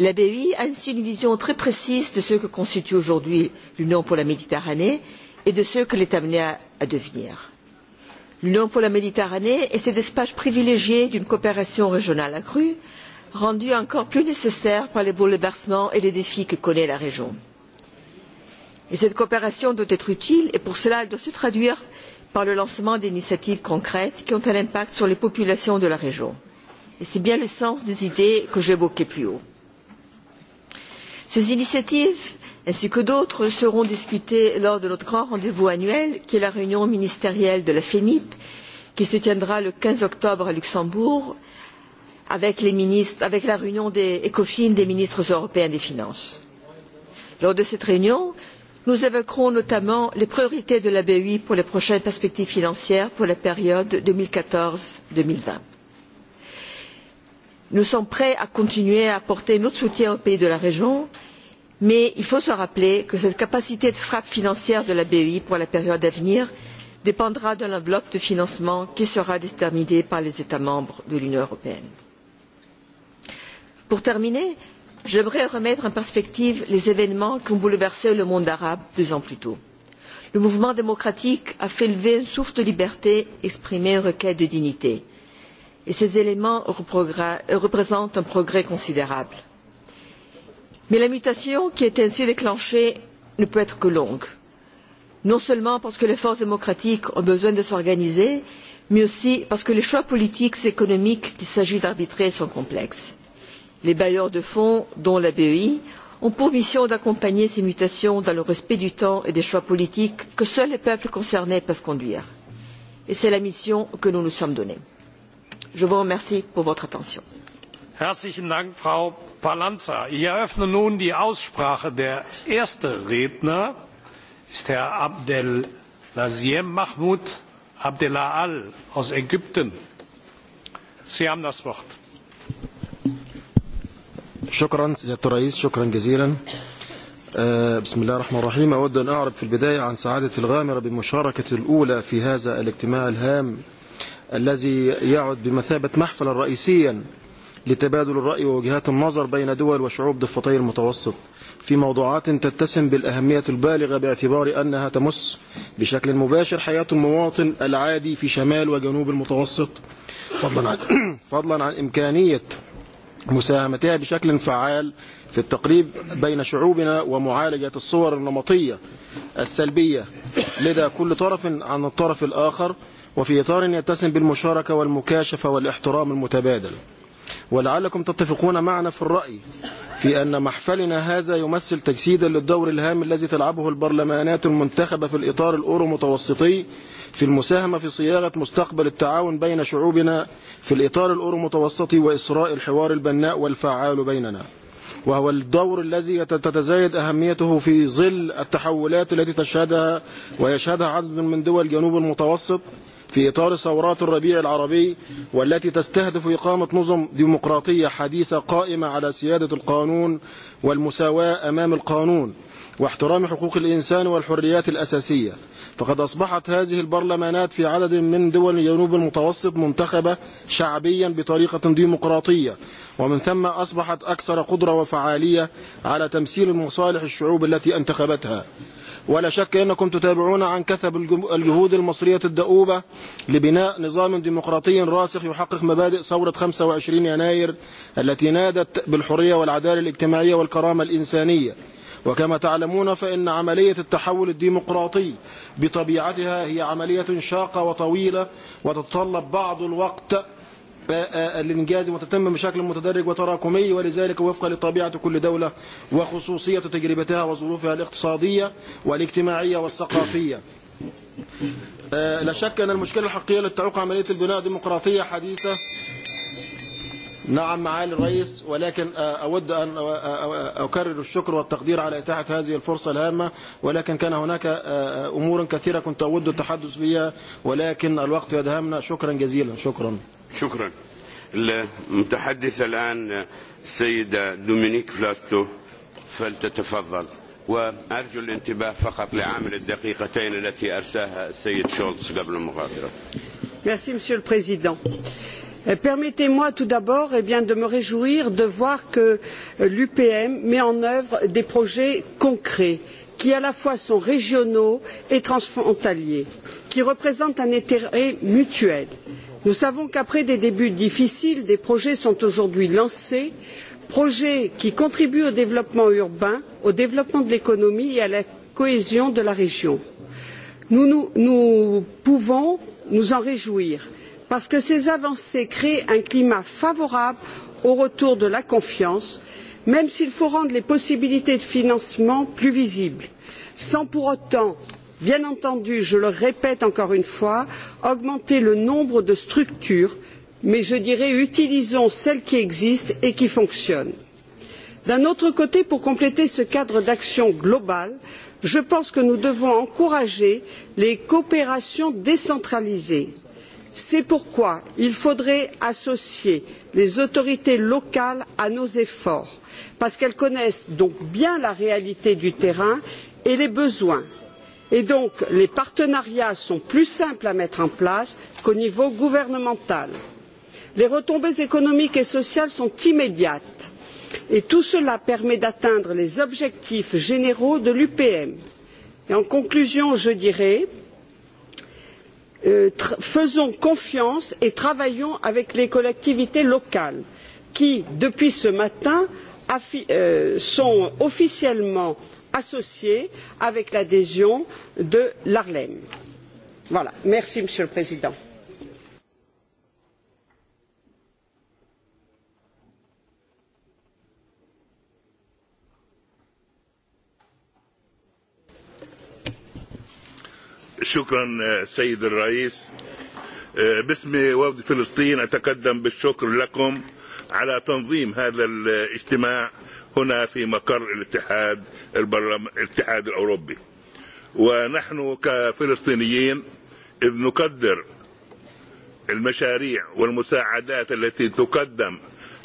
La BEI a ainsi une vision très précise de ce que constitue aujourd'hui l'Union pour la Méditerranée et de ce qu'elle est amenée à, à devenir. L'Union pour la Méditerranée est cet espace privilégié d'une coopération régionale accrue, rendue encore plus nécessaire par les bouleversements et les défis que connaît la région. Et cette coopération doit être utile et pour cela elle doit se traduire par le lancement d'initiatives concrètes qui ont un impact sur les populations de la région. Et c'est bien le sens des idées que j'évoquais plus haut. Ces initiatives ainsi que d'autres seront discutées lors de notre grand rendez-vous annuel qui est la réunion ministérielle de la FEMIP qui se tiendra le 15 octobre à Luxembourg avec, les ministres, avec la réunion des ECOFIN des ministres européens des Finances. Lors de cette réunion, nous évoquerons notamment les priorités de la BEI pour les prochaines perspectives financières pour la période 2014-2020. Nous sommes prêts à continuer à apporter notre soutien aux pays de la région, mais il faut se rappeler que cette capacité de frappe financière de la BEI pour la période à venir dépendra de l'enveloppe de financement qui sera déterminée par les États membres de l'Union européenne. Pour terminer, j'aimerais remettre en perspective les événements qui ont bouleversé le monde arabe deux ans plus tôt. Le mouvement démocratique a fait lever un souffle de liberté, exprimer une requête de dignité et ces éléments représentent un progrès considérable. Mais la mutation qui est ainsi déclenchée ne peut être que longue, non seulement parce que les forces démocratiques ont besoin de s'organiser, mais aussi parce que les choix politiques et économiques qu'il s'agit d'arbitrer sont complexes. Les bailleurs de fonds, dont la BEI, ont pour mission d'accompagner ces mutations dans le respect du temps et des choix politiques que seuls les peuples concernés peuvent conduire. Et c'est la mission que nous nous sommes donnée. Je vous remercie pour votre attention. Herzlichen Dank, Frau Palanza. Ich eröffne nun die Aussprache. Der erste Redner ist Herr Abdelaziem Mahmoud Abdellah aus Ägypten. Sie haben das Wort. شكرا سيادة الرئيس شكرا جزيلا بسم الله الرحمن الرحيم أود أن أعرب في البداية عن سعادة الغامرة بمشاركة الأولى في هذا الاجتماع الهام الذي يعد بمثابة محفلا رئيسيا لتبادل الرأي ووجهات النظر بين دول وشعوب ضفتي المتوسط في موضوعات تتسم بالأهمية البالغة باعتبار أنها تمس بشكل مباشر حياة المواطن العادي في شمال وجنوب المتوسط فضلا عن, فضلا عن إمكانية مساهمتها بشكل فعال في التقريب بين شعوبنا ومعالجة الصور النمطية السلبية لدى كل طرف عن الطرف الآخر وفي إطار يتسم بالمشاركة والمكاشفة والاحترام المتبادل ولعلكم تتفقون معنا في الرأي في أن محفلنا هذا يمثل تجسيدا للدور الهام الذي تلعبه البرلمانات المنتخبة في الإطار الأورو متوسطي في المساهمة في صياغة مستقبل التعاون بين شعوبنا في الإطار الأورو متوسطي وإسراء الحوار البناء والفعال بيننا وهو الدور الذي تتزايد أهميته في ظل التحولات التي تشهدها ويشهدها عدد من دول جنوب المتوسط في إطار ثورات الربيع العربي والتي تستهدف إقامة نظم ديمقراطية حديثة قائمة على سيادة القانون والمساواة أمام القانون واحترام حقوق الإنسان والحريات الأساسية فقد أصبحت هذه البرلمانات في عدد من دول جنوب المتوسط منتخبة شعبيا بطريقة ديمقراطية ومن ثم أصبحت أكثر قدرة وفعالية على تمثيل المصالح الشعوب التي انتخبتها ولا شك أنكم تتابعون عن كثب اليهود المصرية الدؤوبة لبناء نظام ديمقراطي راسخ يحقق مبادئ ثورة 25 يناير التي نادت بالحرية والعدالة الاجتماعية والكرامة الإنسانية وكما تعلمون فإن عملية التحول الديمقراطي بطبيعتها هي عملية شاقة وطويلة وتتطلب بعض الوقت الإنجاز وتتم بشكل متدرج وتراكمي ولذلك وفقا لطبيعة كل دولة وخصوصية تجربتها وظروفها الاقتصادية والاجتماعية والثقافية لا شك أن المشكلة الحقيقية التي تعوق عملية البناء الديمقراطية حديثة نعم معالي الرئيس ولكن أود أن أكرر الشكر والتقدير على إتاحة هذه الفرصة الهامة ولكن كان هناك أمور كثيرة كنت أود التحدث بها ولكن الوقت يدهمنا شكرا جزيلا شكرا شكرا المتحدث الآن السيدة دومينيك فلاستو فلتتفضل وأرجو الانتباه فقط لعامل الدقيقتين التي أرساها السيد شولتز قبل المغادرة Merci, Monsieur le Président. Euh, permettez-moi tout d'abord eh de me réjouir de voir que euh, l'UPM met en œuvre des projets concrets qui à la fois sont régionaux et transfrontaliers, qui représentent un intérêt mutuel. Nous savons qu'après des débuts difficiles, des projets sont aujourd'hui lancés, projets qui contribuent au développement urbain, au développement de l'économie et à la cohésion de la région. Nous, nous, nous pouvons nous en réjouir parce que ces avancées créent un climat favorable au retour de la confiance, même s'il faut rendre les possibilités de financement plus visibles, sans pour autant Bien entendu, je le répète encore une fois, augmenter le nombre de structures, mais je dirais utilisons celles qui existent et qui fonctionnent. D'un autre côté, pour compléter ce cadre d'action global, je pense que nous devons encourager les coopérations décentralisées. C'est pourquoi il faudrait associer les autorités locales à nos efforts, parce qu'elles connaissent donc bien la réalité du terrain et les besoins. Et donc, les partenariats sont plus simples à mettre en place qu'au niveau gouvernemental. Les retombées économiques et sociales sont immédiates et tout cela permet d'atteindre les objectifs généraux de l'UPM. en conclusion, je dirais euh, faisons confiance et travaillons avec les collectivités locales qui, depuis ce matin, euh, sont officiellement associée avec l'adhésion de l'Arlem. Voilà. Merci, Monsieur le Président. شكرا سيد الرئيس باسم وفد فلسطين اتقدم بالشكر لكم على تنظيم هذا الاجتماع هنا في مقر الاتحاد الاتحاد الاوروبي ونحن كفلسطينيين اذ نقدر المشاريع والمساعدات التي تقدم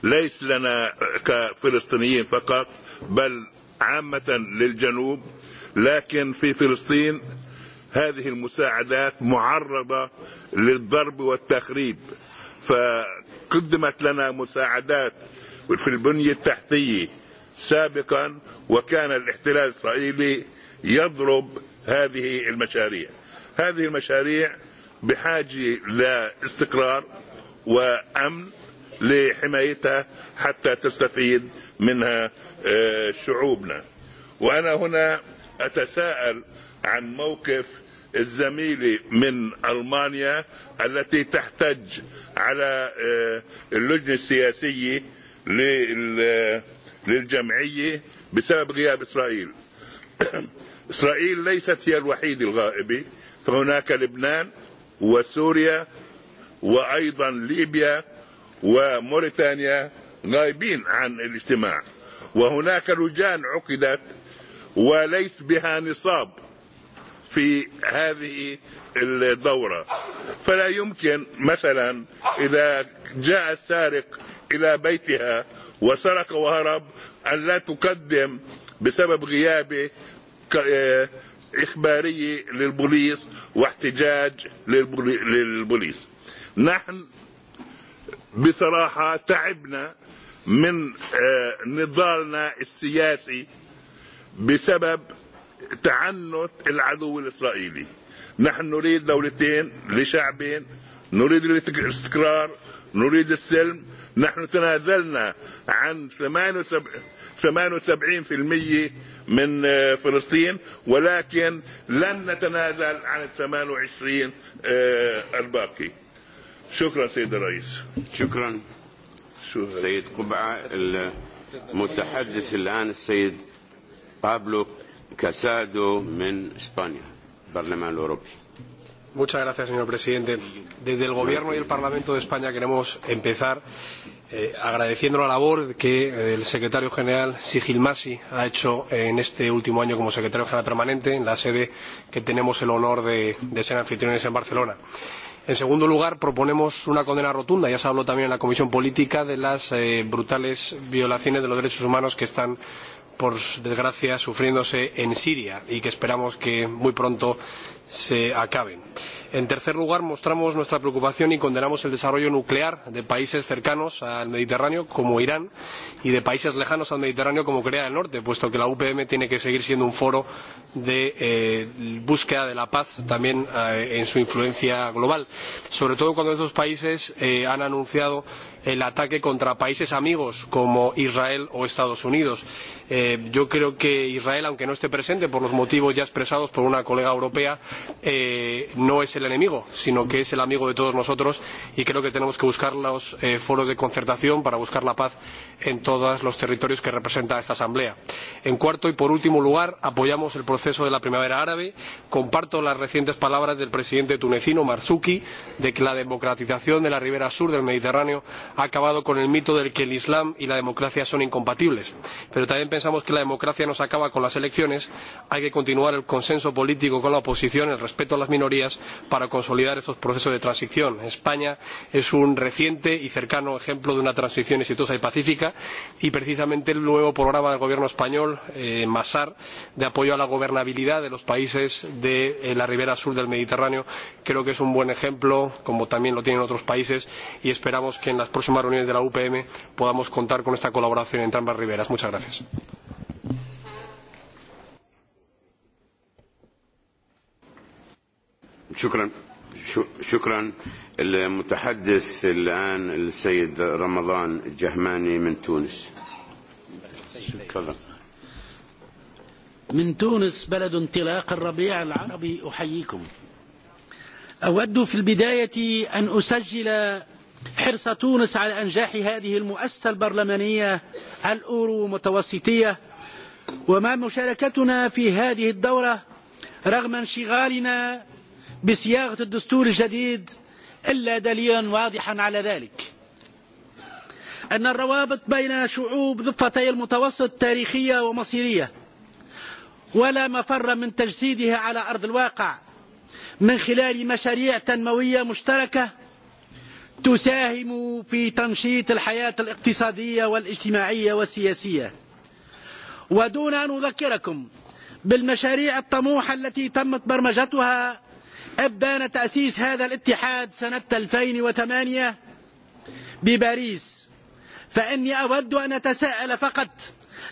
ليس لنا كفلسطينيين فقط بل عامة للجنوب لكن في فلسطين هذه المساعدات معرضة للضرب والتخريب فقدمت لنا مساعدات في البنية التحتية سابقا وكان الاحتلال الإسرائيلي يضرب هذه المشاريع هذه المشاريع بحاجة لاستقرار وأمن لحمايتها حتى تستفيد منها شعوبنا وأنا هنا أتساءل عن موقف الزميل من ألمانيا التي تحتج على اللجنة السياسية لل للجمعية بسبب غياب إسرائيل إسرائيل ليست هي الوحيد الغائب فهناك لبنان وسوريا وأيضا ليبيا وموريتانيا غايبين عن الاجتماع وهناك لجان عقدت وليس بها نصاب في هذه الدورة فلا يمكن مثلا إذا جاء السارق إلى بيتها وسرق وهرب أن لا تقدم بسبب غيابه إخبارية للبوليس واحتجاج للبوليس نحن بصراحة تعبنا من نضالنا السياسي بسبب تعنت العدو الإسرائيلي نحن نريد دولتين لشعبين نريد الاستقرار نريد السلم نحن تنازلنا عن 78% من فلسطين ولكن لن نتنازل عن 28 الباقي شكرا سيد الرئيس شكرا سيد قبعة المتحدث الآن السيد بابلو كاسادو من إسبانيا البرلمان الأوروبي Muchas gracias, señor presidente. Desde el Gobierno y el Parlamento de España queremos empezar eh, agradeciendo la labor que eh, el secretario general Sigil Masi ha hecho en este último año como secretario general permanente en la sede que tenemos el honor de, de ser anfitriones en Barcelona. En segundo lugar, proponemos una condena rotunda, ya se habló también en la Comisión Política, de las eh, brutales violaciones de los derechos humanos que están, por desgracia, sufriéndose en Siria y que esperamos que muy pronto se acaben. En tercer lugar, mostramos nuestra preocupación y condenamos el desarrollo nuclear de países cercanos al Mediterráneo, como Irán, y de países lejanos al Mediterráneo, como Corea del Norte, puesto que la UPM tiene que seguir siendo un foro de eh, búsqueda de la paz también eh, en su influencia global, sobre todo cuando estos países eh, han anunciado el ataque contra países amigos como Israel o Estados Unidos. Eh, yo creo que Israel, aunque no esté presente por los motivos ya expresados por una colega europea, eh, no es el enemigo, sino que es el amigo de todos nosotros y creo que tenemos que buscar los eh, foros de concertación para buscar la paz en todos los territorios que representa esta Asamblea. En cuarto y por último lugar, apoyamos el proceso de la primavera árabe. Comparto las recientes palabras del presidente tunecino Marzuki de que la democratización de la ribera sur del Mediterráneo ha acabado con el mito del que el Islam y la democracia son incompatibles. Pero también pensamos que la democracia no se acaba con las elecciones, hay que continuar el consenso político con la oposición, el respeto a las minorías, para consolidar estos procesos de transición. España es un reciente y cercano ejemplo de una transición exitosa y pacífica y precisamente el nuevo programa del gobierno español, eh, MASAR, de apoyo a la gobernabilidad de los países de eh, la ribera sur del Mediterráneo, creo que es un buen ejemplo, como también lo tienen otros países, y esperamos que en las próximas reuniones de la UPM podamos contar con esta colaboración entre ambas riberas. Muchas gracias. شكرا شكرا المتحدث الآن السيد رمضان الجهماني من تونس تفضل من تونس بلد انطلاق الربيع العربي أحييكم أود في البداية أن أسجل حرص تونس على أنجاح هذه المؤسسة البرلمانية الأورو متوسطية وما مشاركتنا في هذه الدورة رغم انشغالنا بصياغة الدستور الجديد إلا دليلا واضحا على ذلك أن الروابط بين شعوب ضفتي المتوسط تاريخية ومصيرية ولا مفر من تجسيدها على أرض الواقع من خلال مشاريع تنموية مشتركة تساهم في تنشيط الحياة الاقتصادية والاجتماعية والسياسية ودون أن أذكركم بالمشاريع الطموحة التي تمت برمجتها أبان تأسيس هذا الاتحاد سنة 2008 بباريس فإني أود أن أتساءل فقط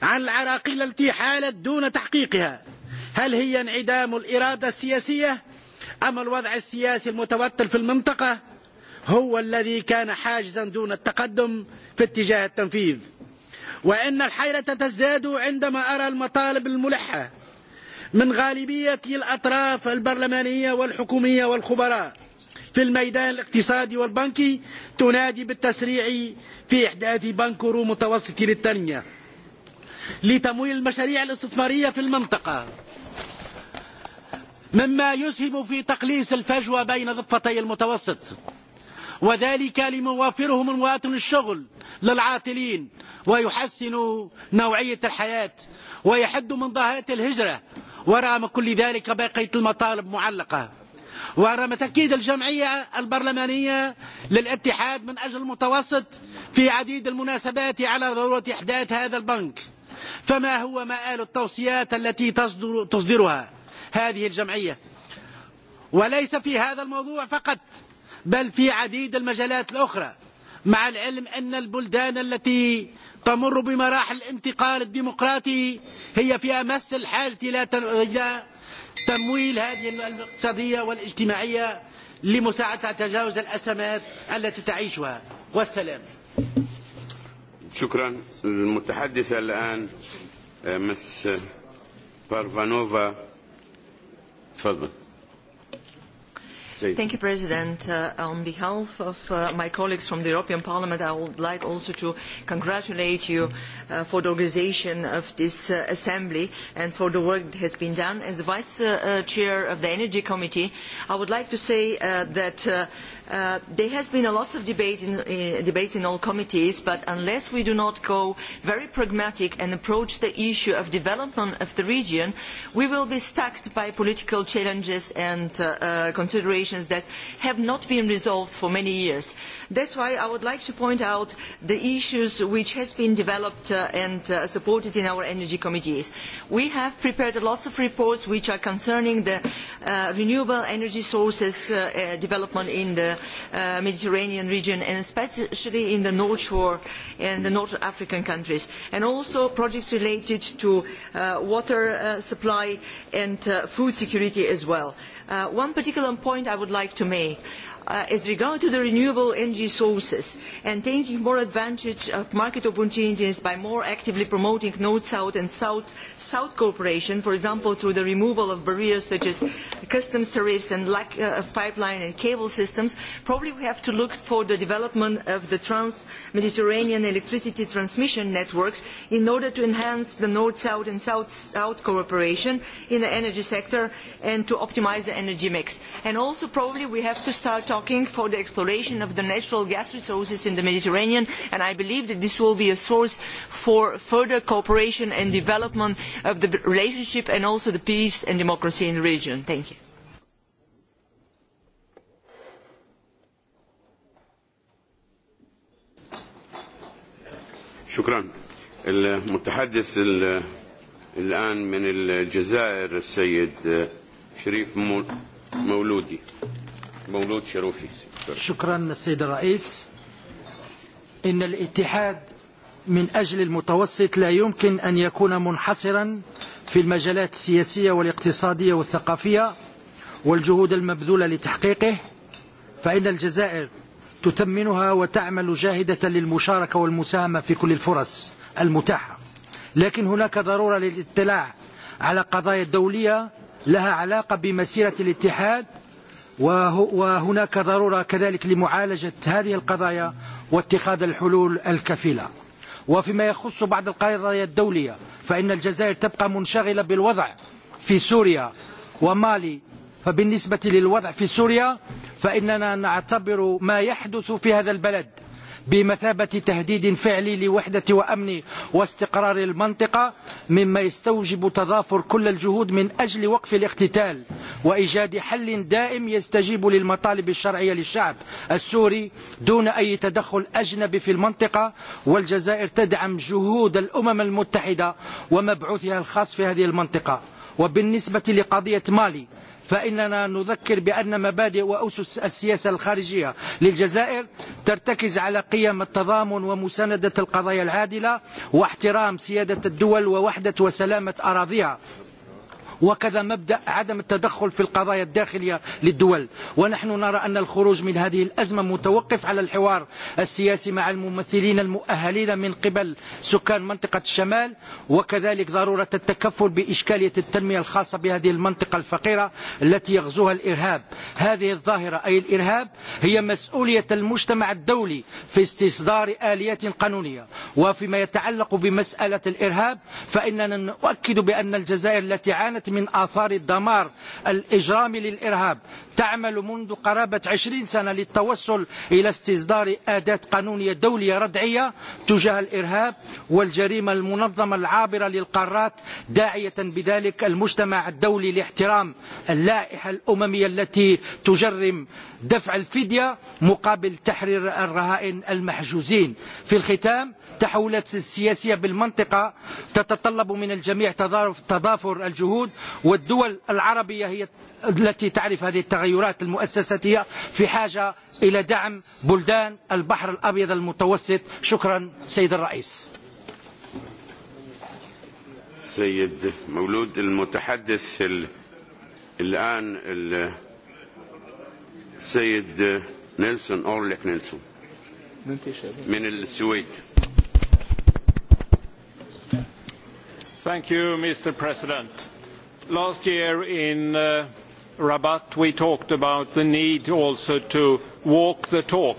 عن العراقيل التي حالت دون تحقيقها هل هي انعدام الإرادة السياسية أم الوضع السياسي المتوتر في المنطقة هو الذي كان حاجزا دون التقدم في اتجاه التنفيذ وإن الحيرة تزداد عندما أرى المطالب الملحة من غالبية الأطراف البرلمانية والحكومية والخبراء في الميدان الاقتصادي والبنكي تنادي بالتسريع في إحداث بنك بنكرو متوسط للتنمية لتمويل المشاريع الاستثمارية في المنطقة مما يسهم في تقليص الفجوة بين ضفتي المتوسط وذلك لموافرهم مواطن الشغل للعاطلين ويحسن نوعية الحياة ويحد من ضهات الهجرة ورغم كل ذلك بقيت المطالب معلقة ورغم تأكيد الجمعية البرلمانية للاتحاد من أجل المتوسط في عديد المناسبات على ضرورة إحداث هذا البنك فما هو مآل التوصيات التي تصدر تصدرها هذه الجمعية وليس في هذا الموضوع فقط بل في عديد المجالات الأخرى مع العلم أن البلدان التي تمر بمراحل الانتقال الديمقراطي هي في أمس الحاجة إلى تمويل هذه الاقتصادية والاجتماعية لمساعدتها تجاوز الأسمات التي تعيشها والسلام شكرا المتحدثة الآن مس بارفانوفا تفضل Thank you, President. Uh, on behalf of uh, my colleagues from the European Parliament, I would like also to congratulate you uh, for the organisation of this uh, assembly and for the work that has been done. As the Vice uh, uh, Chair of the Energy Committee, I would like to say uh, that uh, Uh, there has been a lot of debate in, uh, debates in all committees, but unless we do not go very pragmatic and approach the issue of development of the region, we will be stuck by political challenges and uh, uh, considerations that have not been resolved for many years. That is why I would like to point out the issues which have been developed uh, and uh, supported in our energy committees. We have prepared lots of reports which are concerning the uh, renewable energy sources uh, uh, development in the uh, Mediterranean region and especially in the North Shore and the North African countries. And also projects related to uh, water uh, supply and uh, food security as well. Uh, one particular point I would like to make. Uh, uh, as regards the renewable energy sources and taking more advantage of market opportunities by more actively promoting North-South and South-South cooperation, for example, through the removal of barriers such as customs tariffs and lack uh, of pipeline and cable systems, probably we have to look for the development of the trans-Mediterranean electricity transmission networks in order to enhance the North-South and South-South cooperation in the energy sector and to optimise the energy mix. And also probably we have to start talking for the exploration of the natural gas resources in the Mediterranean, and I believe that this will be a source for further cooperation and development of the relationship and also the peace and democracy in the region. Thank you. شكرا المتحدث الان من الجزائر السيد شريف مولودي مولود شروفي شكرا السيد الرئيس إن الاتحاد من أجل المتوسط لا يمكن أن يكون منحصرا في المجالات السياسية والاقتصادية والثقافية والجهود المبذولة لتحقيقه فإن الجزائر تتمنها وتعمل جاهدة للمشاركة والمساهمة في كل الفرص المتاحة لكن هناك ضرورة للاطلاع على قضايا دولية لها علاقة بمسيرة الاتحاد وهناك ضرورة كذلك لمعالجة هذه القضايا واتخاذ الحلول الكفيلة وفيما يخص بعض القضايا الدولية فإن الجزائر تبقى منشغلة بالوضع في سوريا ومالي فبالنسبة للوضع في سوريا فإننا نعتبر ما يحدث في هذا البلد بمثابة تهديد فعلي لوحدة وأمن واستقرار المنطقة مما يستوجب تضافر كل الجهود من أجل وقف الاقتتال وإيجاد حل دائم يستجيب للمطالب الشرعية للشعب السوري دون أي تدخل أجنبي في المنطقة والجزائر تدعم جهود الأمم المتحدة ومبعوثها الخاص في هذه المنطقة وبالنسبة لقضية مالي فإننا نذكر بأن مبادئ وأسس السياسة الخارجية للجزائر ترتكز على قيم التضامن ومساندة القضايا العادلة واحترام سيادة الدول ووحدة وسلامة أراضيها وكذا مبدأ عدم التدخل في القضايا الداخلية للدول ونحن نرى أن الخروج من هذه الأزمة متوقف على الحوار السياسي مع الممثلين المؤهلين من قبل سكان منطقة الشمال وكذلك ضرورة التكفل بإشكالية التنمية الخاصة بهذه المنطقة الفقيرة التي يغزوها الإرهاب هذه الظاهرة أي الإرهاب هي مسؤولية المجتمع الدولي في استصدار آليات قانونية وفيما يتعلق بمسألة الإرهاب فإننا نؤكد بأن الجزائر التي عانت من آثار الدمار الإجرامي للإرهاب تعمل منذ قرابة عشرين سنة للتوصل إلى استصدار أداة قانونية دولية ردعية تجاه الإرهاب والجريمة المنظمة العابرة للقارات داعية بذلك المجتمع الدولي لاحترام اللائحة الأممية التي تجرم دفع الفدية مقابل تحرير الرهائن المحجوزين في الختام التحولات السياسية بالمنطقة تتطلب من الجميع تضافر الجهود والدول العربية هي التي تعرف هذه التغيرات المؤسساتية في حاجة إلى دعم بلدان البحر الأبيض المتوسط شكرا سيد الرئيس سيد مولود المتحدث الآن سيد نيلسون أورليك نيلسون من السويد You, Mr. President. Last year in uh, Rabat, we talked about the need also to walk the talk,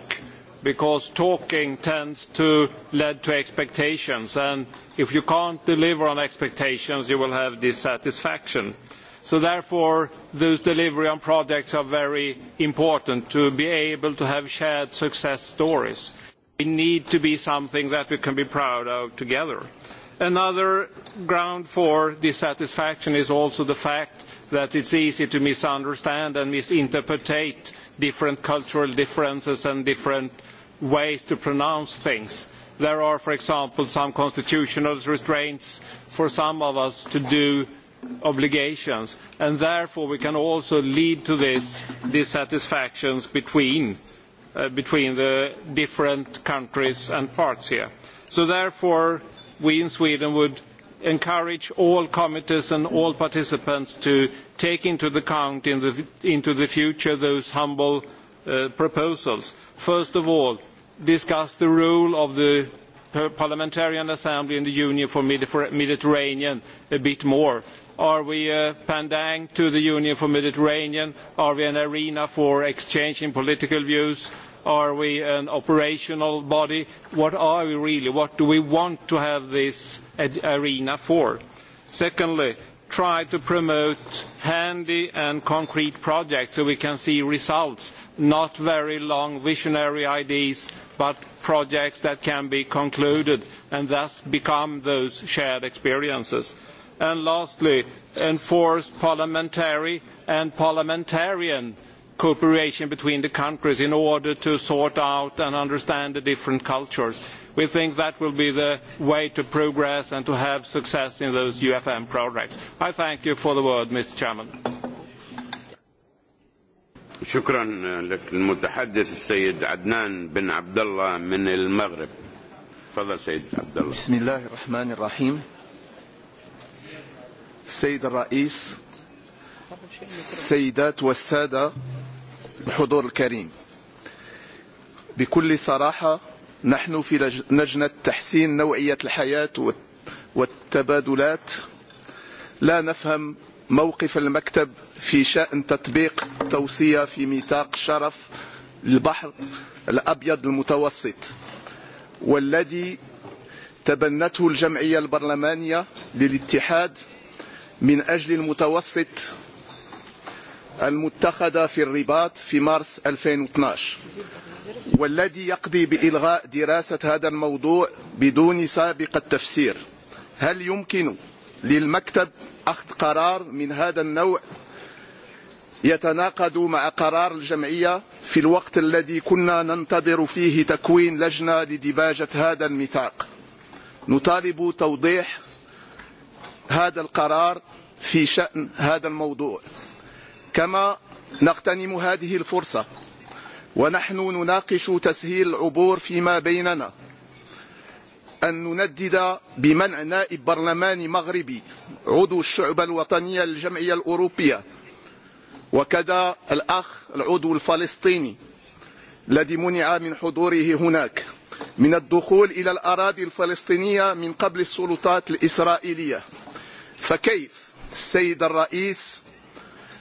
because talking tends to lead to expectations, and if you cannot deliver on expectations, you will have dissatisfaction. So therefore, those delivery on projects are very important to be able to have shared success stories. We need to be something that we can be proud of together. Another ground for dissatisfaction is also the fact that it is easy to misunderstand and misinterpret different cultural differences and different ways to pronounce things. There are, for example, some constitutional restraints for some of us to do obligations, and therefore we can also lead to this dissatisfactions between, uh, between the different countries and parts here. So therefore, we in Sweden would encourage all committees and all participants to take into account in the, into the future those humble uh, proposals. First of all, discuss the role of the Parliamentarian Assembly in the Union for the Mediterranean a bit more. Are we a pandang to the Union for the Mediterranean? Are we an arena for exchanging political views? Are we an operational body? What are we really? What do we want to have this arena for? Secondly, try to promote handy and concrete projects so we can see results, not very long visionary ideas, but projects that can be concluded and thus become those shared experiences. And lastly, enforce parliamentary and parliamentarian cooperation between the countries in order to sort out and understand the different cultures. We think that will be the way to progress and to have success in those UFM projects. I thank you for the word, Mr. Chairman. شكرا للمتحدث السيد عدنان بن عبد الله من المغرب تفضل سيد عبد الله بسم الله الرحمن الرحيم السيد الرئيس السيدات والساده الحضور الكريم بكل صراحة نحن في لجنة تحسين نوعية الحياة والتبادلات لا نفهم موقف المكتب في شأن تطبيق توصية في ميثاق شرف البحر الأبيض المتوسط والذي تبنته الجمعية البرلمانية للاتحاد من أجل المتوسط المتخذة في الرباط في مارس 2012 والذي يقضي بإلغاء دراسة هذا الموضوع بدون سابق التفسير هل يمكن للمكتب أخذ قرار من هذا النوع يتناقض مع قرار الجمعية في الوقت الذي كنا ننتظر فيه تكوين لجنة لدباجة هذا الميثاق نطالب توضيح هذا القرار في شأن هذا الموضوع كما نغتنم هذه الفرصة ونحن نناقش تسهيل العبور فيما بيننا أن نندد بمنع نائب برلمان مغربي عضو الشعب الوطنية للجمعية الأوروبية وكذا الأخ العضو الفلسطيني الذي منع من حضوره هناك من الدخول إلى الأراضي الفلسطينية من قبل السلطات الإسرائيلية فكيف السيد الرئيس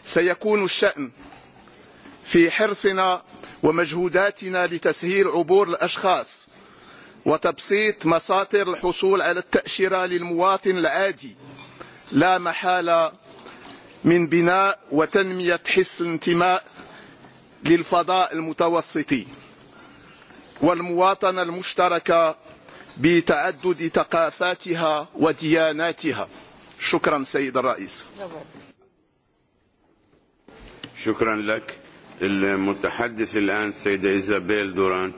سيكون الشأن في حرصنا ومجهوداتنا لتسهيل عبور الأشخاص وتبسيط مساطر الحصول على التأشيرة للمواطن العادي لا محالة من بناء وتنمية حس الانتماء للفضاء المتوسطي والمواطنة المشتركة بتعدد ثقافاتها ودياناتها شكرا سيد الرئيس شكرا لك المتحدث الآن سيدة إيزابيل دوران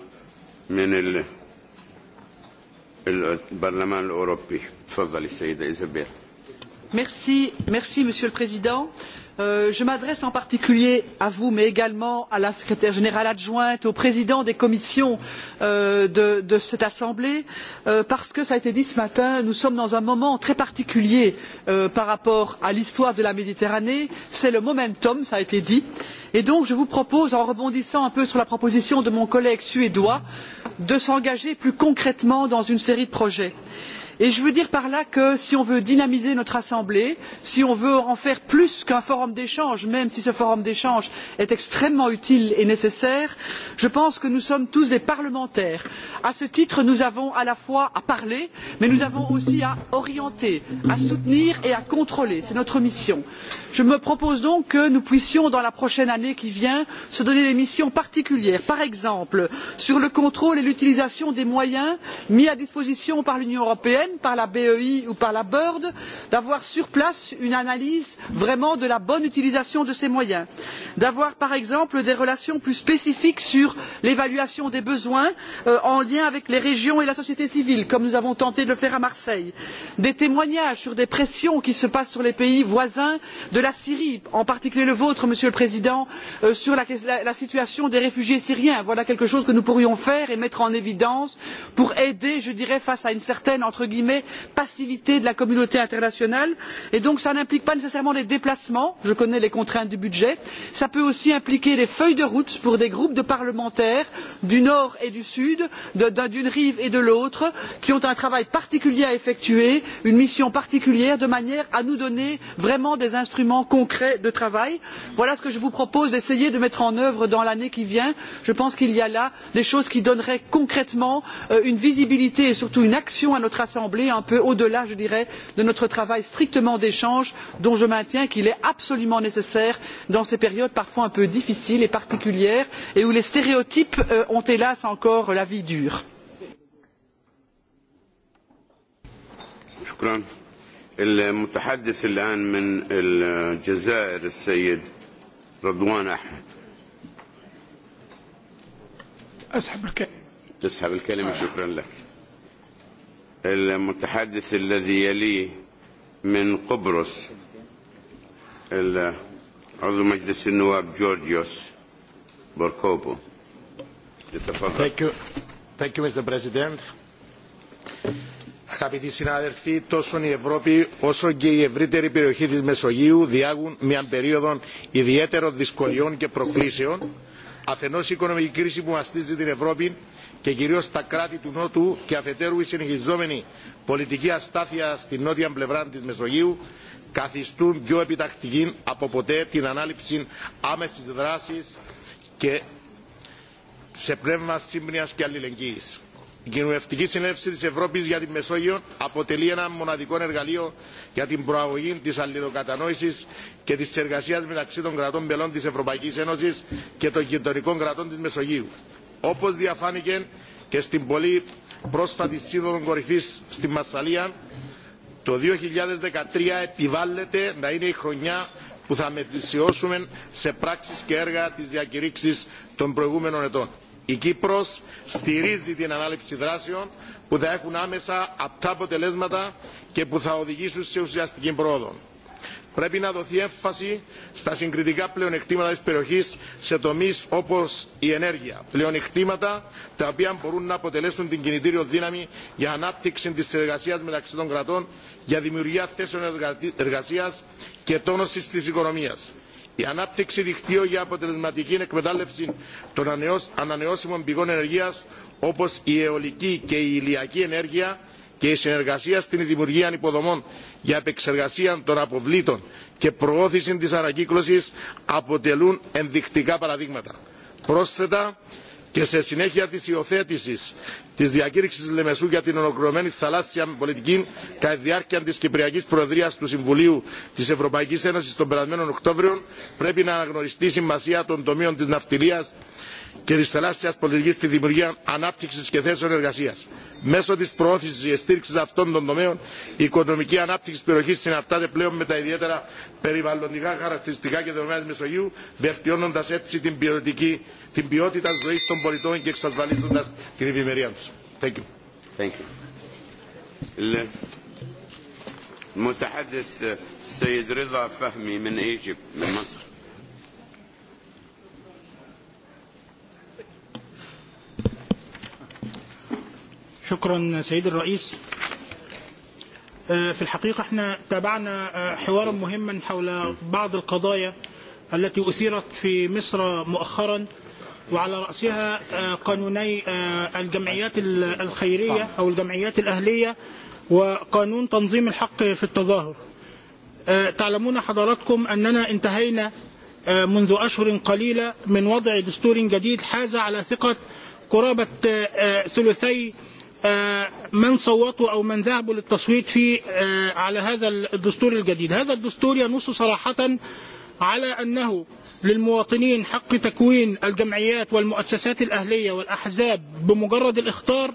من البرلمان الأوروبي تفضلي السيدة إيزابيل Merci, merci Monsieur le Président. Euh, je m'adresse en particulier à vous, mais également à la secrétaire générale adjointe, au président des commissions euh, de, cette Assemblée, euh, parce que, cela a été dit ce matin, nous sommes dans un moment très particulier par rapport à l'histoire de la Méditerranée. C'est le momentum, cela a été dit. Et donc, je vous propose, en rebondissant un peu sur la proposition de mon collègue suédois, de s'engager plus concrètement dans une série de projets. Et je veux dire par là que si on veut dynamiser notre Assemblée, si on veut en faire plus qu'un forum d'échange, même si ce forum d'échange est extrêmement utile et nécessaire, je pense que nous sommes tous des parlementaires. À ce titre, nous avons à la fois à parler, mais nous avons aussi à orienter, à soutenir et à contrôler. C'est notre mission. Je me propose donc que nous puissions, dans la prochaine année qui vient, se donner des missions particulières. Par exemple, sur le contrôle et l'utilisation des moyens mis à disposition par l'Union européenne européenne par la bei ou par la berd d'avoir sur place une analyse vraiment de la bonne utilisation de ces moyens d'avoir par exemple des relations plus spécifiques sur l'évaluation des besoins euh, en lien avec les régions et la société civile comme nous avons tenté de le faire à marseille des témoignages sur des pressions qui se passent sur les pays voisins de la syrie en particulier le vôtre monsieur le président euh, sur la, la, la situation des réfugiés syriens voilà quelque chose que nous pourrions faire et mettre en évidence pour aider je dirais face à une certaine entre passivité de la communauté internationale et donc cela n'implique pas nécessairement les déplacements je connais les contraintes du budget cela peut aussi impliquer les feuilles de route pour des groupes de parlementaires du nord et du sud d'une rive et de l'autre qui ont un travail particulier à effectuer une mission particulière de manière à nous donner vraiment des instruments concrets de travail. voilà ce que je vous propose d'essayer de mettre en œuvre dans l'année qui vient. je pense qu'il y a là des choses qui donneraient concrètement euh, une visibilité et surtout une action à notre assemblée l'assemblée un peu au delà je dirais de notre travail strictement d'échange dont je maintiens qu'il est absolument nécessaire dans ces périodes parfois un peu difficiles et particulières et où les stéréotypes euh, ont hélas encore la vie dure. شكرا المتحدث الآن من الجزائر السيد رضوان أحمد أسحب الكلمة أسحب الكلمة شكرا لك المتحدث الذي يلي من قبرص عضو مجلس النواب جورجيوس بوركوبو يتفضل Thank you. Thank you, Mr. President. Αγαπητοί συνάδελφοι, τόσο η Ευρώπη όσο και η ευρύτερη περιοχή της Μεσογείου διάγουν μια περίοδο ιδιαίτερων δυσκολιών και προκλήσεων. Αφενός η οικονομική κρίση που μαστίζει την Ευρώπη και κυρίως στα κράτη του Νότου και αφετέρου η συνεχιζόμενη πολιτική αστάθεια στην νότια πλευρά της Μεσογείου καθιστούν πιο επιτακτική από ποτέ την ανάληψη άμεσης δράσης και σε πνεύμα σύμπνοιας και αλληλεγγύης. Η κοινωνιστική συνέλευση της Ευρώπης για τη Μεσόγειο αποτελεί ένα μοναδικό εργαλείο για την προαγωγή της αλληλοκατανόησης και της εργασίας μεταξύ των κρατών μελών της Ευρωπαϊκής Ένωσης και των γειτονικών κρατών της Μεσογείου όπως διαφάνηκε και στην πολύ πρόσφατη σύνοδο κορυφής στη Μασσαλία, το 2013 επιβάλλεται να είναι η χρονιά που θα μετουσιώσουμε σε πράξεις και έργα της διακηρύξης των προηγούμενων ετών. Η Κύπρος στηρίζει την ανάληψη δράσεων που θα έχουν άμεσα απτά αποτελέσματα και που θα οδηγήσουν σε ουσιαστική πρόοδο. Πρέπει να δοθεί έμφαση στα συγκριτικά πλεονεκτήματα της περιοχής σε τομείς όπως η ενέργεια. Πλεονεκτήματα τα οποία μπορούν να αποτελέσουν την κινητήριο δύναμη για ανάπτυξη της συνεργασίας μεταξύ των κρατών, για δημιουργία θέσεων εργασίας και τόνωση της οικονομίας. Η ανάπτυξη δικτύου για αποτελεσματική εκμετάλλευση των ανανεώσιμων πηγών ενεργείας όπως η αιωλική και η ηλιακή ενέργεια και η συνεργασία στην δημιουργία υποδομών για επεξεργασία των αποβλήτων και προώθηση της ανακύκλωσης αποτελούν ενδεικτικά παραδείγματα. Πρόσθετα, και σε συνέχεια της υιοθέτηση της διακήρυξης Λεμεσού για την ολοκληρωμένη θαλάσσια πολιτική κατά τη διάρκεια της Κυπριακής Προεδρίας του Συμβουλίου της Ευρωπαϊκής Ένωσης τον περασμένο Οκτώβριο πρέπει να αναγνωριστεί η σημασία των τομείων της ναυτιλίας και τη θελάσσια πολιτική στη δημιουργία ανάπτυξη και θέσεων εργασία. Μέσω τη προώθηση και στήριξη αυτών των τομέων, η οικονομική ανάπτυξη τη περιοχή συναρτάται πλέον με τα ιδιαίτερα περιβαλλοντικά χαρακτηριστικά και δεδομένα τη Μεσογείου, βελτιώνοντα έτσι την, ποιοτική, την ποιότητα ζωή των πολιτών και εξασφαλίζοντα την ευημερία του. Thank you. Thank you. المتحدث السيد رضا فهمي من ايجيب من مصر شكرا سيد الرئيس في الحقيقة احنا تابعنا حوارا مهما حول بعض القضايا التي أثيرت في مصر مؤخرا وعلى رأسها قانوني الجمعيات الخيرية أو الجمعيات الأهلية وقانون تنظيم الحق في التظاهر تعلمون حضراتكم أننا انتهينا منذ أشهر قليلة من وضع دستور جديد حاز على ثقة قرابة ثلثي من صوتوا أو من ذهبوا للتصويت في على هذا الدستور الجديد هذا الدستور ينص صراحة على أنه للمواطنين حق تكوين الجمعيات والمؤسسات الأهلية والأحزاب بمجرد الاختار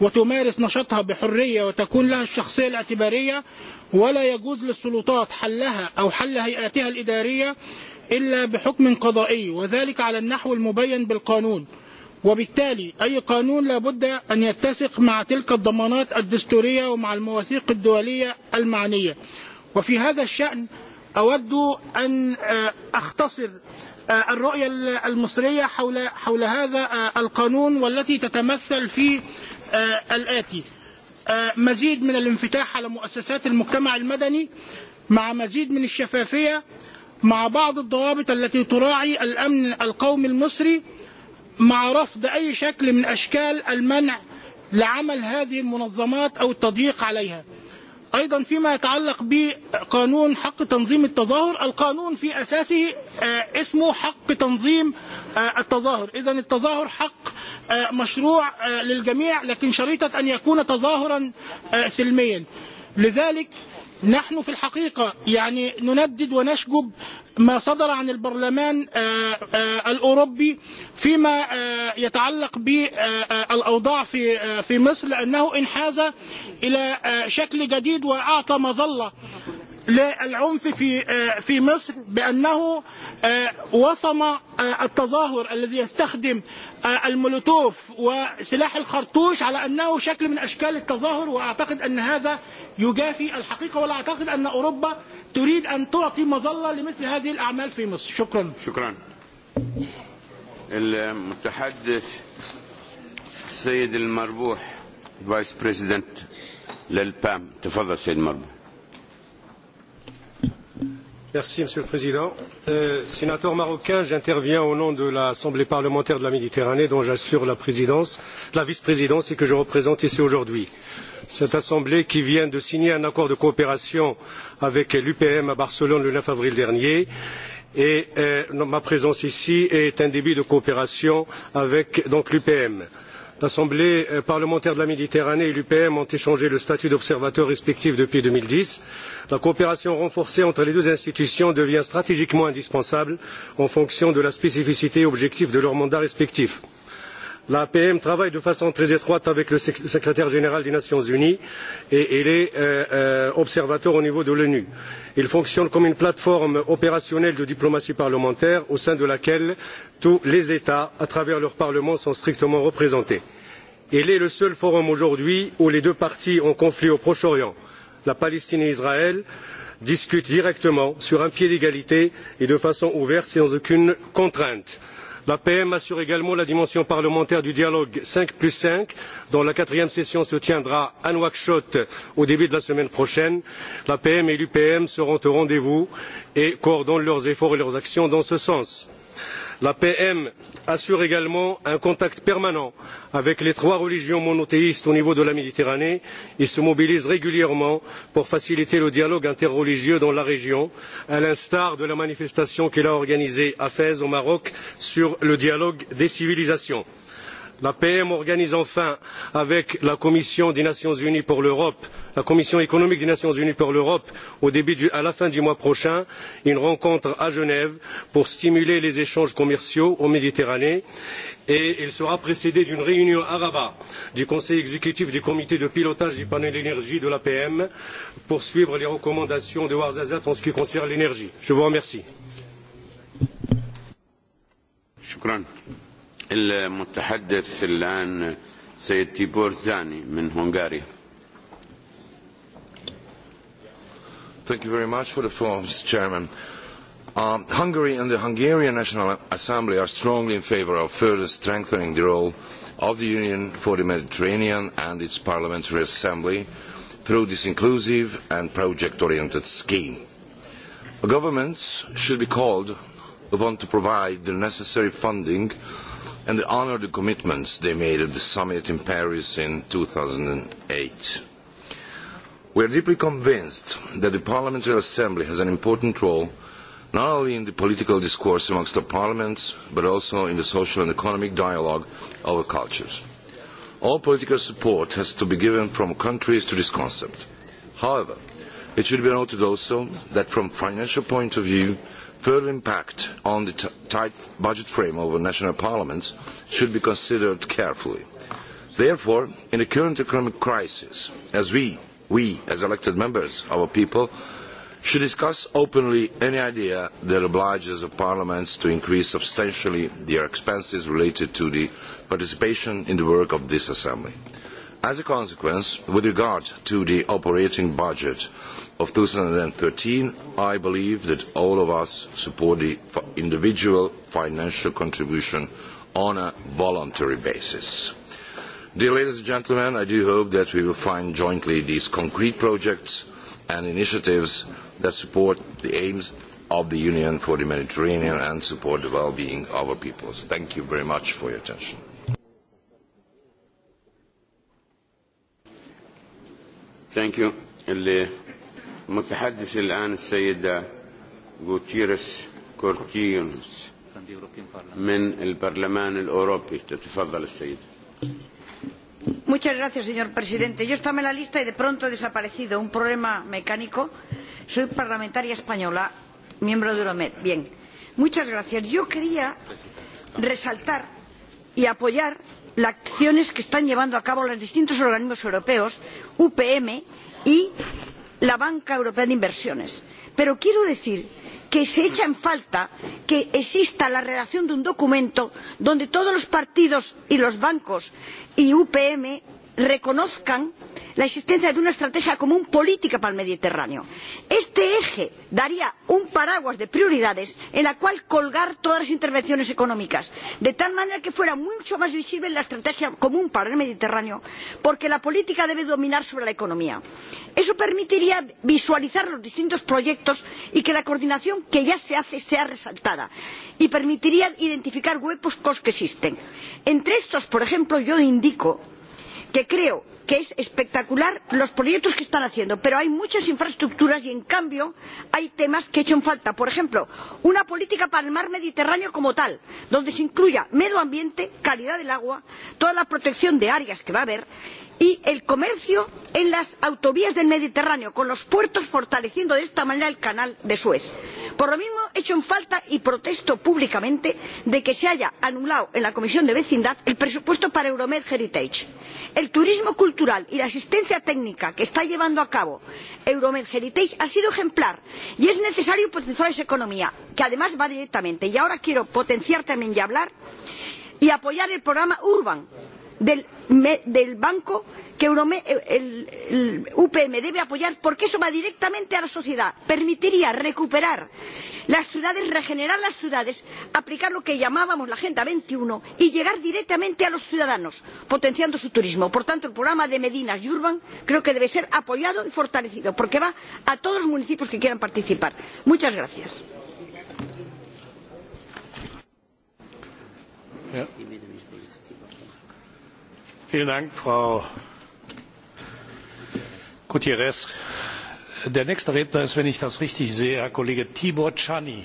وتمارس نشاطها بحرية وتكون لها الشخصية الاعتبارية ولا يجوز للسلطات حلها أو حل هيئاتها الإدارية إلا بحكم قضائي وذلك على النحو المبين بالقانون وبالتالي أي قانون لابد أن يتسق مع تلك الضمانات الدستورية ومع المواثيق الدولية المعنية وفي هذا الشأن أود أن أختصر الرؤية المصرية حول حول هذا القانون والتي تتمثل في الآتي مزيد من الانفتاح على مؤسسات المجتمع المدني مع مزيد من الشفافية مع بعض الضوابط التي تراعي الأمن القومي المصري مع رفض أي شكل من أشكال المنع لعمل هذه المنظمات أو التضييق عليها أيضا فيما يتعلق بقانون حق تنظيم التظاهر القانون في أساسه اسمه حق تنظيم التظاهر إذا التظاهر حق مشروع للجميع لكن شريطة أن يكون تظاهرا سلميا لذلك نحن في الحقيقة يعني نندد ونشجب ما صدر عن البرلمان الأوروبي فيما يتعلق بالأوضاع في في مصر لأنه انحاز إلى شكل جديد وأعطى مظلة للعنف في في مصر بانه وصم التظاهر الذي يستخدم المولوتوف وسلاح الخرطوش على انه شكل من اشكال التظاهر واعتقد ان هذا يجافي الحقيقه ولا اعتقد ان اوروبا تريد ان تعطي مظله لمثل هذه الاعمال في مصر شكرا شكرا المتحدث السيد المربوح فايس بريزيدنت للبام تفضل سيد مربوح Merci, Monsieur le Président. Euh, sénateur marocain, j'interviens au nom de l'Assemblée parlementaire de la Méditerranée, dont j'assure la présidence, la vice-présidence et que je représente ici aujourd'hui. Cette Assemblée qui vient de signer un accord de coopération avec l'UPM à Barcelone le 9 avril dernier et euh, ma présence ici est un début de coopération avec l'UPM. L'Assemblée euh, parlementaire de la Méditerranée et l'UPM ont échangé le statut d'observateur respectif depuis deux mille dix. La coopération renforcée entre les deux institutions devient stratégiquement indispensable en fonction de la spécificité et objectif de leurs mandats respectifs. L'APM travaille de façon très étroite avec le secrétaire général des Nations Unies et il est euh, euh, observateur au niveau de l'ONU. Il fonctionne comme une plateforme opérationnelle de diplomatie parlementaire au sein de laquelle tous les États, à travers leur Parlement, sont strictement représentés. Il est le seul forum aujourd'hui où les deux parties en conflit au Proche-Orient, la Palestine et Israël, discutent directement sur un pied d'égalité et de façon ouverte sans aucune contrainte. La PM assure également la dimension parlementaire du dialogue cinq plus cinq, dont la quatrième session se tiendra à Nouakchott au début de la semaine prochaine. La PM et l'UPM seront au rendez-vous et coordonnent leurs efforts et leurs actions dans ce sens. La PM assure également un contact permanent avec les trois religions monothéistes au niveau de la Méditerranée et se mobilise régulièrement pour faciliter le dialogue interreligieux dans la région, à l'instar de la manifestation qu'elle a organisée à Fès au Maroc sur le dialogue des civilisations. La PM organise enfin avec la Commission des Nations Unies pour l'Europe, la Commission économique des Nations Unies pour l'Europe, à la fin du mois prochain, une rencontre à Genève pour stimuler les échanges commerciaux en Méditerranée et il sera précédé d'une réunion à Rabat du Conseil exécutif du comité de pilotage du panel énergie de l'APM pour suivre les recommandations de Warzazat en ce qui concerne l'énergie. Je vous remercie. المتحدث الآن سيد تيبور زاني من هنغاريا Thank you very much for the floor, Mr. Chairman. Um, Hungary and the Hungarian National Assembly are strongly in favor of further strengthening the role of the Union for the Mediterranean and its Parliamentary Assembly through this inclusive and project-oriented scheme. Governments should be called upon to provide the necessary funding and honour the commitments they made at the summit in Paris in two thousand eight. We are deeply convinced that the Parliamentary Assembly has an important role not only in the political discourse amongst the parliaments, but also in the social and economic dialogue of our cultures. All political support has to be given from countries to this concept. However, it should be noted also that from a financial point of view, further impact on the tight budget frame of national parliaments should be considered carefully. Therefore, in the current economic crisis, as we, we as elected members, of our people, should discuss openly any idea that obliges the parliaments to increase substantially their expenses related to the participation in the work of this assembly. As a consequence, with regard to the operating budget, of 2013, I believe that all of us support the individual financial contribution on a voluntary basis. Dear ladies and gentlemen, I do hope that we will find jointly these concrete projects and initiatives that support the aims of the Union for the Mediterranean and support the well-being of our peoples. Thank you very much for your attention. Thank you. متحدث الآن السيدة غوتيرس كورتيونس من البرلمان الأوروبي تتفضل السيدة Muchas gracias, señor presidente. Yo estaba en la lista y de pronto he desaparecido. Un problema mecánico. Soy parlamentaria española, miembro de Euromed. Bien. Muchas gracias. Yo quería resaltar y apoyar las acciones que están llevando a cabo los distintos organismos europeos, UPM y la Banca Europea de Inversiones. Pero quiero decir que se echa en falta que exista la redacción de un documento donde todos los partidos y los bancos y UPM reconozcan la existencia de una estrategia común política para el Mediterráneo. Este eje daría un paraguas de prioridades en la cual colgar todas las intervenciones económicas, de tal manera que fuera mucho más visible la estrategia común para el Mediterráneo, porque la política debe dominar sobre la economía. Eso permitiría visualizar los distintos proyectos y que la coordinación que ya se hace sea resaltada y permitiría identificar huecos que existen. Entre estos, por ejemplo, yo indico que creo que es espectacular los proyectos que están haciendo, pero hay muchas infraestructuras y en cambio hay temas que echan falta. Por ejemplo, una política para el mar Mediterráneo como tal, donde se incluya medio ambiente, calidad del agua, toda la protección de áreas que va a haber y el comercio en las autovías del Mediterráneo, con los puertos fortaleciendo de esta manera el canal de Suez. Por lo mismo, echo en falta y protesto públicamente de que se haya anulado en la Comisión de Vecindad el presupuesto para Euromed Heritage. El turismo cultural y la asistencia técnica que está llevando a cabo Euromed Heritage ha sido ejemplar y es necesario potenciar esa economía, que además va directamente. Y ahora quiero potenciar también y hablar y apoyar el programa Urban del, del Banco que Eurome, el, el UPM debe apoyar porque eso va directamente a la sociedad. Permitiría recuperar las ciudades, regenerar las ciudades, aplicar lo que llamábamos la Agenda 21 y llegar directamente a los ciudadanos, potenciando su turismo. Por tanto, el programa de Medinas y Urban creo que debe ser apoyado y fortalecido, porque va a todos los municipios que quieran participar. Muchas gracias. Vielen Dank, Frau Gutierrez. Der nächste Redner ist, wenn ich das richtig sehe, Herr Kollege Tibor Czani.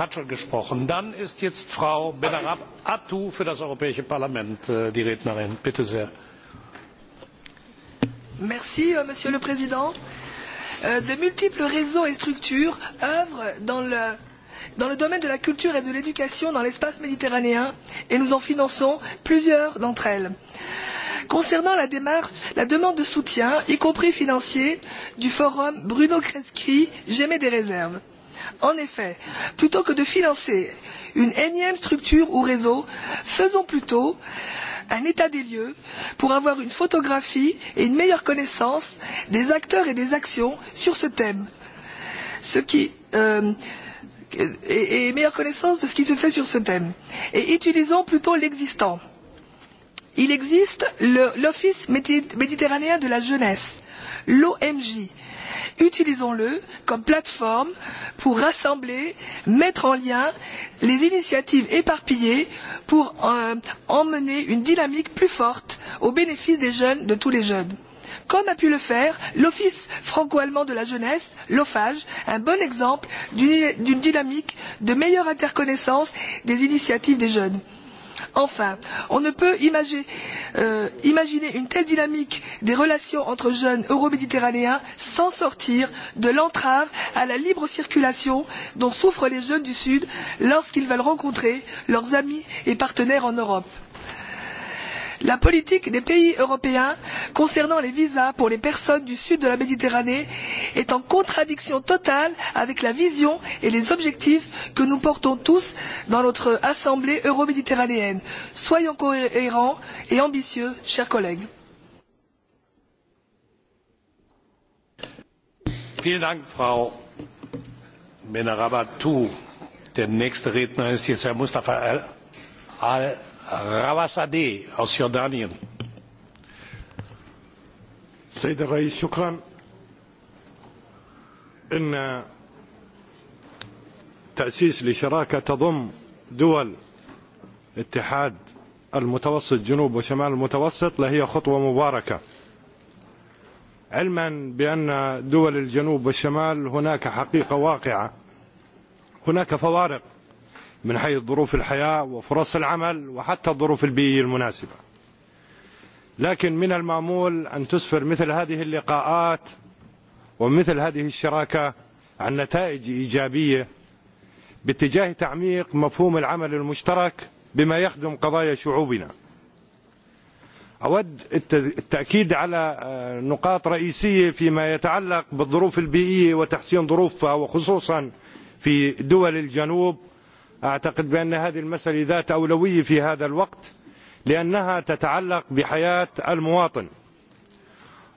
Hat schon gesprochen. Dann ist jetzt Frau Benarab Attu für das Europäische Parlament äh, die Rednerin. Bitte sehr. Merci, euh, Monsieur le Président. Euh, de multiples réseaux et structures œuvrent dans le dans le domaine de la culture et de l'éducation dans l'espace méditerranéen et nous en finançons plusieurs d'entre elles. Concernant la démarche, la demande de soutien, y compris financier, du forum Bruno Kreski, j'émets des réserves. En effet, plutôt que de financer une énième structure ou réseau, faisons plutôt un état des lieux pour avoir une photographie et une meilleure connaissance des acteurs et des actions sur ce thème. Ce qui, euh, et, et meilleure connaissance de ce qui se fait sur ce thème. Et utilisons plutôt l'existant. Il existe l'Office méditerranéen de la jeunesse, l'OMJ. Utilisons-le comme plateforme pour rassembler, mettre en lien les initiatives éparpillées pour euh, emmener une dynamique plus forte au bénéfice des jeunes, de tous les jeunes comme a pu le faire l'Office franco-allemand de la jeunesse, l'OFAGE, un bon exemple d'une dynamique de meilleure interconnaissance des initiatives des jeunes. Enfin, on ne peut imaginer, euh, imaginer une telle dynamique des relations entre jeunes euroméditerranéens sans sortir de l'entrave à la libre circulation dont souffrent les jeunes du Sud lorsqu'ils veulent rencontrer leurs amis et partenaires en Europe la politique des pays européens concernant les visas pour les personnes du sud de la Méditerranée est en contradiction totale avec la vision et les objectifs que nous portons tous dans notre Assemblée euroméditerranéenne. Soyons cohérents et ambitieux, chers collègues. Vielen Dank, Frau Benarabatou. Der nächste Redner ist jetzt Herr Mustafa Al Ravasadi aus Jordanien. سيد الرئيس شكرا ان تاسيس لشراكه تضم دول اتحاد المتوسط جنوب وشمال المتوسط لهي خطوة مباركة علما بان دول الجنوب والشمال هناك حقيقة واقعة هناك فوارق من حيث ظروف الحياة وفرص العمل وحتى الظروف البيئية المناسبة لكن من المامول أن تسفر مثل هذه اللقاءات ومثل هذه الشراكة عن نتائج إيجابية باتجاه تعميق مفهوم العمل المشترك بما يخدم قضايا شعوبنا أود التأكيد على نقاط رئيسية فيما يتعلق بالظروف البيئية وتحسين ظروفها وخصوصا في دول الجنوب أعتقد بأن هذه المسألة ذات أولوية في هذا الوقت لأنها تتعلق بحياة المواطن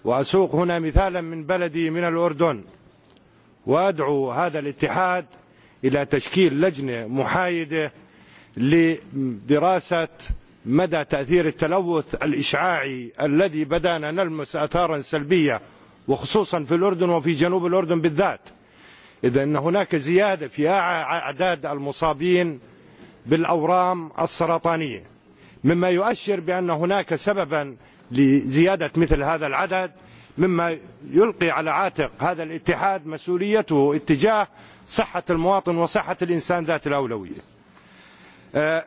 وأسوق هنا مثالا من بلدي من الأردن وأدعو هذا الاتحاد إلى تشكيل لجنة محايدة لدراسة مدى تأثير التلوث الإشعاعي الذي بدأنا نلمس أثارا سلبية وخصوصا في الأردن وفي جنوب الأردن بالذات إذا أن هناك زيادة في أعداد المصابين بالأورام السرطانية مما يؤشر بأن هناك سببا لزيادة مثل هذا العدد مما يلقي على عاتق هذا الاتحاد مسؤوليته اتجاه صحة المواطن وصحة الإنسان ذات الأولوية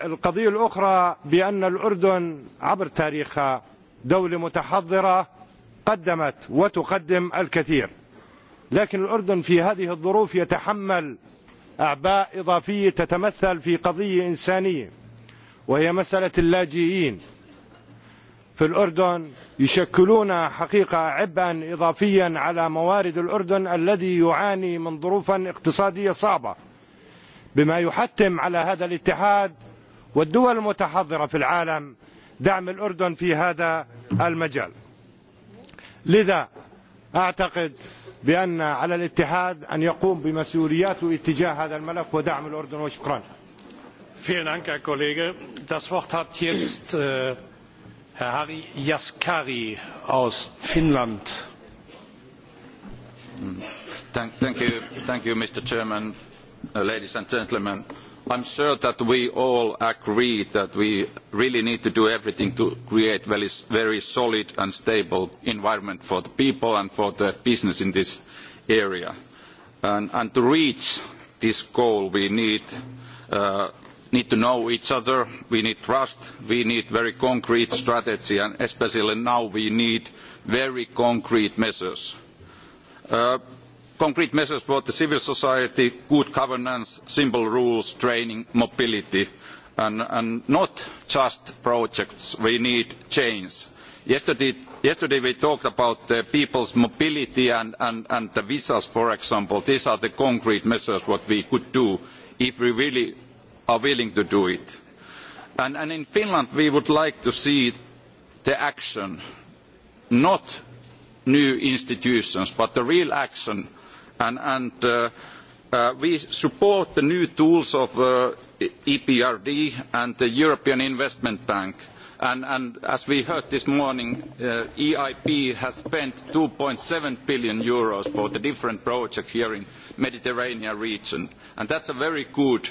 القضية الأخرى بأن الأردن عبر تاريخها دولة متحضرة قدمت وتقدم الكثير لكن الأردن في هذه الظروف يتحمل أعباء إضافية تتمثل في قضية إنسانية وهي مسألة اللاجئين في الأردن يشكلون حقيقة عبا إضافيا على موارد الأردن الذي يعاني من ظروفا اقتصادية صعبة بما يحتم على هذا الاتحاد والدول المتحضرة في العالم دعم الأردن في هذا المجال لذا أعتقد بأن على الاتحاد أن يقوم بمسؤولياته اتجاه هذا الملف ودعم الأردن وشكرا Vielen Dank, Herr Kollege. Das Wort hat jetzt äh, Herr Harry Jaskari aus Finnland. Thank, thank you, thank you, Mr. Chairman, uh, ladies and gentlemen. I am sure that we all agree that we really need to do everything to create a very, very solid and stable environment for the people and for the business in this area. And, and to reach this goal, we need, uh, need to know each other, we need trust, we need very concrete strategy, and especially now we need very concrete measures. Uh, concrete measures for civil society, good governance, simple rules, training, mobility, and, and not just projects. We need change. Yesterday, yesterday we talked about the people's mobility and, and, and the visas, for example. These are the concrete measures what we could do if we really are willing to do it. And, and in Finland, we would like to see the action, not new institutions, but the real action and, and uh, uh, we support the new tools of uh, EPRD and the European Investment Bank. And, and as we heard this morning, uh, EIP has spent 2.7 billion euros for the different projects here in Mediterranean region. And that's a very good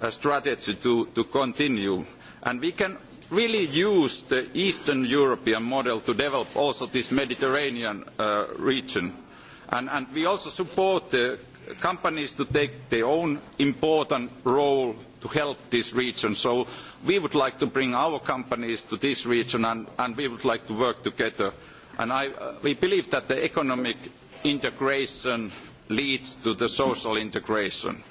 uh, strategy to, to continue. And we can really use the Eastern European model to develop also this Mediterranean uh, region And, and we also support uh, companies to take their own important role to help this region. So we would like to bring our companies to this region and, and we would like to work together. And I, uh, we believe that the economic integration leads to the social integration.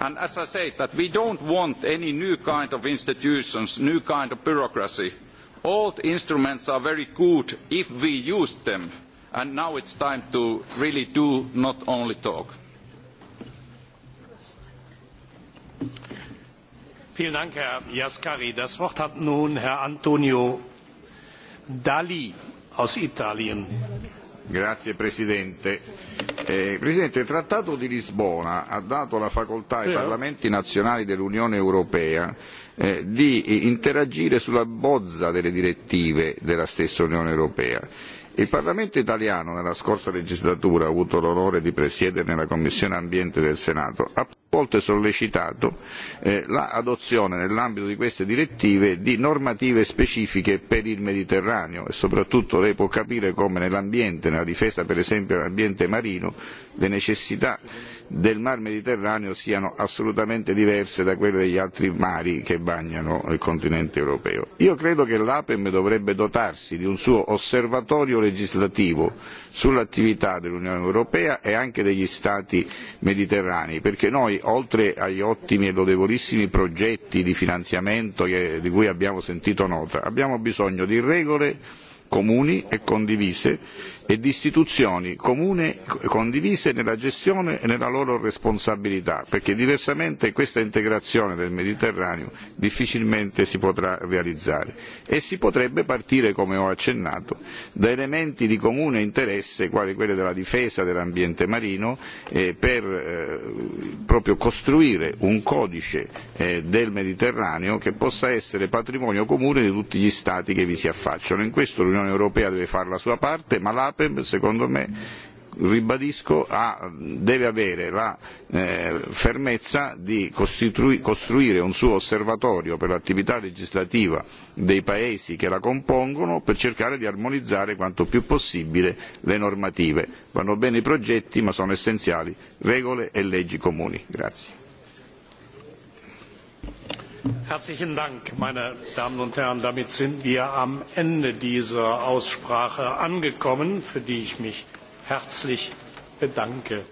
And as I say, that we don't want any new kind of institutions, new kind of bureaucracy. All instruments are very good if we use them And now it's time to really do, not only talk. Vielen Dank, Herr Jaskari. Das Wort hat nun Herr Antonio Dalli aus Italien. Grazie Presidente. Eh, Presidente, il Trattato di Lisbona ha dato la facoltà ai Parlamenti nazionali dell'Unione Europea eh, di interagire sulla bozza delle direttive della stessa Unione Europea Il Parlamento italiano nella scorsa legislatura ha avuto l'onore di presiedere la Commissione Ambiente del Senato, ha volte sollecitato eh, l'adozione la nell'ambito di queste direttive di normative specifiche per il Mediterraneo e soprattutto lei può capire come nell'ambiente, nella difesa per esempio dell'ambiente marino, le necessità del mar Mediterraneo siano assolutamente diverse da quelle degli altri mari che bagnano il continente europeo. Io credo che l'APEM dovrebbe dotarsi di un suo osservatorio legislativo sull'attività dell'Unione Europea e anche degli Stati mediterranei, perché noi, oltre agli ottimi e lodevolissimi progetti di finanziamento che, di cui abbiamo sentito nota, abbiamo bisogno di regole comuni e condivise e di istituzioni comune condivise nella gestione e nella loro responsabilità, perché diversamente questa integrazione del Mediterraneo difficilmente si potrà realizzare e si potrebbe partire, come ho accennato, da elementi di comune interesse quali quelli della difesa dell'ambiente marino eh, per eh, proprio costruire un codice eh, del Mediterraneo che possa essere patrimonio comune di tutti gli Stati che vi si affacciano. In questo l'Unione Europea deve fare la sua parte, ma l'APE Verhofstadt, secondo me, ribadisco, ha, deve avere la eh, fermezza di costruire un suo osservatorio per l'attività legislativa dei paesi che la compongono per cercare di armonizzare quanto più possibile le normative. Vanno bene i progetti ma sono essenziali regole e leggi comuni. Grazie. Herzlichen Dank, meine Damen und Herren. Damit sind wir am Ende dieser Aussprache angekommen, für die ich mich herzlich bedanke.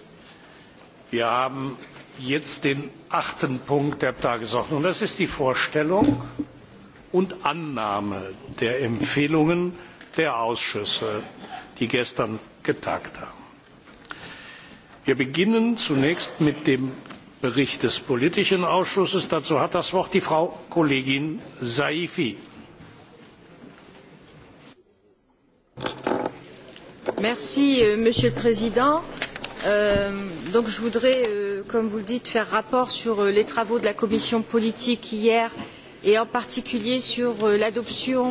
Wir haben jetzt den achten Punkt der Tagesordnung. Das ist die Vorstellung und Annahme der Empfehlungen der Ausschüsse, die gestern getagt haben. Wir beginnen zunächst mit dem Bericht des politischen Ausschusses. Dazu hat das Wort die Frau Kollegin Saifi. Merci, euh, Monsieur le Président. Euh, donc je voudrais, euh, comme vous le dites, faire rapport sur euh, les travaux de la commission politique hier et en particulier sur euh, l'adoption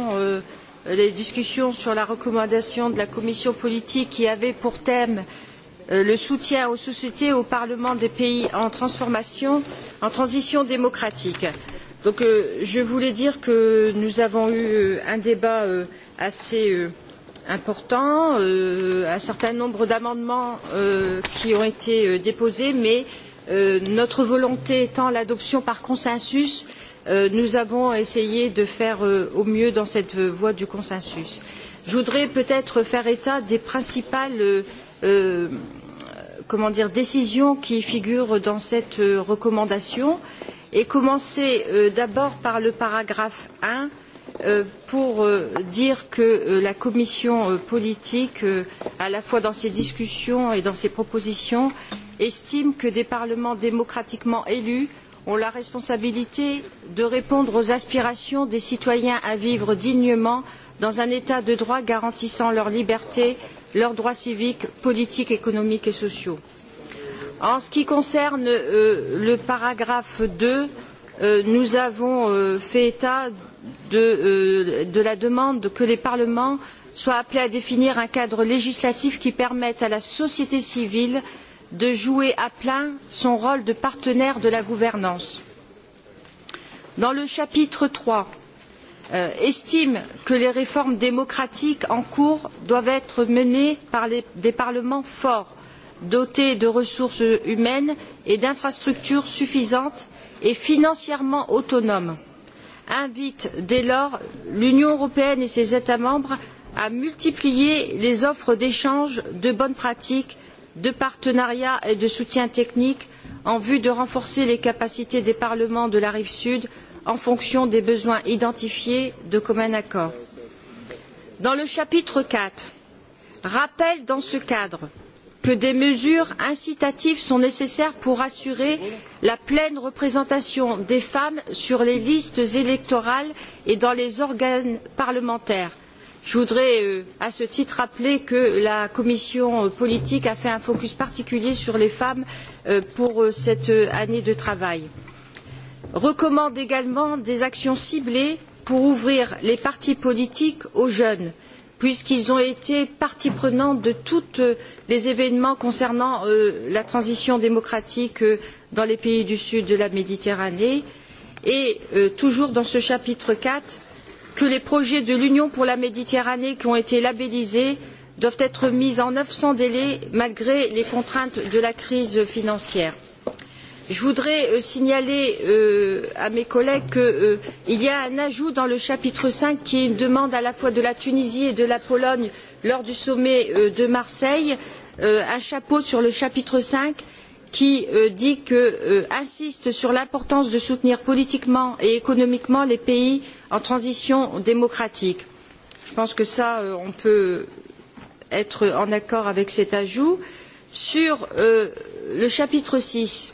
des euh, discussions sur la recommandation de la commission politique qui avait pour thème euh, Euh, le soutien aux sociétés et aux parlements des pays en transformation, en transition démocratique. Donc, euh, je voulais dire que nous avons eu euh, un débat assez important, un certain nombre d'amendements qui ont été déposés, mais notre volonté étant l'adoption par consensus, nous avons essayé de faire au mieux dans cette voie du consensus. Je voudrais peut-être faire état des principales euh, comment dire, décisions qui figurent dans cette euh, recommandation et commencer euh, d'abord par le paragraphe un euh, pour dire que la commission politique, à la fois dans ses discussions et dans ses propositions, estime que des parlements démocratiquement élus ont la responsabilité de répondre aux aspirations des citoyens à vivre dignement dans un état de droit garantissant leur liberté, leurs droits civiques, politiques, économiques et sociaux. En ce qui concerne euh, le paragraphe deux, euh, nous avons euh, fait état de, euh, de, la demande que les parlements soient appelés à définir un cadre législatif qui permette à la société civile de jouer à plein son rôle de partenaire de la gouvernance. Dans le chapitre trois Euh, estime que les réformes démocratiques en cours doivent être menées par les, des parlements forts, dotés de ressources humaines et d'infrastructures suffisantes et financièrement autonomes, invite dès lors l'Union européenne et ses États membres à multiplier les offres d'échange de bonnes pratiques, de partenariats et de soutien technique en vue de renforcer les capacités des parlements de la rive sud en fonction des besoins identifiés de commun accord. Dans le chapitre IV, rappelle dans ce cadre que des mesures incitatives sont nécessaires pour assurer la pleine représentation des femmes sur les listes électorales et dans les organes parlementaires. Je voudrais euh, à ce titre rappeler que la commission politique a fait un focus particulier sur les femmes euh, pour euh, cette euh, année de travail recommande également des actions ciblées pour ouvrir les partis politiques aux jeunes, puisqu'ils ont été partie prenante de tous euh, les événements concernant euh, la transition démocratique euh, dans les pays du sud de la Méditerranée. Et euh, toujours dans ce chapitre IV, que les projets de l'Union pour la Méditerranée qui ont été labellisés doivent être mis en œuvre sans délai malgré les contraintes de la crise financière. Je voudrais euh, signaler euh, à mes collègues qu'il euh, y a un ajout dans le chapitre 5 qui est une demande à la fois de la Tunisie et de la Pologne lors du sommet euh, de Marseille, euh, un chapeau sur le chapitre 5 qui euh, dit que insiste sur l'importance de soutenir politiquement et économiquement les pays en transition démocratique. Je pense que cela on peut être en accord avec cet ajout. Sur le chapitre 6,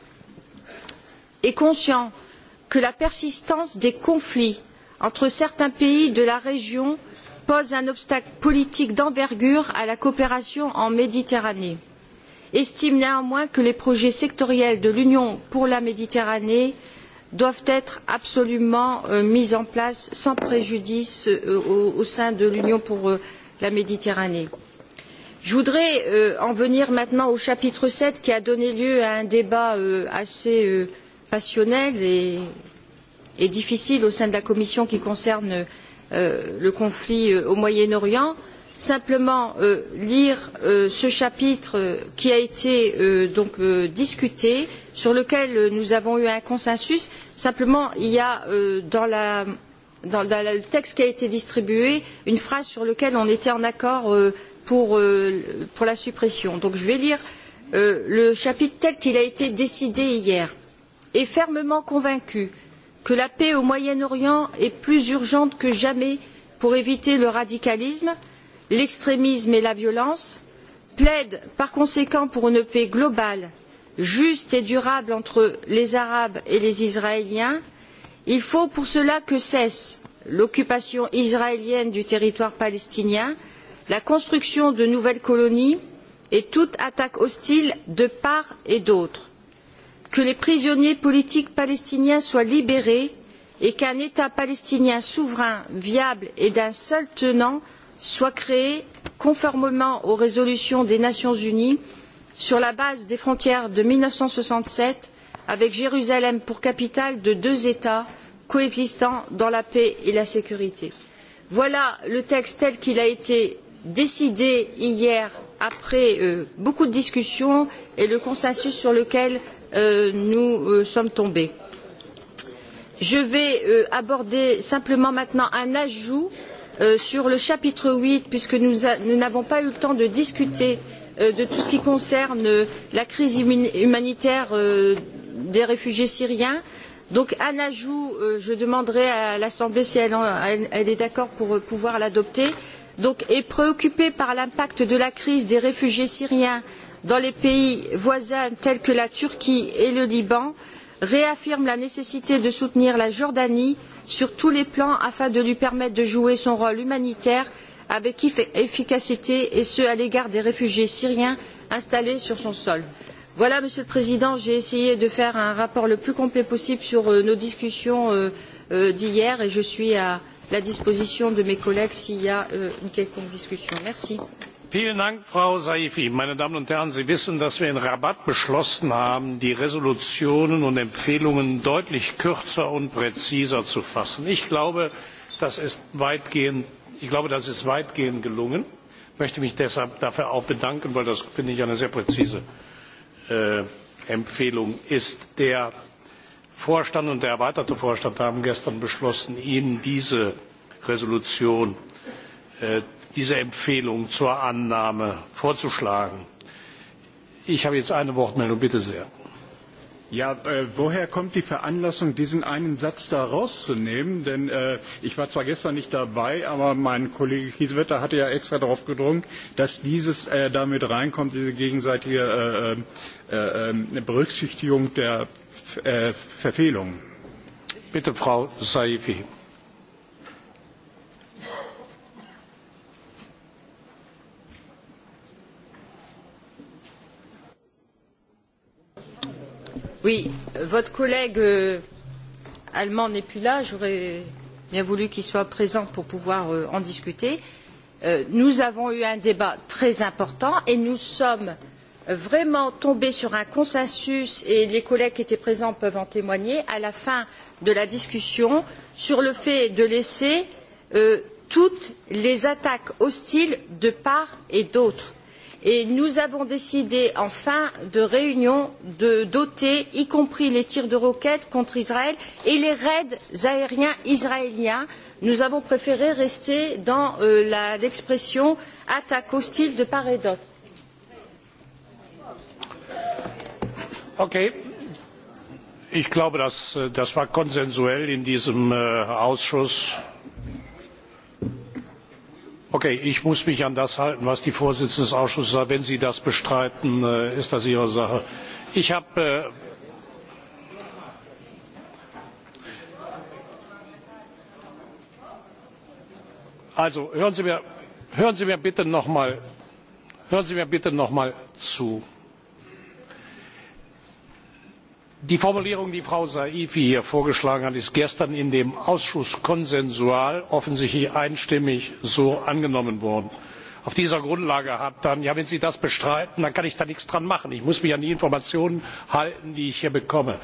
est conscient que la persistance des conflits entre certains pays de la région pose un obstacle politique d'envergure à la coopération en Méditerranée. Estime néanmoins que les projets sectoriels de l'Union pour la Méditerranée doivent être absolument euh, mis en place sans préjudice euh, au, au, sein de l'Union pour euh, la Méditerranée. Je voudrais euh, en venir maintenant au chapitre sept qui a donné lieu à un débat euh, assez euh, passionnel et, et difficile au sein de la commission qui concerne euh, le conflit euh, au Moyen-Orient. Simplement euh, lire euh, ce chapitre euh, qui a été euh, donc euh, discuté, sur lequel euh, nous avons eu un consensus. Simplement, il y a euh, dans la dans, le texte qui a été distribué une phrase sur laquelle on était en accord pour, pour la suppression. Donc je vais lire le chapitre tel qu'il a été décidé hier est fermement convaincu que la paix au Moyen-Orient est plus urgente que jamais pour éviter le radicalisme, l'extrémisme et la violence, plaide par conséquent pour une paix globale, juste et durable entre les Arabes et les Israéliens, il faut pour cela que cesse l'occupation israélienne du territoire palestinien, la construction de nouvelles colonies et toute attaque hostile de part et d'autre que les prisonniers politiques palestiniens soient libérés et qu'un État palestinien souverain, viable et d'un seul tenant soit créé conformément aux résolutions des Nations Unies sur la base des frontières de mille neuf cent soixante sept, avec Jérusalem pour capitale de deux États coexistant dans la paix et la sécurité. Voilà le texte tel qu'il a été décidé hier après euh, beaucoup de discussions et le consensus sur lequel Euh, nous euh, sommes tombés. Je vais euh, aborder simplement maintenant un ajout sur le chapitre huit, puisque nous n'avons pas eu le temps de discuter de tout ce qui concerne la crise humanitaire des réfugiés syriens. Donc un ajout, je demanderai à l'Assemblée si elle, est d'accord pour pouvoir l'adopter. Donc est préoccupée par l'impact de la crise des réfugiés syriens dans les pays voisins tels que la Turquie et le Liban réaffirme la nécessité de soutenir la Jordanie sur tous les plans afin de lui permettre de jouer son rôle humanitaire avec efficacité et ce à l'égard des réfugiés syriens installés sur son sol. Voilà, Monsieur le Président, j'ai essayé de faire un rapport le plus complet possible sur euh, nos discussions euh, euh, d'hier et je suis à la disposition de mes collègues s'il y a une quelconque discussion. Merci. Vielen Dank, Frau Saifi. Meine Damen und Herren, Sie wissen, dass wir in Rabat beschlossen haben, die Resolutionen und Empfehlungen deutlich kürzer und präziser zu fassen. Ich glaube, das ist weitgehend, ich glaube, das ist weitgehend gelungen. Ich möchte mich deshalb dafür auch bedanken, weil das, finde ich, eine sehr präzise äh, Empfehlung ist. Der Vorstand und der erweiterte Vorstand haben gestern beschlossen, Ihnen diese Resolution äh, diese Empfehlung zur Annahme vorzuschlagen. Ich habe jetzt eine Wortmeldung, bitte sehr. Ja, äh, woher kommt die Veranlassung, diesen einen Satz da rauszunehmen? Denn äh, ich war zwar gestern nicht dabei, aber mein Kollege Kieswetter hatte ja extra darauf gedrungen, dass dieses äh, damit reinkommt, diese gegenseitige äh, äh, äh, Berücksichtigung der äh, Verfehlungen. Bitte, Frau Saifi. Oui, votre collègue euh, allemand n'est plus là. J'aurais bien voulu qu'il soit présent pour pouvoir euh, en discuter. Euh, nous avons eu un débat très important et nous sommes vraiment tombés sur un consensus et les collègues qui étaient présents peuvent en témoigner à la fin de la discussion sur le fait de laisser euh, toutes les attaques hostiles de part et d'autre Et nous avons décidé en fin de réunion de doter, y compris les tirs de roquettes contre Israël et les raids aériens israéliens. Nous avons préféré rester dans euh, l'expression attaque hostile de part et d'autre. Ich glaube, äh, das war konsensuell in diesem äh, Ausschuss. Okay, ich muss mich an das halten, was die Vorsitzende des Ausschusses sagt. Wenn Sie das bestreiten, äh, ist das Ihre Sache. Ich habe. Äh, also hören Sie mir, hören Sie mir bitte noch mal, hören Sie mir bitte noch mal zu. Die Formulierung, die Frau Saifi hier vorgeschlagen hat, ist gestern in dem Ausschuss konsensual offensichtlich einstimmig so angenommen worden. Auf dieser Grundlage hat dann, ja, wenn Sie das bestreiten, dann kann ich da nichts dran machen. Ich muss mich an die Informationen halten, die ich hier bekomme.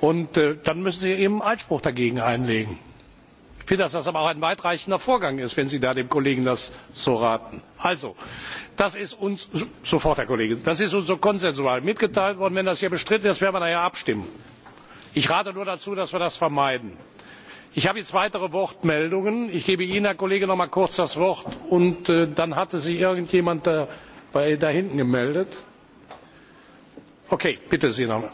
Und äh, dann müssen Sie eben Einspruch dagegen einlegen. Ich finde, dass das aber auch ein weitreichender Vorgang ist, wenn Sie da dem Kollegen das so raten. Also, das ist uns, sofort Herr Kollege, das ist uns so konsensual mitgeteilt worden. Wenn das hier bestritten ist, werden wir nachher abstimmen. Ich rate nur dazu, dass wir das vermeiden. Ich habe jetzt weitere Wortmeldungen. Ich gebe Ihnen, Herr Kollege, noch mal kurz das Wort und äh, dann hatte sich irgendjemand da, bei, da hinten gemeldet. Okay, bitte Sie noch mal.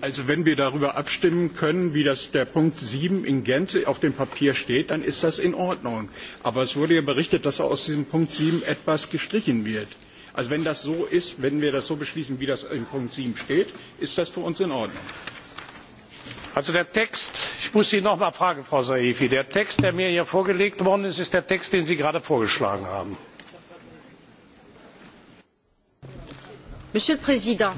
Also wenn wir darüber abstimmen können, wie das der Punkt 7 in Gänze auf dem Papier steht, dann ist das in Ordnung. Aber es wurde ja berichtet, dass er aus diesem Punkt 7 etwas gestrichen wird. Also wenn das so ist, wenn wir das so beschließen, wie das in Punkt 7 steht, ist das für uns in Ordnung. Also der Text, ich muss Sie noch mal fragen, Frau Saifi, der Text, der mir hier vorgelegt worden ist, ist der Text, den Sie gerade vorgeschlagen haben. Monsieur le Président,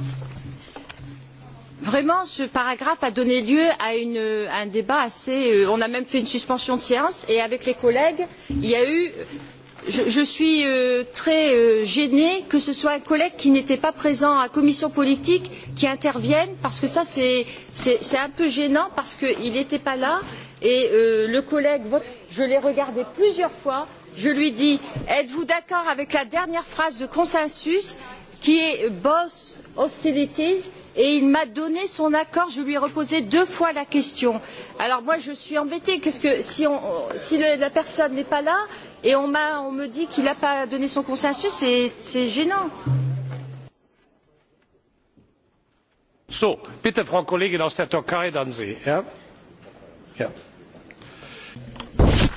vraiment, ce paragraphe a donné lieu à, une, à un débat assez. Euh, on a même fait une suspension de séance et avec les collègues, il y a eu. Je, je suis euh, très euh, gênée que ce soit un collègue qui n'était pas présent à la commission politique qui intervienne parce que ça c'est un peu gênant parce qu'il n'était pas là et euh, le collègue, je l'ai regardé plusieurs fois, je lui dis êtes-vous d'accord avec la dernière phrase de consensus qui est boss hostilities et il m'a donné son accord. Je lui ai reposé deux fois la question. Alors moi, je suis embêtée. Qu'est-ce que si, on, si le, la personne n'est pas là et on, on me dit qu'il n'a pas donné son consensus, c'est gênant. So, bitte Frau Kollegin aus der Türkei, dann Sie. Ja? Ja.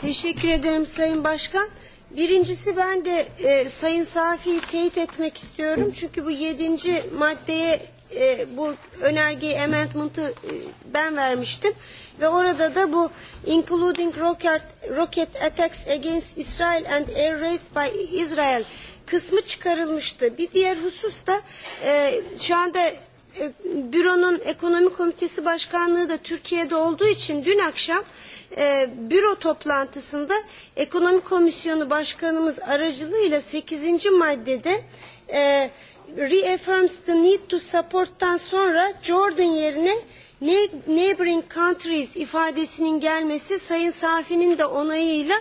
Teşekkür ederim Sayın Başkan. Birincisi ben de e, Sayın Safi'yi teyit etmek istiyorum. Çünkü bu yedinci maddeye e, bu önergeyi amendment'ı e, ben vermiştim ve orada da bu including rocket, rocket attacks against Israel and air raids by Israel kısmı çıkarılmıştı. Bir diğer husus da e, şu anda e, büronun ekonomi komitesi başkanlığı da Türkiye'de olduğu için dün akşam e, büro toplantısında ekonomi komisyonu başkanımız aracılığıyla 8. maddede e, reaffirms the need to tan sonra Jordan yerine neighboring countries ifadesinin gelmesi Sayın Safi'nin de onayıyla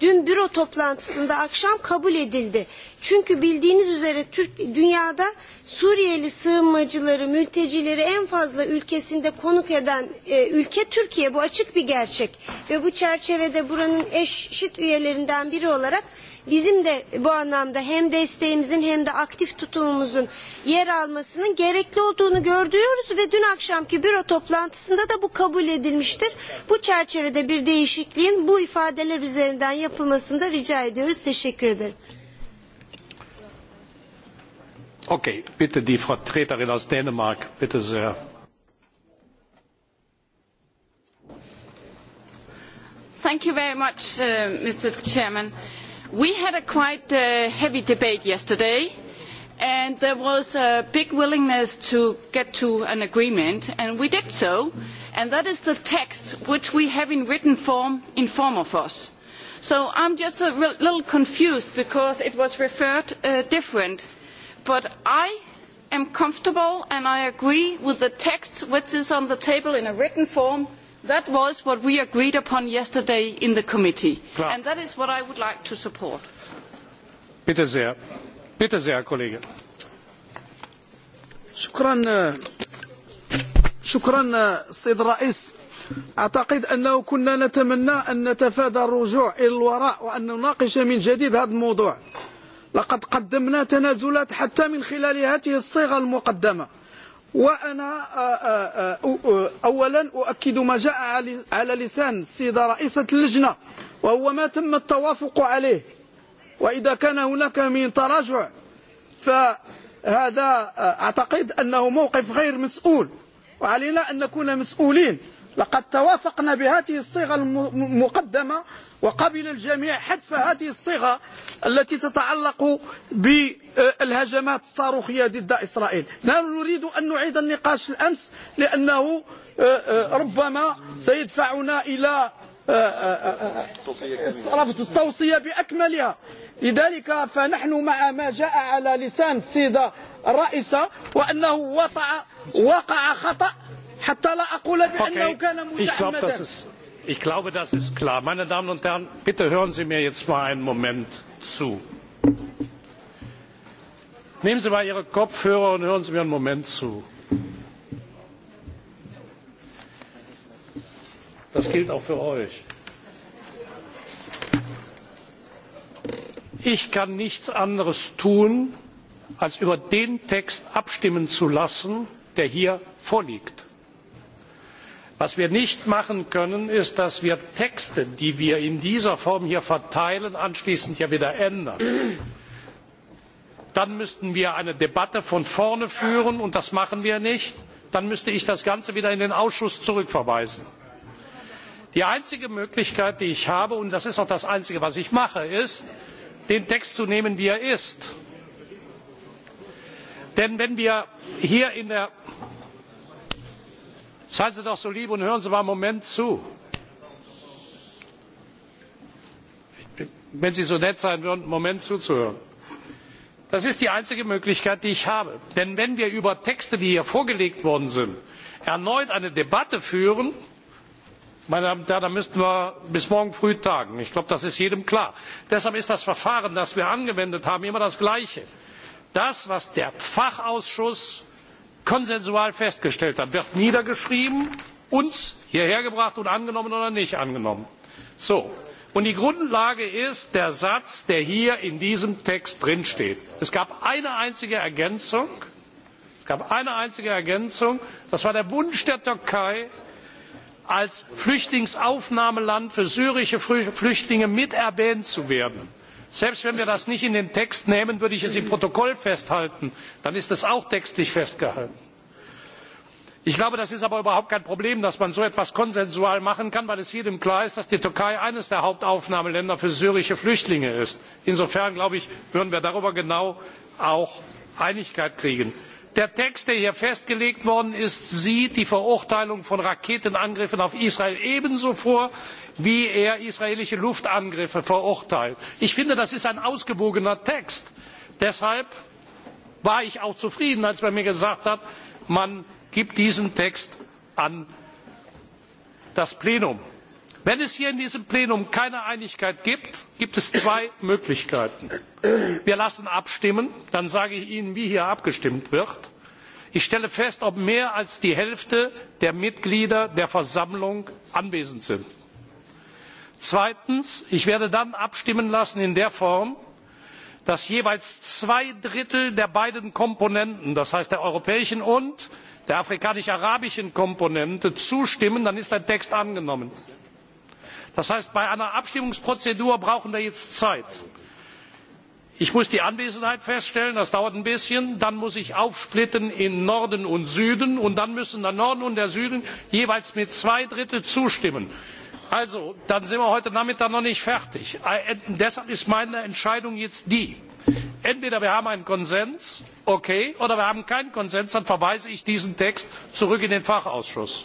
dün büro toplantısında akşam kabul edildi. Çünkü bildiğiniz üzere Türk dünyada Suriyeli sığınmacıları, mültecileri en fazla ülkesinde konuk eden e, ülke Türkiye. Bu açık bir gerçek. Ve bu çerçevede buranın eşit üyelerinden biri olarak bizim de bu anlamda hem desteğimizin hem de aktif tutumumuzun yer almasının gerekli olduğunu gördüyoruz ve dün akşamki büro toplantısında da bu kabul edilmiştir. Bu çerçevede bir değişikliğin bu ifadeler üzerinden yapılmasını da rica ediyoruz. Teşekkür ederim. Okay, bitte die Vertreterin aus Dänemark, bitte sehr. Thank you very much, uh, Mr. Chairman. We had a quite uh, heavy debate yesterday, and there was a big willingness to get to an agreement, and we did so, and that is the text which we have in written form in form of us. So I am just a little confused because it was referred uh, different, but I am comfortable and I agree with the text which is on the table in a written form That was what we agreed upon yesterday in the committee. Klar. And that is what I would like to support. Bitte sehr. Bitte sehr, Kollege. شكرا شكرا السيد الرئيس أعتقد أنه كنا نتمنى أن نتفادى الرجوع إلى الوراء وأن نناقش من جديد هذا الموضوع لقد قدمنا تنازلات حتى من خلال هذه الصيغة المقدمة وأنا أولا أؤكد ما جاء على لسان السيدة رئيسة اللجنة وهو ما تم التوافق عليه وإذا كان هناك من تراجع فهذا أعتقد أنه موقف غير مسؤول وعلينا أن نكون مسؤولين لقد توافقنا بهذه الصيغة المقدمة وقبل الجميع حذف هذه الصيغة التي تتعلق بالهجمات الصاروخية ضد إسرائيل نحن نريد أن نعيد النقاش الأمس لأنه ربما سيدفعنا إلى رفض التوصية بأكملها لذلك فنحن مع ما جاء على لسان السيدة الرئيسة وأنه وقع, وقع خطأ حتى لا أقول بأنه كان متعمدا Ich glaube, das ist klar. Meine Damen und Herren, bitte hören Sie mir jetzt mal einen Moment zu. Nehmen Sie mal Ihre Kopfhörer und hören Sie mir einen Moment zu. Das gilt auch für euch. Ich kann nichts anderes tun, als über den Text abstimmen zu lassen, der hier vorliegt was wir nicht machen können ist dass wir texte die wir in dieser form hier verteilen anschließend ja wieder ändern. dann müssten wir eine debatte von vorne führen und das machen wir nicht. dann müsste ich das ganze wieder in den ausschuss zurückverweisen. die einzige möglichkeit die ich habe und das ist auch das einzige was ich mache ist den text zu nehmen wie er ist. denn wenn wir hier in der Seien Sie doch so lieb und hören Sie mal einen Moment zu. Wenn Sie so nett sein würden, einen Moment zuzuhören. Das ist die einzige Möglichkeit, die ich habe. Denn wenn wir über Texte, die hier vorgelegt worden sind, erneut eine Debatte führen, meine Damen und Herren, dann müssten wir bis morgen früh tagen. Ich glaube, das ist jedem klar. Deshalb ist das Verfahren, das wir angewendet haben, immer das gleiche. Das, was der Fachausschuss konsensual festgestellt hat, wird niedergeschrieben, uns hierher gebracht und angenommen oder nicht angenommen. So. Und die Grundlage ist der Satz, der hier in diesem Text drinsteht. Es gab eine einzige Ergänzung, es gab eine einzige Ergänzung, das war der Wunsch der Türkei, als Flüchtlingsaufnahmeland für syrische Flüchtlinge mit erwähnt zu werden. Selbst wenn wir das nicht in den Text nehmen, würde ich es im Protokoll festhalten. Dann ist es auch textlich festgehalten. Ich glaube, das ist aber überhaupt kein Problem, dass man so etwas konsensual machen kann, weil es jedem klar ist, dass die Türkei eines der Hauptaufnahmeländer für syrische Flüchtlinge ist. Insofern, glaube ich, würden wir darüber genau auch Einigkeit kriegen der text der hier festgelegt worden ist sieht die verurteilung von raketenangriffen auf israel ebenso vor wie er israelische luftangriffe verurteilt. ich finde das ist ein ausgewogener text. deshalb war ich auch zufrieden als man mir gesagt hat man gibt diesen text an das plenum. Wenn es hier in diesem Plenum keine Einigkeit gibt, gibt es zwei Möglichkeiten. Wir lassen abstimmen, dann sage ich Ihnen, wie hier abgestimmt wird. Ich stelle fest, ob mehr als die Hälfte der Mitglieder der Versammlung anwesend sind. Zweitens, ich werde dann abstimmen lassen in der Form, dass jeweils zwei Drittel der beiden Komponenten, das heißt der europäischen und der afrikanisch-arabischen Komponente, zustimmen, dann ist der Text angenommen. Das heißt, bei einer Abstimmungsprozedur brauchen wir jetzt Zeit. Ich muss die Anwesenheit feststellen, das dauert ein bisschen, dann muss ich aufsplitten in Norden und Süden und dann müssen der Norden und der Süden jeweils mit zwei Drittel zustimmen. Also, dann sind wir heute Nachmittag noch nicht fertig. Deshalb ist meine Entscheidung jetzt die. Entweder wir haben einen Konsens, okay, oder wir haben keinen Konsens, dann verweise ich diesen Text zurück in den Fachausschuss.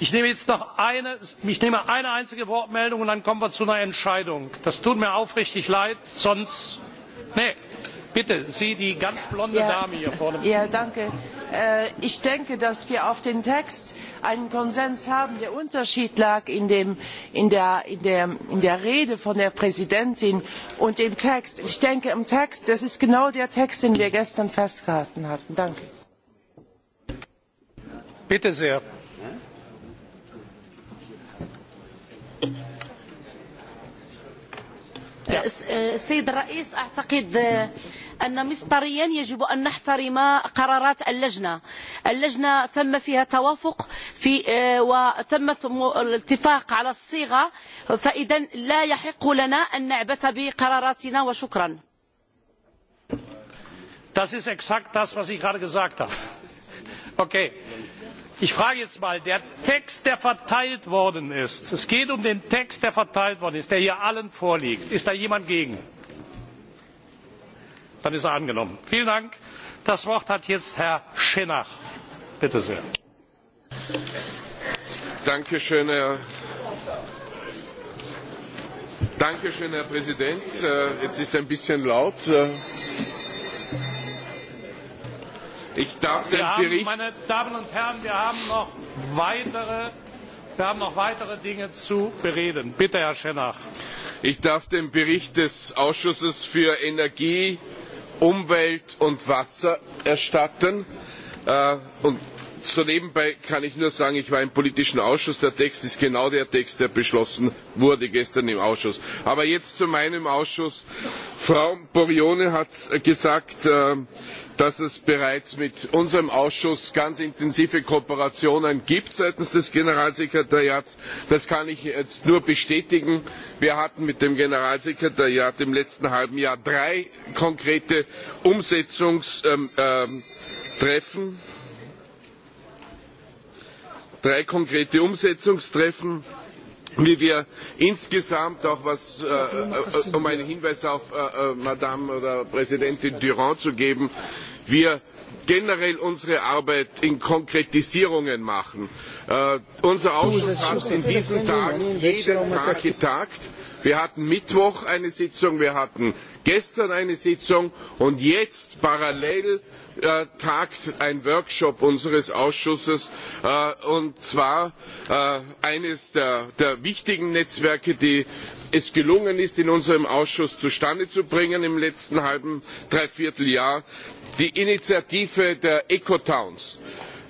Ich nehme jetzt noch eine, ich nehme eine einzige Wortmeldung und dann kommen wir zu einer Entscheidung. Das tut mir aufrichtig leid, sonst. Nee, bitte, Sie, die ganz blonde ja, Dame hier vorne. Ja, danke. Äh, ich denke, dass wir auf den Text einen Konsens haben. Der Unterschied lag in, dem, in, der, in, der, in der Rede von der Präsidentin und dem Text. Ich denke, im Text, das ist genau der Text, den wir gestern festgehalten hatten. Danke. Bitte sehr. السيد الرئيس أعتقد أن مصدريا يجب أن نحترم قرارات اللجنة اللجنة تم فيها توافق في وتم الاتفاق على الصيغة فإذا لا يحق لنا أن نعبث بقراراتنا وشكرا Das ist exakt das, was ich gerade gesagt habe. Okay ich frage jetzt mal der text der verteilt worden ist es geht um den text der verteilt worden ist der hier allen vorliegt ist da jemand gegen? dann ist er angenommen. vielen dank. das wort hat jetzt herr schennach. bitte sehr. danke schön herr Dankeschön, Herr Präsident. Äh, jetzt ist es ein bisschen laut. Äh, Ich darf den haben, Bericht. Meine Damen und Herren, wir haben noch weitere, wir haben noch weitere Dinge zu bereden. Bitte, Herr Schenach. Ich darf den Bericht des Ausschusses für Energie, Umwelt und Wasser erstatten. Äh, und so nebenbei kann ich nur sagen, ich war im politischen Ausschuss. Der Text ist genau der Text, der beschlossen wurde gestern im Ausschuss. Aber jetzt zu meinem Ausschuss. Frau Borione hat gesagt, äh, dass es bereits mit unserem Ausschuss ganz intensive Kooperationen gibt seitens des Generalsekretariats. Das kann ich jetzt nur bestätigen. Wir hatten mit dem Generalsekretariat im letzten halben Jahr drei konkrete Umsetzungstreffen. Ähm, ähm, drei konkrete Umsetzungstreffen wie wir insgesamt auch was, äh, äh, äh um einen Hinweis auf äh, äh, Madame oder Präsidentin Durand zu geben, wir generell unsere Arbeit in Konkretisierungen machen. Äh, unser Ausschuss hat in diesen Tagen jeden Tag er getagt. Wir hatten Mittwoch eine Sitzung, wir hatten gestern eine Sitzung und jetzt parallel äh, tagt ein Workshop unseres Ausschusses äh, und zwar äh, eines der, der wichtigen Netzwerke, die es gelungen ist, in unserem Ausschuss zustande zu bringen im letzten halben, dreiviertel Jahr, die Initiative der Ecotowns.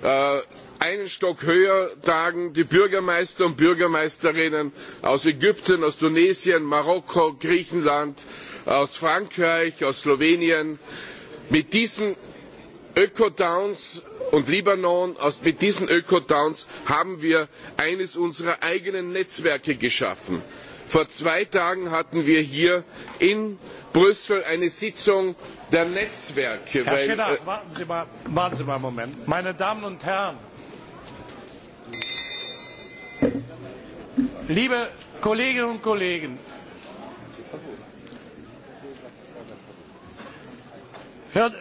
Äh, einen Stock höher tagen die Bürgermeister und Bürgermeisterinnen aus Ägypten, aus Tunesien, Marokko, Griechenland, aus Frankreich, aus Slowenien. Mit diesen Ökotowns und Libanon, aus, mit diesen Ökotowns haben wir eines unserer eigenen Netzwerke geschaffen. Vor zwei Tagen hatten wir hier in Brüssel eine Sitzung der Netzwerke. Herr weil, Schiller, äh, warten, Sie mal, warten Sie mal einen Moment. Meine Damen und Herren, liebe Kolleginnen und Kollegen,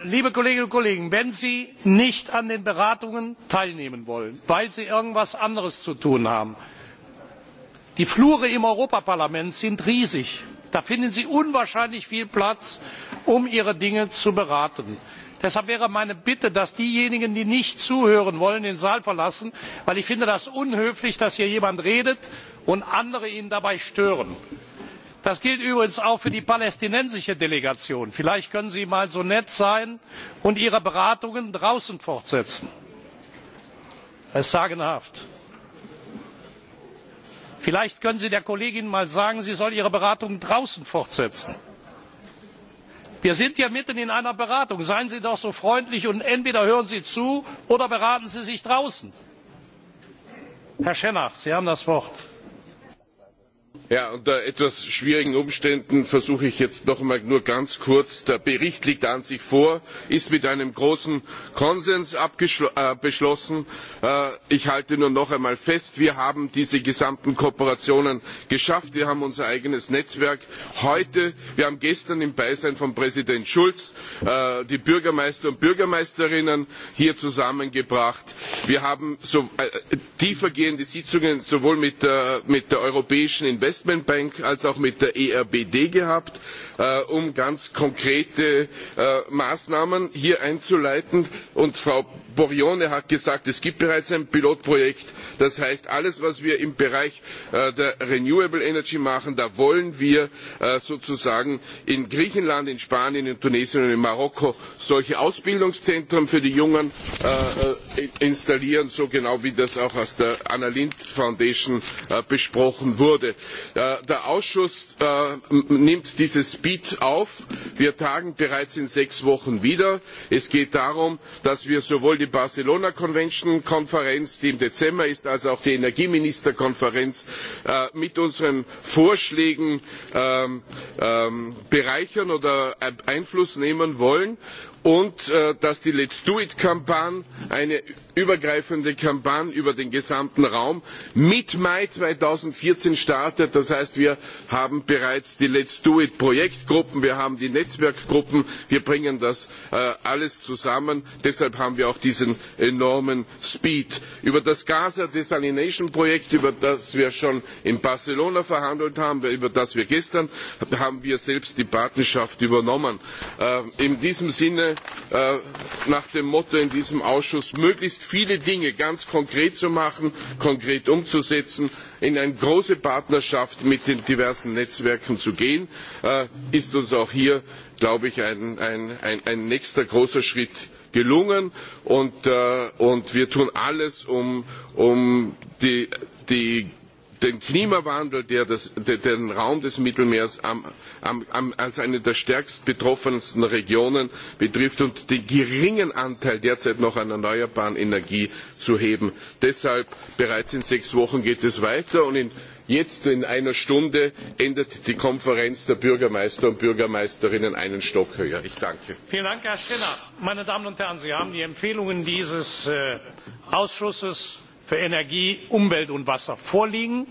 liebe Kolleginnen und Kollegen, wenn Sie nicht an den Beratungen teilnehmen wollen, weil Sie irgendwas anderes zu tun haben, die Flure im Europaparlament sind riesig. Da finden Sie unwahrscheinlich viel Platz, um Ihre Dinge zu beraten. Deshalb wäre meine Bitte, dass diejenigen, die nicht zuhören wollen, den Saal verlassen, weil ich finde das unhöflich, dass hier jemand redet und andere ihn dabei stören. Das gilt übrigens auch für die palästinensische Delegation. Vielleicht können Sie mal so nett sein und Ihre Beratungen draußen fortsetzen. Das ist sagenhaft. Vielleicht können Sie der Kollegin mal sagen, sie soll ihre Beratungen draußen fortsetzen. Wir sind ja mitten in einer Beratung. Seien Sie doch so freundlich und entweder hören Sie zu oder beraten Sie sich draußen. Herr Schennach, Sie haben das Wort. Ja, unter etwas schwierigen Umständen versuche ich jetzt noch einmal nur ganz kurz. Der Bericht liegt an sich vor, ist mit einem großen Konsens äh, beschlossen. Äh, ich halte nur noch einmal fest, wir haben diese gesamten Kooperationen geschafft. Wir haben unser eigenes Netzwerk heute. Wir haben gestern im Beisein von Präsident Schulz äh, die Bürgermeister und Bürgermeisterinnen hier zusammengebracht. Wir haben so, äh, tiefergehende Sitzungen sowohl mit, mit der Europäischen Investment Investmentbank als auch mit der ERBD gehabt, äh, um ganz konkrete äh, Maßnahmen hier einzuleiten. Und Frau Borione hat gesagt, es gibt bereits ein Pilotprojekt. Das heißt, alles, was wir im Bereich äh, der Renewable Energy machen, da wollen wir äh, sozusagen in Griechenland, in Spanien, in Tunesien und in Marokko solche Ausbildungszentren für die Jungen äh, installieren, so genau wie das auch aus der Anna Lind Foundation besprochen wurde. Der Ausschuss nimmt dieses Speed auf. Wir tagen bereits in sechs Wochen wieder. Es geht darum, dass wir sowohl die Barcelona Convention Konferenz, die im Dezember ist, als auch die Energieministerkonferenz äh, mit unseren Vorschlägen ähm, ähm, bereichern oder Einfluss nehmen wollen und äh, dass die Let's Do It Kampagne eine übergreifende Kampagne über den gesamten Raum mit Mai 2014 startet. Das heißt, wir haben bereits die Let's Do It Projektgruppen, wir haben die Netzwerkgruppen, wir bringen das äh, alles zusammen. Deshalb haben wir auch diesen enormen Speed. Über das Gaza Desalination Projekt, über das wir schon in Barcelona verhandelt haben, über das wir gestern haben wir selbst die Partnerschaft übernommen. Äh, in diesem Sinne Äh, nach dem Motto in diesem Ausschuss, möglichst viele Dinge ganz konkret zu machen, konkret umzusetzen, in eine große Partnerschaft mit den diversen Netzwerken zu gehen, äh, ist uns auch hier, glaube ich, ein, ein, ein, ein nächster großer Schritt gelungen und, äh, und wir tun alles, um, um die, die den Klimawandel, der das, den Raum des Mittelmeers am, am, am, als eine der stärkst betroffensten Regionen betrifft und den geringen Anteil derzeit noch an erneuerbaren Energie zu heben. Deshalb bereits in sechs Wochen geht es weiter und in, jetzt in einer Stunde endet die Konferenz der Bürgermeister und Bürgermeisterinnen einen Stock höher. Ich danke. Vielen Dank, Herr Schinner. Meine Damen und Herren, Sie haben die Empfehlungen dieses äh, Ausschusses für Energie, Umwelt und Wasser vorliegen.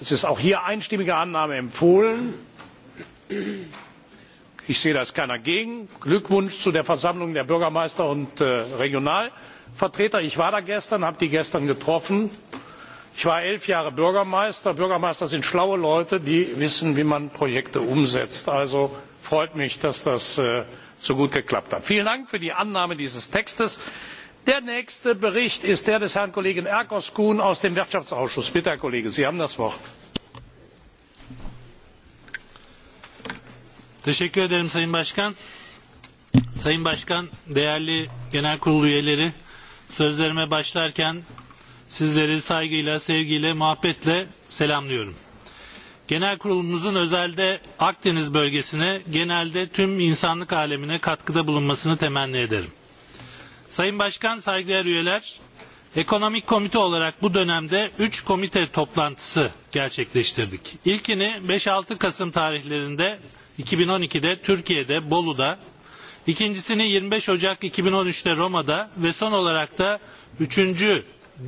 Es ist auch hier einstimmige Annahme empfohlen. Ich sehe, da ist keiner gegen. Glückwunsch zu der Versammlung der Bürgermeister und äh, Regionalvertreter. Ich war da gestern, habe die gestern getroffen. Ich war elf Jahre Bürgermeister. Bürgermeister sind schlaue Leute, die wissen, wie man Projekte umsetzt. Also freut mich, dass das äh, so gut geklappt hat. Vielen Dank für die Annahme dieses Textes. Der nächste Bericht ist der des Herrn Kollegen Erkos-Kuhn aus dem Wirtschaftsausschuss. Bitte, Herr Kollege, Sie haben das Wort. Sayın Başkan. değerli genel üyeleri, sözlerime başlarken sizleri saygıyla, sevgiyle, muhabbetle selamlıyorum. Genel kurulumuzun özelde Akdeniz bölgesine, genelde tüm insanlık alemine katkıda bulunmasını temenni ederim. Sayın Başkan saygıdeğer üyeler, ekonomik komite olarak bu dönemde 3 komite toplantısı gerçekleştirdik. İlkini 5-6 Kasım tarihlerinde 2012'de Türkiye'de Bolu'da, ikincisini 25 Ocak 2013'te Roma'da ve son olarak da 3.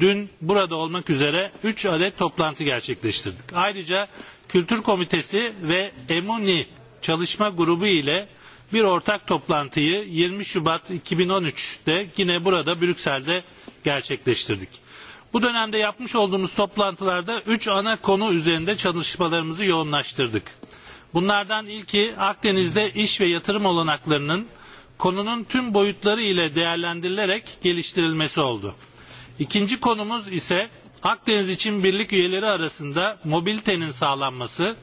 dün burada olmak üzere 3 adet toplantı gerçekleştirdik. Ayrıca Kültür Komitesi ve Emuni Çalışma Grubu ile bir ortak toplantıyı 20 Şubat 2013'te yine burada Brüksel'de gerçekleştirdik. Bu dönemde yapmış olduğumuz toplantılarda 3 ana konu üzerinde çalışmalarımızı yoğunlaştırdık. Bunlardan ilki Akdeniz'de iş ve yatırım olanaklarının konunun tüm boyutları ile değerlendirilerek geliştirilmesi oldu. İkinci konumuz ise Akdeniz için birlik üyeleri arasında mobilitenin sağlanması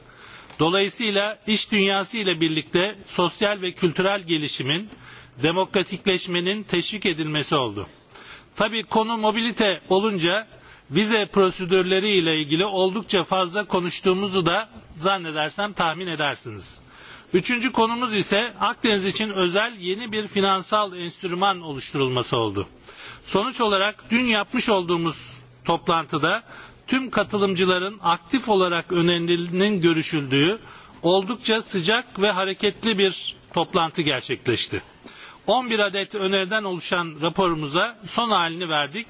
Dolayısıyla iş dünyası ile birlikte sosyal ve kültürel gelişimin, demokratikleşmenin teşvik edilmesi oldu. Tabi konu mobilite olunca vize prosedürleri ile ilgili oldukça fazla konuştuğumuzu da zannedersem tahmin edersiniz. Üçüncü konumuz ise Akdeniz için özel yeni bir finansal enstrüman oluşturulması oldu. Sonuç olarak dün yapmış olduğumuz toplantıda tüm katılımcıların aktif olarak önerilinin görüşüldüğü oldukça sıcak ve hareketli bir toplantı gerçekleşti. 11 adet öneriden oluşan raporumuza son halini verdik.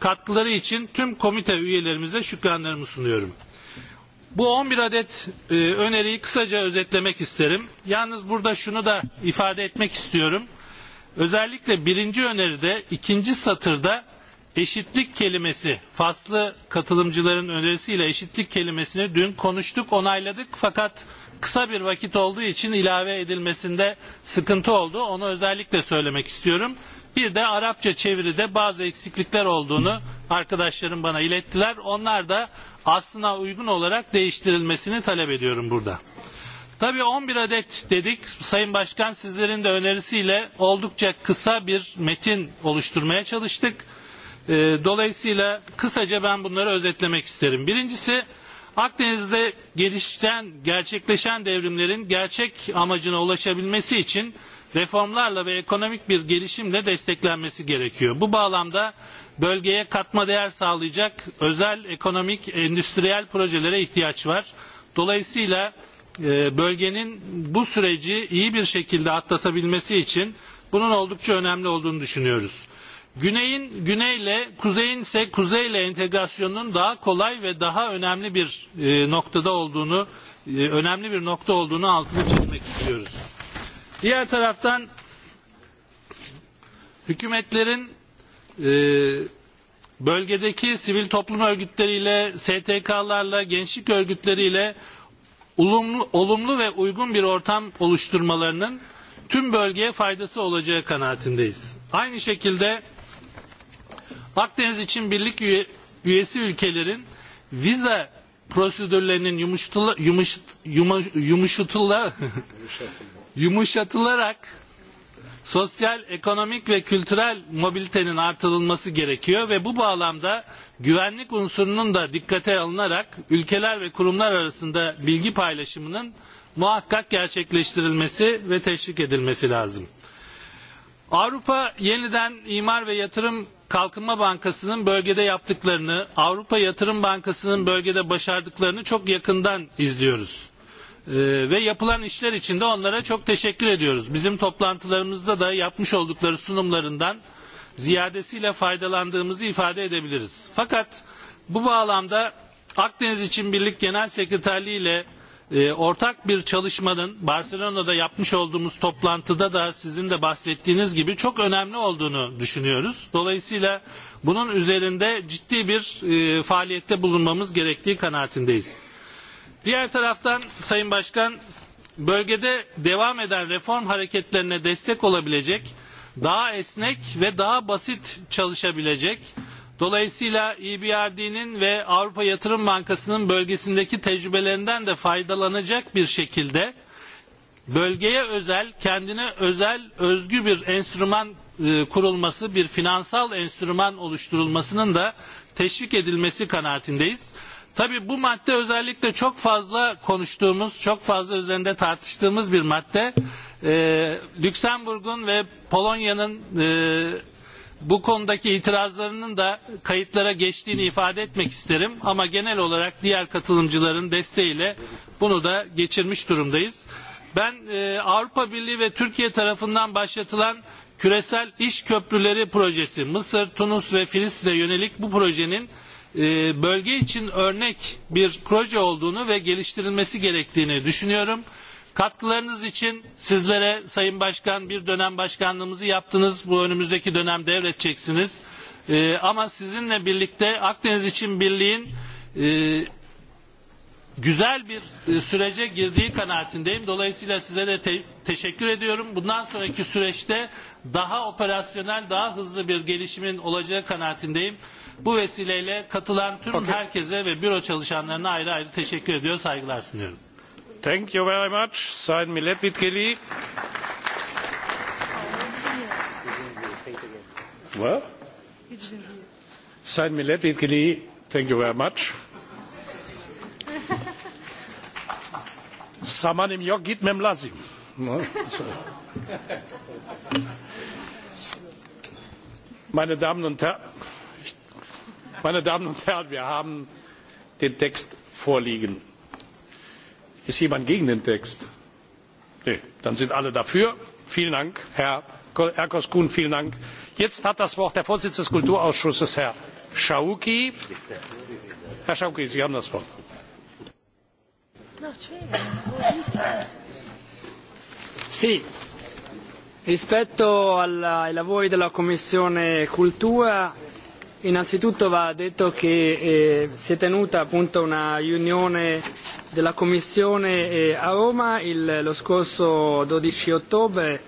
Katkıları için tüm komite üyelerimize şükranlarımı sunuyorum. Bu 11 adet e, öneriyi kısaca özetlemek isterim. Yalnız burada şunu da ifade etmek istiyorum. Özellikle birinci öneride ikinci satırda eşitlik kelimesi faslı katılımcıların önerisiyle eşitlik kelimesini dün konuştuk onayladık fakat kısa bir vakit olduğu için ilave edilmesinde sıkıntı oldu onu özellikle söylemek istiyorum. Bir de Arapça çeviride bazı eksiklikler olduğunu arkadaşlarım bana ilettiler. Onlar da aslına uygun olarak değiştirilmesini talep ediyorum burada. Tabii 11 adet dedik. Sayın Başkan sizlerin de önerisiyle oldukça kısa bir metin oluşturmaya çalıştık E, Dolayısıyla kısaca ben bunları özetlemek isterim. Birincisi Akdeniz'de gelişen, gerçekleşen devrimlerin gerçek amacına ulaşabilmesi için reformlarla ve ekonomik bir gelişimle desteklenmesi gerekiyor. Bu bağlamda bölgeye katma değer sağlayacak özel ekonomik endüstriyel projelere ihtiyaç var. Dolayısıyla e, bölgenin bu süreci iyi bir şekilde atlatabilmesi için bunun oldukça önemli olduğunu düşünüyoruz. Güneyin güneyle, kuzeyin ise kuzeyle entegrasyonun daha kolay ve daha önemli bir e, noktada olduğunu, e, önemli bir nokta olduğunu altını çizmek istiyoruz. Diğer taraftan hükümetlerin e, bölgedeki sivil toplum örgütleriyle, STK'larla, gençlik örgütleriyle olumlu, olumlu ve uygun bir ortam oluşturmalarının tüm bölgeye faydası olacağı kanaatindeyiz. Aynı şekilde Akdeniz için birlik üye, üyesi ülkelerin vize prosedürlerinin yumuşatıl, yumuş, yuma, yumuşatıla, yumuşatılarak sosyal, ekonomik ve kültürel mobilitenin artırılması gerekiyor ve bu bağlamda güvenlik unsurunun da dikkate alınarak ülkeler ve kurumlar arasında bilgi paylaşımının muhakkak gerçekleştirilmesi ve teşvik edilmesi lazım. Avrupa yeniden imar ve yatırım Kalkınma Bankası'nın bölgede yaptıklarını, Avrupa Yatırım Bankası'nın bölgede başardıklarını çok yakından izliyoruz. Ee, ve yapılan işler için de onlara çok teşekkür ediyoruz. Bizim toplantılarımızda da yapmış oldukları sunumlarından ziyadesiyle faydalandığımızı ifade edebiliriz. Fakat bu bağlamda Akdeniz için Birlik Genel Sekreterliği ile e, ortak bir çalışmanın Barcelona'da yapmış olduğumuz toplantıda da sizin de bahsettiğiniz gibi çok önemli olduğunu düşünüyoruz. Dolayısıyla bunun üzerinde ciddi bir e, faaliyette bulunmamız gerektiği kanaatindeyiz. Diğer taraftan Sayın Başkan bölgede devam eden reform hareketlerine destek olabilecek daha esnek ve daha basit çalışabilecek Dolayısıyla EBRD'nin ve Avrupa Yatırım Bankası'nın bölgesindeki tecrübelerinden de faydalanacak bir şekilde bölgeye özel, kendine özel, özgü bir enstrüman e, kurulması, bir finansal enstrüman oluşturulmasının da teşvik edilmesi kanaatindeyiz. Tabi bu madde özellikle çok fazla konuştuğumuz, çok fazla üzerinde tartıştığımız bir madde. E, Lüksemburg'un ve Polonya'nın e, bu konudaki itirazlarının da kayıtlara geçtiğini ifade etmek isterim ama genel olarak diğer katılımcıların desteğiyle bunu da geçirmiş durumdayız. Ben e, Avrupa Birliği ve Türkiye tarafından başlatılan küresel iş köprüleri projesi Mısır, Tunus ve Filistin'e yönelik bu projenin e, bölge için örnek bir proje olduğunu ve geliştirilmesi gerektiğini düşünüyorum. Katkılarınız için sizlere Sayın Başkan bir dönem başkanlığımızı yaptınız. Bu önümüzdeki dönem devredeceksiniz. E, ama sizinle birlikte Akdeniz için birliğin e, güzel bir e, sürece girdiği kanaatindeyim. Dolayısıyla size de te teşekkür ediyorum. Bundan sonraki süreçte daha operasyonel, daha hızlı bir gelişimin olacağı kanaatindeyim. Bu vesileyle katılan tüm okay. herkese ve büro çalışanlarına ayrı ayrı teşekkür ediyor, saygılar sunuyorum. Thank you very much. Sajn Milepitkeli. Well? Sajn Milepitkeli, thank you very much. Samanim Jogit Memlazim. No? So. Meine Damen und Herren, meine Damen und Herren, wir haben den Text vorliegen. Ist jemand gegen den Text? Nee, dann sind alle dafür. Vielen Dank, Herr, Herr Koskun, vielen Dank. Jetzt hat das Wort der Vorsitzende des Kulturausschusses, Herr Schauki. Herr Schauki, Sie haben das Wort. Sì, rispetto alla, ai lavori della Commissione Cultura Innanzitutto va detto che eh, si è tenuta appunto una riunione della Commissione eh, a Roma il, lo scorso 12 ottobre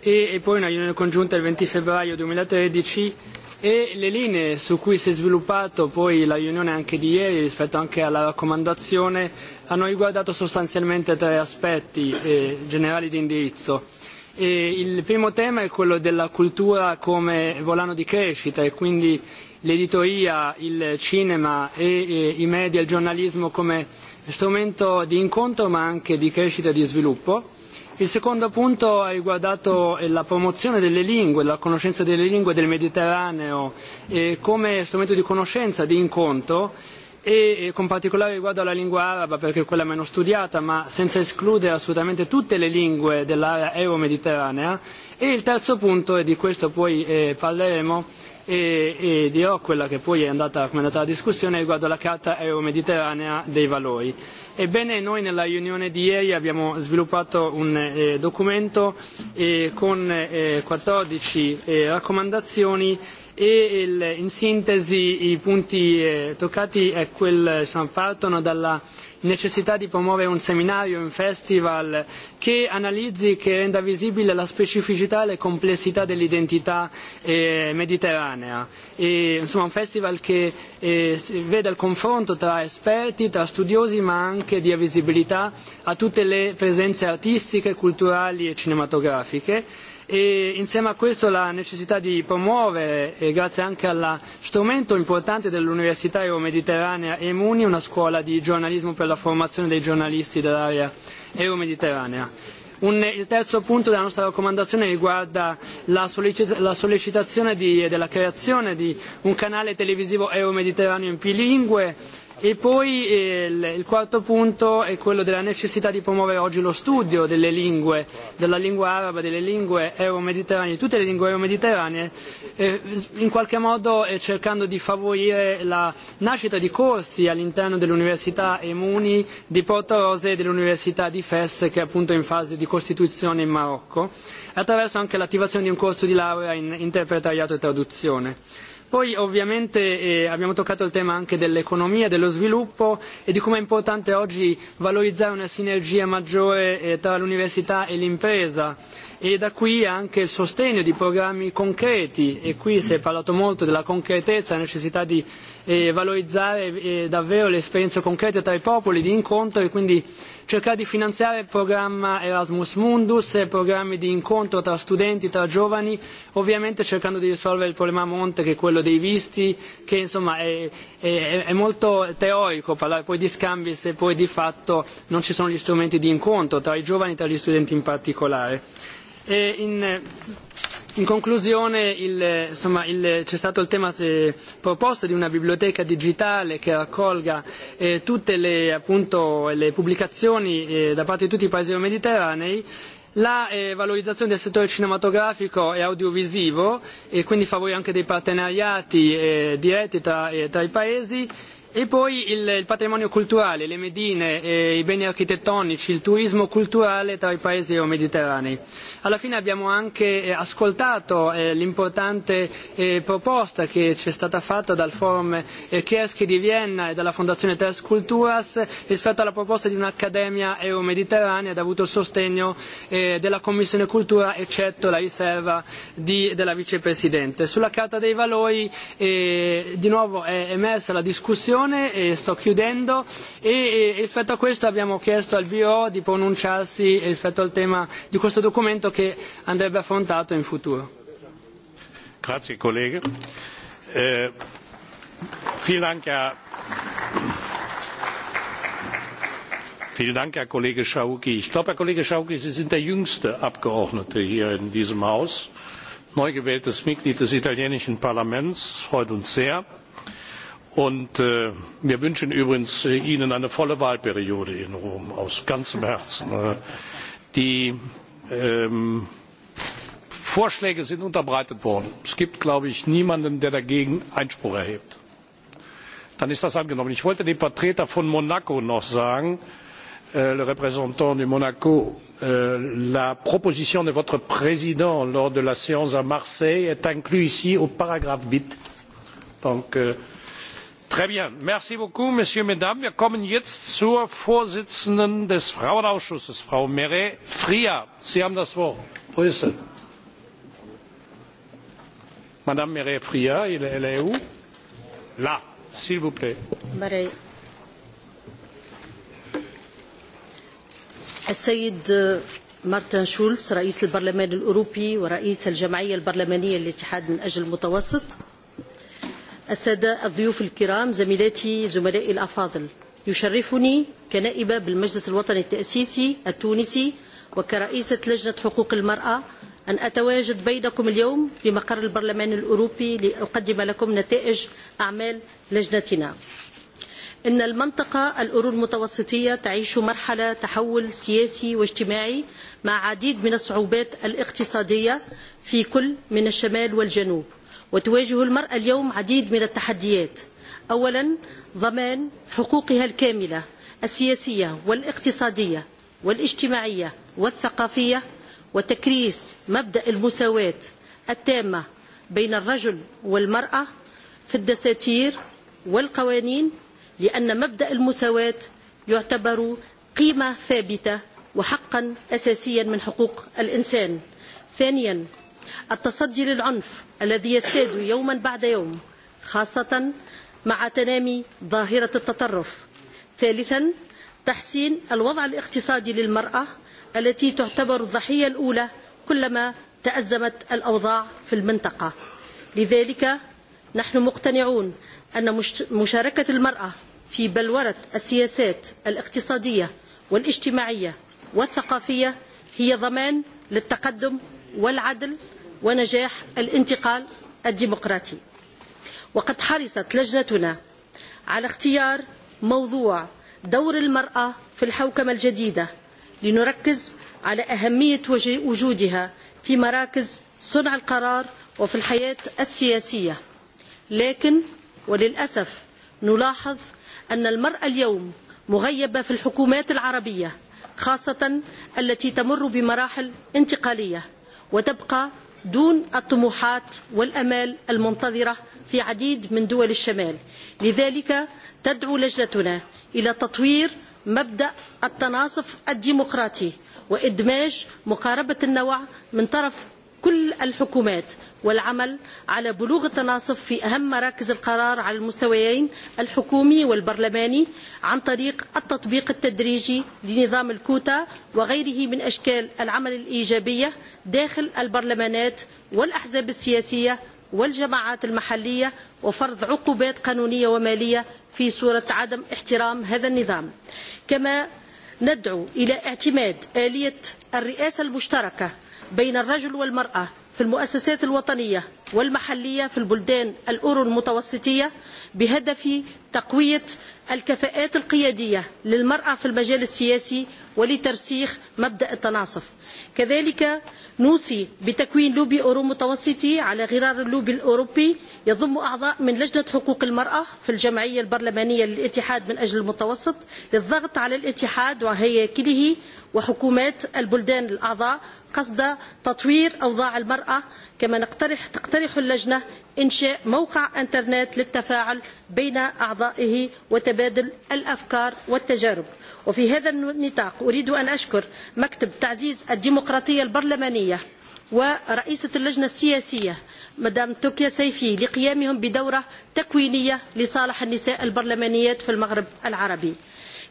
e, e poi una riunione congiunta il 20 febbraio 2013 e le linee su cui si è sviluppato poi la riunione anche di ieri rispetto anche alla raccomandazione hanno riguardato sostanzialmente tre aspetti eh, generali di indirizzo. E il primo tema è quello della cultura come volano di crescita e quindi l'editoria, il cinema e, e i media, il giornalismo come strumento di incontro ma anche di crescita e di sviluppo. Il secondo punto ha riguardato eh, la promozione delle lingue, la conoscenza delle lingue del Mediterraneo eh, come strumento di conoscenza, di incontro e, e con particolare riguardo alla lingua araba perché è quella meno studiata ma senza escludere assolutamente tutte le lingue dell'area euro-mediterranea e il terzo punto e di questo poi eh, parleremo e, e dirò quella che poi è andata come è andata la discussione riguardo alla Carta euro-mediterranea dei Valori. Ebbene, noi nella riunione di ieri abbiamo sviluppato un eh, documento eh, con eh, 14 eh, raccomandazioni e il, in sintesi i punti eh, toccati è quel, diciamo, eh, partono dalla necessità di promuovere un seminario, un festival che analizzi, che renda visibile la specificità e le complessità dell'identità eh, mediterranea. E, insomma, un festival che eh, veda il confronto tra esperti, tra studiosi, ma anche dia visibilità a tutte le presenze artistiche, culturali e cinematografiche e insieme a questo la necessità di promuovere, e grazie anche allo strumento importante dell'Università Euromediterranea EMUNI, una scuola di giornalismo per la formazione dei giornalisti dell'area euromediterranea. Un, il terzo punto della nostra raccomandazione riguarda la, sollecit la sollecitazione di, e della creazione di un canale televisivo euromediterraneo in più lingue E poi eh, il, il quarto punto è quello della necessità di promuovere oggi lo studio delle lingue, della lingua araba, delle lingue euromediterranee, tutte le lingue euromediterranee, eh, in qualche modo eh, cercando di favorire la nascita di corsi all'interno dell'Università Emuni di Rose e dell'Università di Fes, che è appunto in fase di costituzione in Marocco, attraverso anche l'attivazione di un corso di laurea in interpretariato e traduzione. Poi ovviamente eh, abbiamo toccato il tema anche dell'economia, dello sviluppo e di come è importante oggi valorizzare una sinergia maggiore eh, tra l'università e l'impresa e da qui anche il sostegno di programmi concreti e qui si è parlato molto della concretezza, la necessità di eh, valorizzare eh, davvero le esperienze concrete tra i popoli di incontro e quindi cercare di finanziare il programma Erasmus Mundus, e programmi di incontro tra studenti, tra giovani, ovviamente cercando di risolvere il problema monte che è quello dei visti, che insomma è, è, è molto teorico parlare poi di scambi se poi di fatto non ci sono gli strumenti di incontro tra i giovani e tra gli studenti in particolare. E in, In conclusione, c'è stato il tema se, eh, proposto di una biblioteca digitale che raccolga eh, tutte le, appunto, le pubblicazioni eh, da parte di tutti i paesi mediterranei la eh, valorizzazione del settore cinematografico e audiovisivo e quindi favorire anche dei partenariati eh, diretti tra, eh, tra i paesi E poi il, il patrimonio culturale, le medine, eh, i beni architettonici, il turismo culturale tra i paesi mediterranei. Alla fine abbiamo anche eh, ascoltato eh, l'importante eh, proposta che ci è stata fatta dal Forum eh, Kierschi di Vienna e dalla Fondazione Tres Culturas rispetto alla proposta di un'Accademia euromediterranea ed ha avuto il sostegno eh, della Commissione Cultura eccetto la riserva di, della Vicepresidente. Sulla Carta dei Valori eh, di nuovo è emersa la discussione discussione e sto chiudendo e, e, e rispetto a questo abbiamo chiesto al BO di pronunciarsi rispetto al tema di questo documento che andrebbe affrontato in futuro. Grazie collega. Eh, vielen Dank Herr Vielen Dank, Herr Kollege Schauki. Ich glaube, Herr Kollege Schauki, Sie sind der jüngste Abgeordnete hier in diesem Haus, neu gewähltes Mitglied des italienischen Parlaments. Freut uns sehr. Und äh, wir wünschen übrigens äh, Ihnen eine volle Wahlperiode in Rom aus ganzem Herzen. Äh, die ähm, Vorschläge sind unterbreitet worden. Es gibt, glaube ich, niemanden, der dagegen Einspruch erhebt. Dann ist das angenommen. Ich wollte dem Vertreter von Monaco noch sagen, äh, le représentant de Monaco, äh, la proposition de votre président lors de la séance à Marseille est inclue ici au paragraphe 8. Donc, euh, Très bien. Merci beaucoup, Messieurs, Mesdames. Wir kommen jetzt zur Vorsitzenden des Frauenausschusses, Frau Meret Fria. Sie haben das Wort. Brüssel. Madame Meret Fria, elle, est où Là, s'il vous plaît. Marie. السيد مارتن شولز رئيس البرلمان الأوروبي ورئيس الجمعية البرلمانية للاتحاد من أجل المتوسط السادة الضيوف الكرام زميلاتي زملائي الأفاضل يشرفني كنائبة بالمجلس الوطني التأسيسي التونسي وكرئيسة لجنة حقوق المرأة أن أتواجد بينكم اليوم في مقر البرلمان الأوروبي لأقدم لكم نتائج أعمال لجنتنا إن المنطقة الأورو المتوسطية تعيش مرحلة تحول سياسي واجتماعي مع عديد من الصعوبات الاقتصادية في كل من الشمال والجنوب وتواجه المرأة اليوم عديد من التحديات أولا ضمان حقوقها الكاملة السياسية والاقتصادية والاجتماعية والثقافية وتكريس مبدأ المساواة التامة بين الرجل والمرأة في الدساتير والقوانين لأن مبدأ المساواة يعتبر قيمة ثابتة وحقا أساسيا من حقوق الإنسان ثانيا التصدي للعنف الذي يزداد يوما بعد يوم خاصة مع تنامي ظاهرة التطرف ثالثا تحسين الوضع الاقتصادي للمرأة التي تعتبر الضحية الأولى كلما تأزمت الأوضاع في المنطقة لذلك نحن مقتنعون أن مشاركة المرأة في بلورة السياسات الاقتصادية والاجتماعية والثقافية هي ضمان للتقدم والعدل ونجاح الانتقال الديمقراطي وقد حرصت لجنتنا على اختيار موضوع دور المرأة في الحوكمة الجديدة لنركز على أهمية وجودها في مراكز صنع القرار وفي الحياة السياسية لكن وللأسف نلاحظ أن المرأة اليوم مغيبة في الحكومات العربية خاصة التي تمر بمراحل انتقالية وتبقى دون الطموحات والأمال المنتظرة في عديد من دول الشمال لذلك تدعو لجنتنا إلى تطوير مبدأ التناصف الديمقراطي وإدماج مقاربة النوع من طرف كل الحكومات والعمل على بلوغ التناصف في أهم مراكز القرار على المستويين الحكومي والبرلماني عن طريق التطبيق التدريجي لنظام الكوتا وغيره من أشكال العمل الإيجابية داخل البرلمانات والأحزاب السياسية والجماعات المحلية وفرض عقوبات قانونية ومالية في صورة عدم احترام هذا النظام كما ندعو إلى اعتماد آلية الرئاسة المشتركة بين الرجل والمرأة في المؤسسات الوطنية والمحلية في البلدان الأورو المتوسطية بهدف تقوية الكفاءات القيادية للمرأة في المجال السياسي ولترسيخ مبدأ التناصف كذلك نوصي بتكوين لوبي أورو متوسطي على غرار اللوبي الأوروبي يضم أعضاء من لجنة حقوق المرأة في الجمعية البرلمانية للاتحاد من أجل المتوسط للضغط على الاتحاد وهيكله وحكومات البلدان الأعضاء قصد تطوير أوضاع المرأة كما نقترح تقترح اللجنة إنشاء موقع أنترنت للتفاعل بين أعضائه وتبادل الأفكار والتجارب وفي هذا النطاق أريد أن أشكر مكتب تعزيز الديمقراطية البرلمانية ورئيسة اللجنة السياسية مدام توكيا سيفي لقيامهم بدورة تكوينية لصالح النساء البرلمانيات في المغرب العربي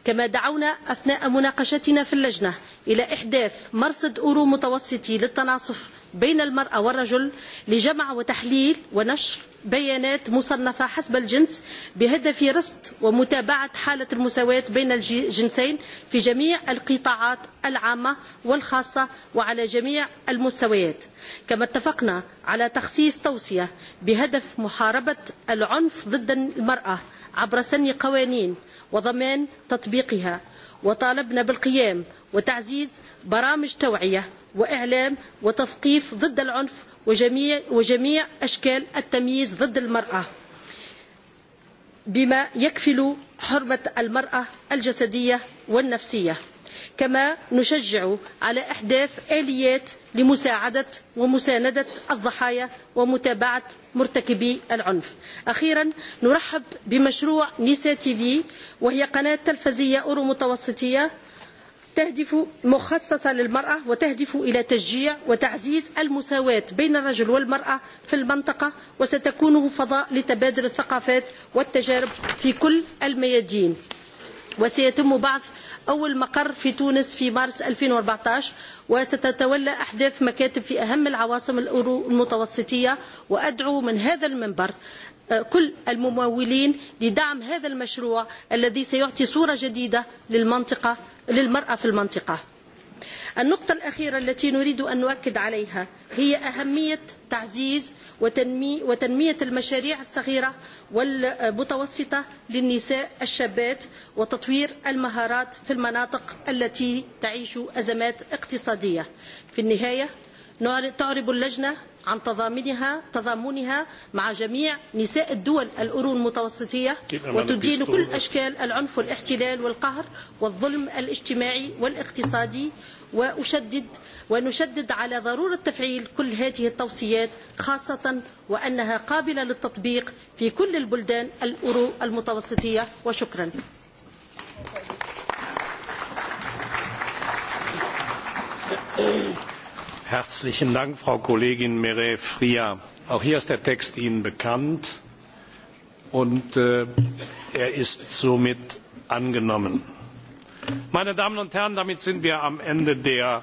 كما دعونا أثناء مناقشتنا في اللجنة إلى إحداث مرصد أورو متوسطي للتناصف بين المرأة والرجل لجمع وتحليل ونشر بيانات مصنفة حسب الجنس بهدف رصد ومتابعة حالة المساواة بين الجنسين في جميع القطاعات العامة والخاصة وعلى جميع المستويات كما اتفقنا على تخصيص توصية بهدف محاربة العنف ضد المرأة عبر سن قوانين وضمان تطبيقها وطالبنا بالقيام وتعزيز برامج توعية وإعلام وتثقيف ضد العنف وجميع, وجميع أشكال التمييز ضد المرأة بما يكفل حرمة المرأة الجسدية والنفسية كما نشجع على احداث اليات لمساعده ومسانده الضحايا ومتابعه مرتكبي العنف اخيرا نرحب بمشروع نيسا في وهي قناه تلفزية اورو متوسطيه تهدف مخصصة للمرأة وتهدف إلى تشجيع وتعزيز المساواة بين الرجل والمرأة في المنطقة وستكون فضاء لتبادل الثقافات والتجارب في كل الميادين وسيتم بعث أول مقر في تونس في مارس 2014 وستتولى أحداث مكاتب في أهم العواصم الأورو المتوسطية وأدعو من هذا المنبر كل الممولين لدعم هذا المشروع الذي سيعطي صورة جديدة للمنطقة للمرأة في المنطقة النقطة الأخيرة التي نريد أن نؤكد عليها هي أهمية تعزيز وتنمية المشاريع الصغيرة والمتوسطة للنساء الشابات وتطوير المهارات في المناطق التي تعيش أزمات اقتصادية في النهاية تعرب اللجنة عن تضامنها تضامنها مع جميع نساء الدول القرون المتوسطية وتدين كل أشكال العنف والاحتلال والقهر والظلم الاجتماعي والاقتصادي وأشدد ونشدد على ضرورة تفعيل كل هذه التوصيات خاصة وأنها قابلة للتطبيق في كل البلدان الأورو المتوسطية وشكرا Herzlichen Dank, Frau Kollegin Mere Fria. Auch hier ist der Text Ihnen bekannt und äh, er ist somit angenommen. Meine Damen und Herren, damit sind wir am Ende der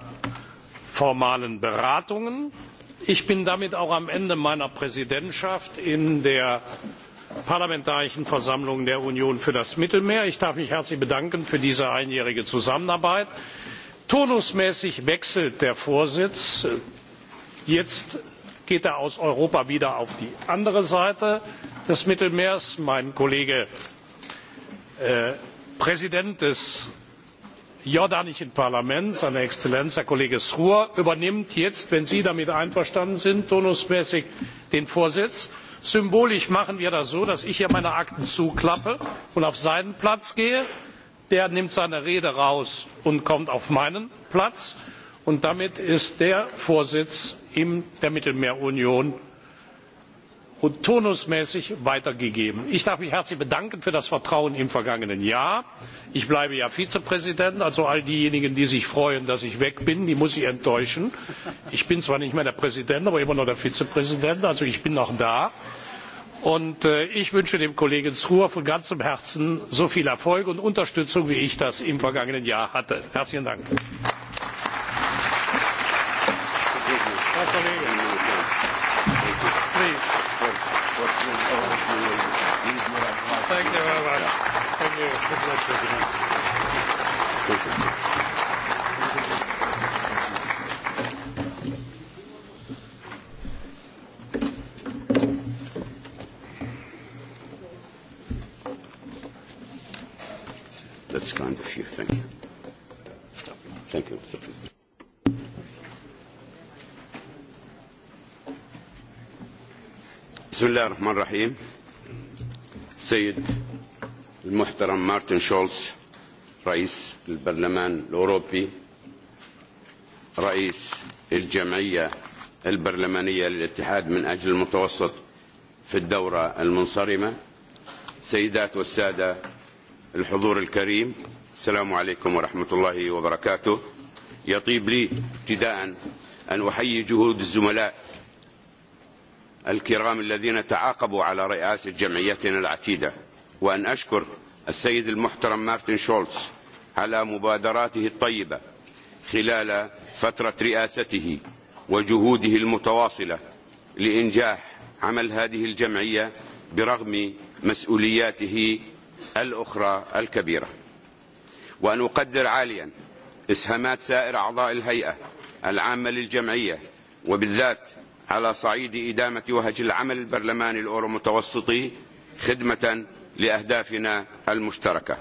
formalen Beratungen. Ich bin damit auch am Ende meiner Präsidentschaft in der Parlamentarischen Versammlung der Union für das Mittelmeer. Ich darf mich herzlich bedanken für diese einjährige Zusammenarbeit. Turnusmäßig wechselt der Vorsitz. Jetzt geht er aus Europa wieder auf die andere Seite des Mittelmeers. Mein Kollege äh, Präsident des jordanischen parlaments seine exzellenz herr kollege sure übernimmt jetzt wenn sie damit einverstanden sind turnusmäßig den vorsitz. symbolisch machen wir das so dass ich hier meine akten zuklappe und auf seinen platz gehe der nimmt seine rede raus und kommt auf meinen platz und damit ist der vorsitz in der mittelmeerunion und turnusmäßig weitergegeben. Ich darf mich herzlich bedanken für das Vertrauen im vergangenen Jahr. Ich bleibe ja Vizepräsident, also all diejenigen, die sich freuen, dass ich weg bin, die muss ich enttäuschen. Ich bin zwar nicht mehr der Präsident, aber immer noch der Vizepräsident, also ich bin noch da. Und äh, ich wünsche dem Kollegen Struhr von ganzem Herzen so viel Erfolg und Unterstützung, wie ich das im vergangenen Jahr hatte. Herzlichen Dank. Thank you very much. Thank you. Good luck with you. Thank you. That's kind of you. Thank you. Thank you, Mr. President. بسم الله الرحمن الرحيم سيد المحترم مارتن شولز رئيس البرلمان الأوروبي رئيس الجمعية البرلمانية للاتحاد من أجل المتوسط في الدورة المنصرمة سيدات والسادة الحضور الكريم السلام عليكم ورحمة الله وبركاته يطيب لي ابتداء أن أحيي جهود الزملاء الكرام الذين تعاقبوا على رئاسة جمعيتنا العتيدة وأن أشكر السيد المحترم مارتن شولتز على مبادراته الطيبة خلال فترة رئاسته وجهوده المتواصلة لإنجاح عمل هذه الجمعية برغم مسؤولياته الأخرى الكبيرة وأن أقدر عاليا إسهامات سائر أعضاء الهيئة العامة للجمعية وبالذات على صعيد إدامة وهج العمل البرلماني الأورو متوسطي خدمة لأهدافنا المشتركة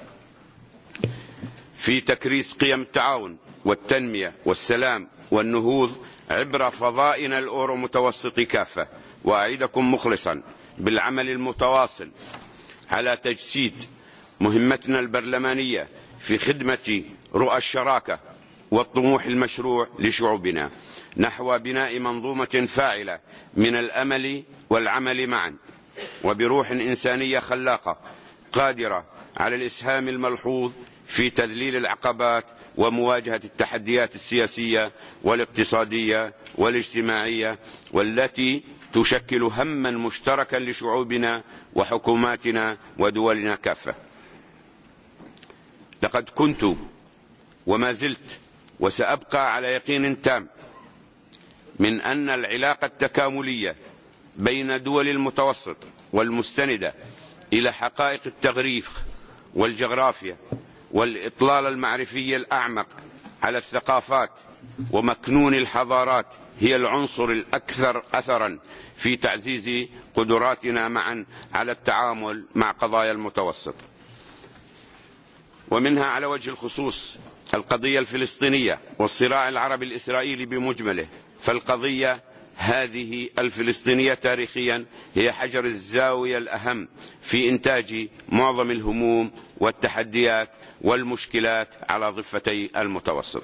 في تكريس قيم التعاون والتنمية والسلام والنهوض عبر فضائنا الأورو متوسطي كافة وأعيدكم مخلصا بالعمل المتواصل على تجسيد مهمتنا البرلمانية في خدمة رؤى الشراكة والطموح المشروع لشعوبنا نحو بناء منظومة فاعلة من الأمل والعمل معا وبروح إنسانية خلاقة قادرة على الإسهام الملحوظ في تذليل العقبات ومواجهة التحديات السياسية والاقتصادية والاجتماعية والتي تشكل هما مشتركا لشعوبنا وحكوماتنا ودولنا كافة لقد كنت وما زلت وسأبقى على يقين تام من أن العلاقة التكاملية بين دول المتوسط والمستندة إلى حقائق التغريف والجغرافيا والإطلال المعرفي الأعمق على الثقافات ومكنون الحضارات هي العنصر الأكثر أثرا في تعزيز قدراتنا معا على التعامل مع قضايا المتوسط ومنها على وجه الخصوص القضية الفلسطينية والصراع العربي الإسرائيلي بمجمله فالقضية هذه الفلسطينية تاريخيا هي حجر الزاوية الأهم في إنتاج معظم الهموم والتحديات والمشكلات على ضفتي المتوسط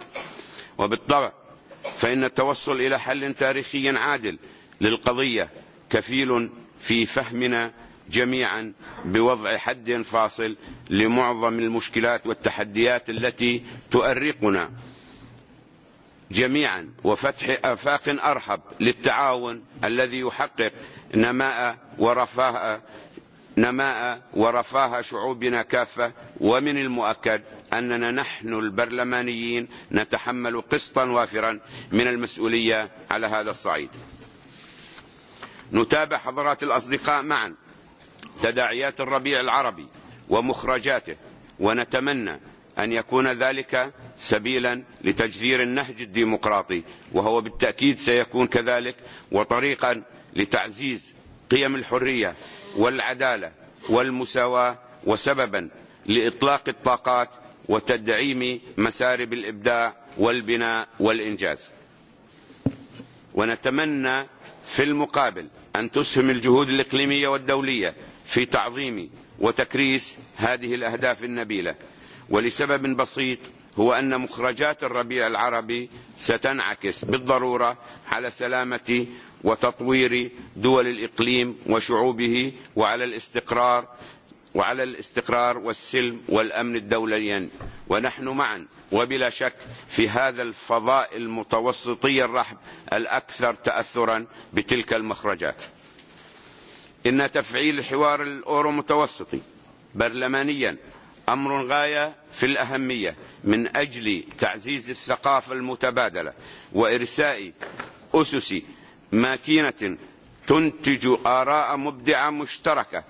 وبالطبع فإن التوصل إلى حل تاريخي عادل للقضية كفيل في فهمنا جميعا بوضع حد فاصل لمعظم المشكلات والتحديات التي تؤرقنا جميعا وفتح آفاق أرحب للتعاون الذي يحقق نماء ورفاه نماء ورفاه شعوبنا كافة ومن المؤكد أننا نحن البرلمانيين نتحمل قسطا وافرا من المسؤولية على هذا الصعيد نتابع حضرات الأصدقاء معا تداعيات الربيع العربي ومخرجاته ونتمنى أن يكون ذلك سبيلا لتجذير النهج الديمقراطي وهو بالتأكيد سيكون كذلك وطريقا لتعزيز قيم الحرية والعدالة والمساواة وسببا لإطلاق الطاقات وتدعيم مسارب الإبداع والبناء والإنجاز ونتمنى في المقابل أن تسهم الجهود الإقليمية والدولية في تعظيم وتكريس هذه الأهداف النبيلة ولسبب بسيط هو أن مخرجات الربيع العربي ستنعكس بالضرورة على سلامة وتطوير دول الإقليم وشعوبه وعلى الاستقرار وعلى الاستقرار والسلم والأمن الدولي ونحن معا وبلا شك في هذا الفضاء المتوسطي الرحب الأكثر تأثرا بتلك المخرجات إن تفعيل الحوار الأورو متوسطي برلمانيا أمر غاية في الأهمية من أجل تعزيز الثقافة المتبادلة وإرساء أسس ماكينة تنتج آراء مبدعة مشتركة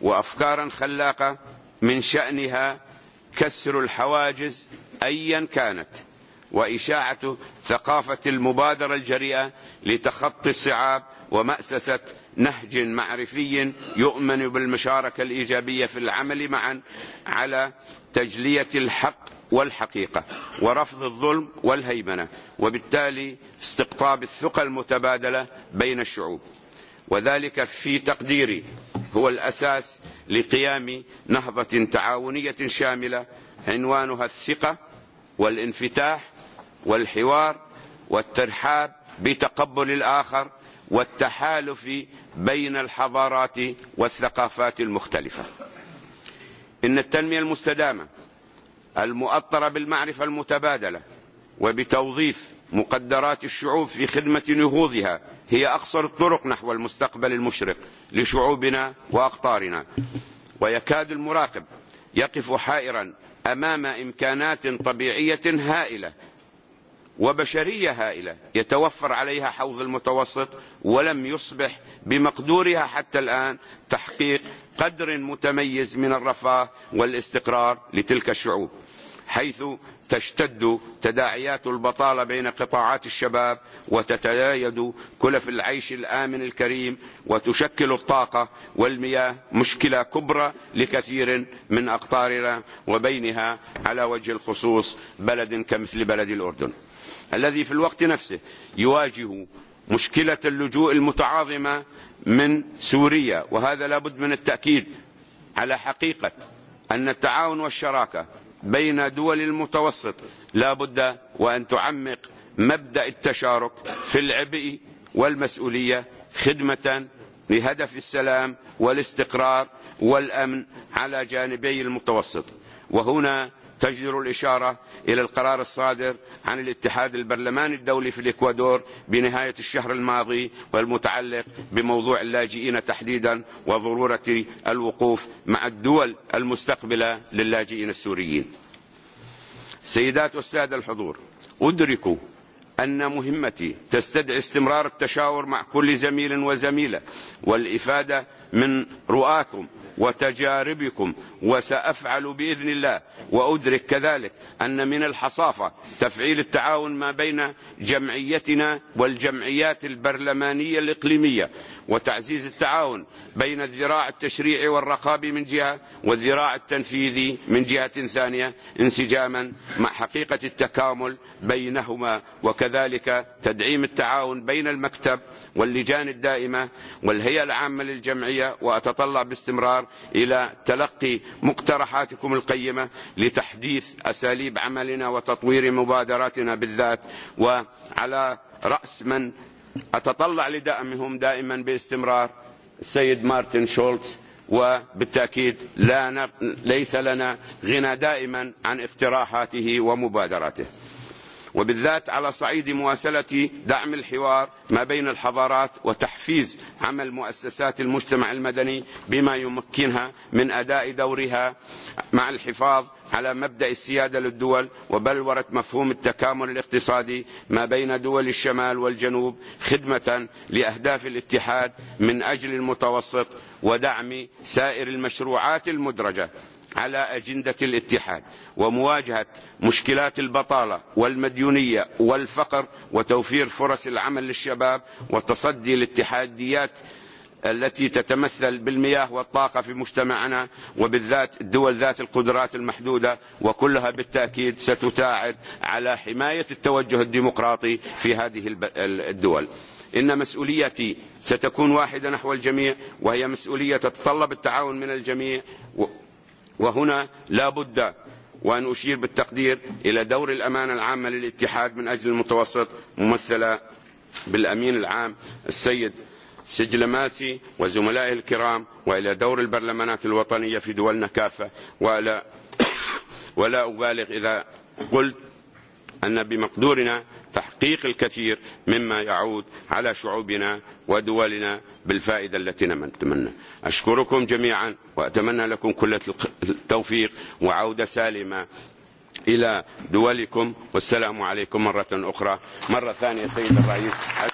وأفكارا خلاقة من شأنها كسر الحواجز أيا كانت وإشاعة ثقافة المبادرة الجريئة لتخطي الصعاب ومأسسة نهج معرفي يؤمن بالمشاركة الإيجابية في العمل معا على تجلية الحق والحقيقة ورفض الظلم والهيمنة وبالتالي استقطاب الثقة المتبادلة بين الشعوب وذلك في تقديري هو الأساس لقيام نهضة تعاونية شاملة عنوانها الثقة والانفتاح والحوار والترحاب بتقبل الآخر والتحالف بين الحضارات والثقافات المختلفة إن التنمية المستدامة المؤطرة بالمعرفة المتبادلة وبتوظيف مقدرات الشعوب في خدمة نهوضها هي أقصر الطرق نحو المستقبل المشرق لشعوبنا وأقطارنا ويكاد المراقب يقف حائرا أمام إمكانات طبيعية هائلة وبشرية هائلة يتوفر عليها حوض المتوسط ولم يصبح بمقدورها حتى الآن تحقيق قدر متميز من الرفاه والاستقرار لتلك الشعوب حيث تشتد تداعيات البطالة بين قطاعات الشباب وتتلايد كلف العيش الآمن الكريم وتشكل الطاقة والمياه مشكلة كبرى لكثير من أقطارنا وبينها على وجه الخصوص بلد كمثل بلد الأردن الذي في الوقت نفسه يواجه مشكلة اللجوء المتعاظمة من سوريا وهذا لابد من التأكيد على حقيقة أن التعاون والشراكة بين دول المتوسط لا بد وأن تعمق مبدأ التشارك في العبء والمسؤولية خدمة لهدف السلام والاستقرار والأمن على جانبي المتوسط وهنا تجدر الإشارة إلى القرار الصادر عن الاتحاد البرلماني الدولي في الإكوادور بنهاية الشهر الماضي والمتعلق بموضوع اللاجئين تحديدا وضرورة الوقوف مع الدول المستقبلة للاجئين السوريين سيدات والسادة الحضور أدركوا أن مهمتي تستدعي استمرار التشاور مع كل زميل وزميلة والإفادة من رؤاكم وتجاربكم وسأفعل بإذن الله وأدرك كذلك أن من الحصافة تفعيل التعاون ما بين جمعيتنا والجمعيات البرلمانية الإقليمية وتعزيز التعاون بين الذراع التشريعي والرقابي من جهة والذراع التنفيذي من جهة ثانية انسجاما مع حقيقة التكامل بينهما وكذلك تدعيم التعاون بين المكتب واللجان الدائمة والهيئة العامة للجمعية وأتطلع باستمرار إلى تلقي مقترحاتكم القيمة لتحديث أساليب عملنا وتطوير مبادراتنا بالذات وعلى رأس من أتطلع لدعمهم دائما باستمرار سيد مارتن شولتز وبالتأكيد لا ليس لنا غنى دائما عن اقتراحاته ومبادراته وبالذات على صعيد مواسلة دعم الحوار ما بين الحضارات وتحفيز عمل مؤسسات المجتمع المدني بما يمكنها من أداء دورها مع الحفاظ على مبدأ السيادة للدول وبلورة مفهوم التكامل الاقتصادي ما بين دول الشمال والجنوب خدمة لأهداف الاتحاد من أجل المتوسط ودعم سائر المشروعات المدرجة على أجندة الاتحاد ومواجهة مشكلات البطالة والمديونية والفقر وتوفير فرص العمل للشباب وتصدي الاتحاديات التي تتمثل بالمياه والطاقة في مجتمعنا وبالذات الدول ذات القدرات المحدودة وكلها بالتأكيد ستتاعد على حماية التوجه الديمقراطي في هذه الدول إن مسؤوليتي ستكون واحدة نحو الجميع وهي مسؤولية تتطلب التعاون من الجميع وهنا لا بد وأن أشير بالتقدير إلى دور الأمانة العامة للاتحاد من أجل المتوسط ممثلة بالأمين العام السيد سجل ماسي وزملائه الكرام وإلى دور البرلمانات الوطنية في دولنا كافة ولا, ولا أبالغ إذا قلت أن بمقدورنا تحقيق الكثير مما يعود على شعوبنا ودولنا بالفائدة التي نتمنى أشكركم جميعا وأتمنى لكم كل التوفيق وعودة سالمة إلى دولكم والسلام عليكم مرة أخرى مرة ثانية سيد الرئيس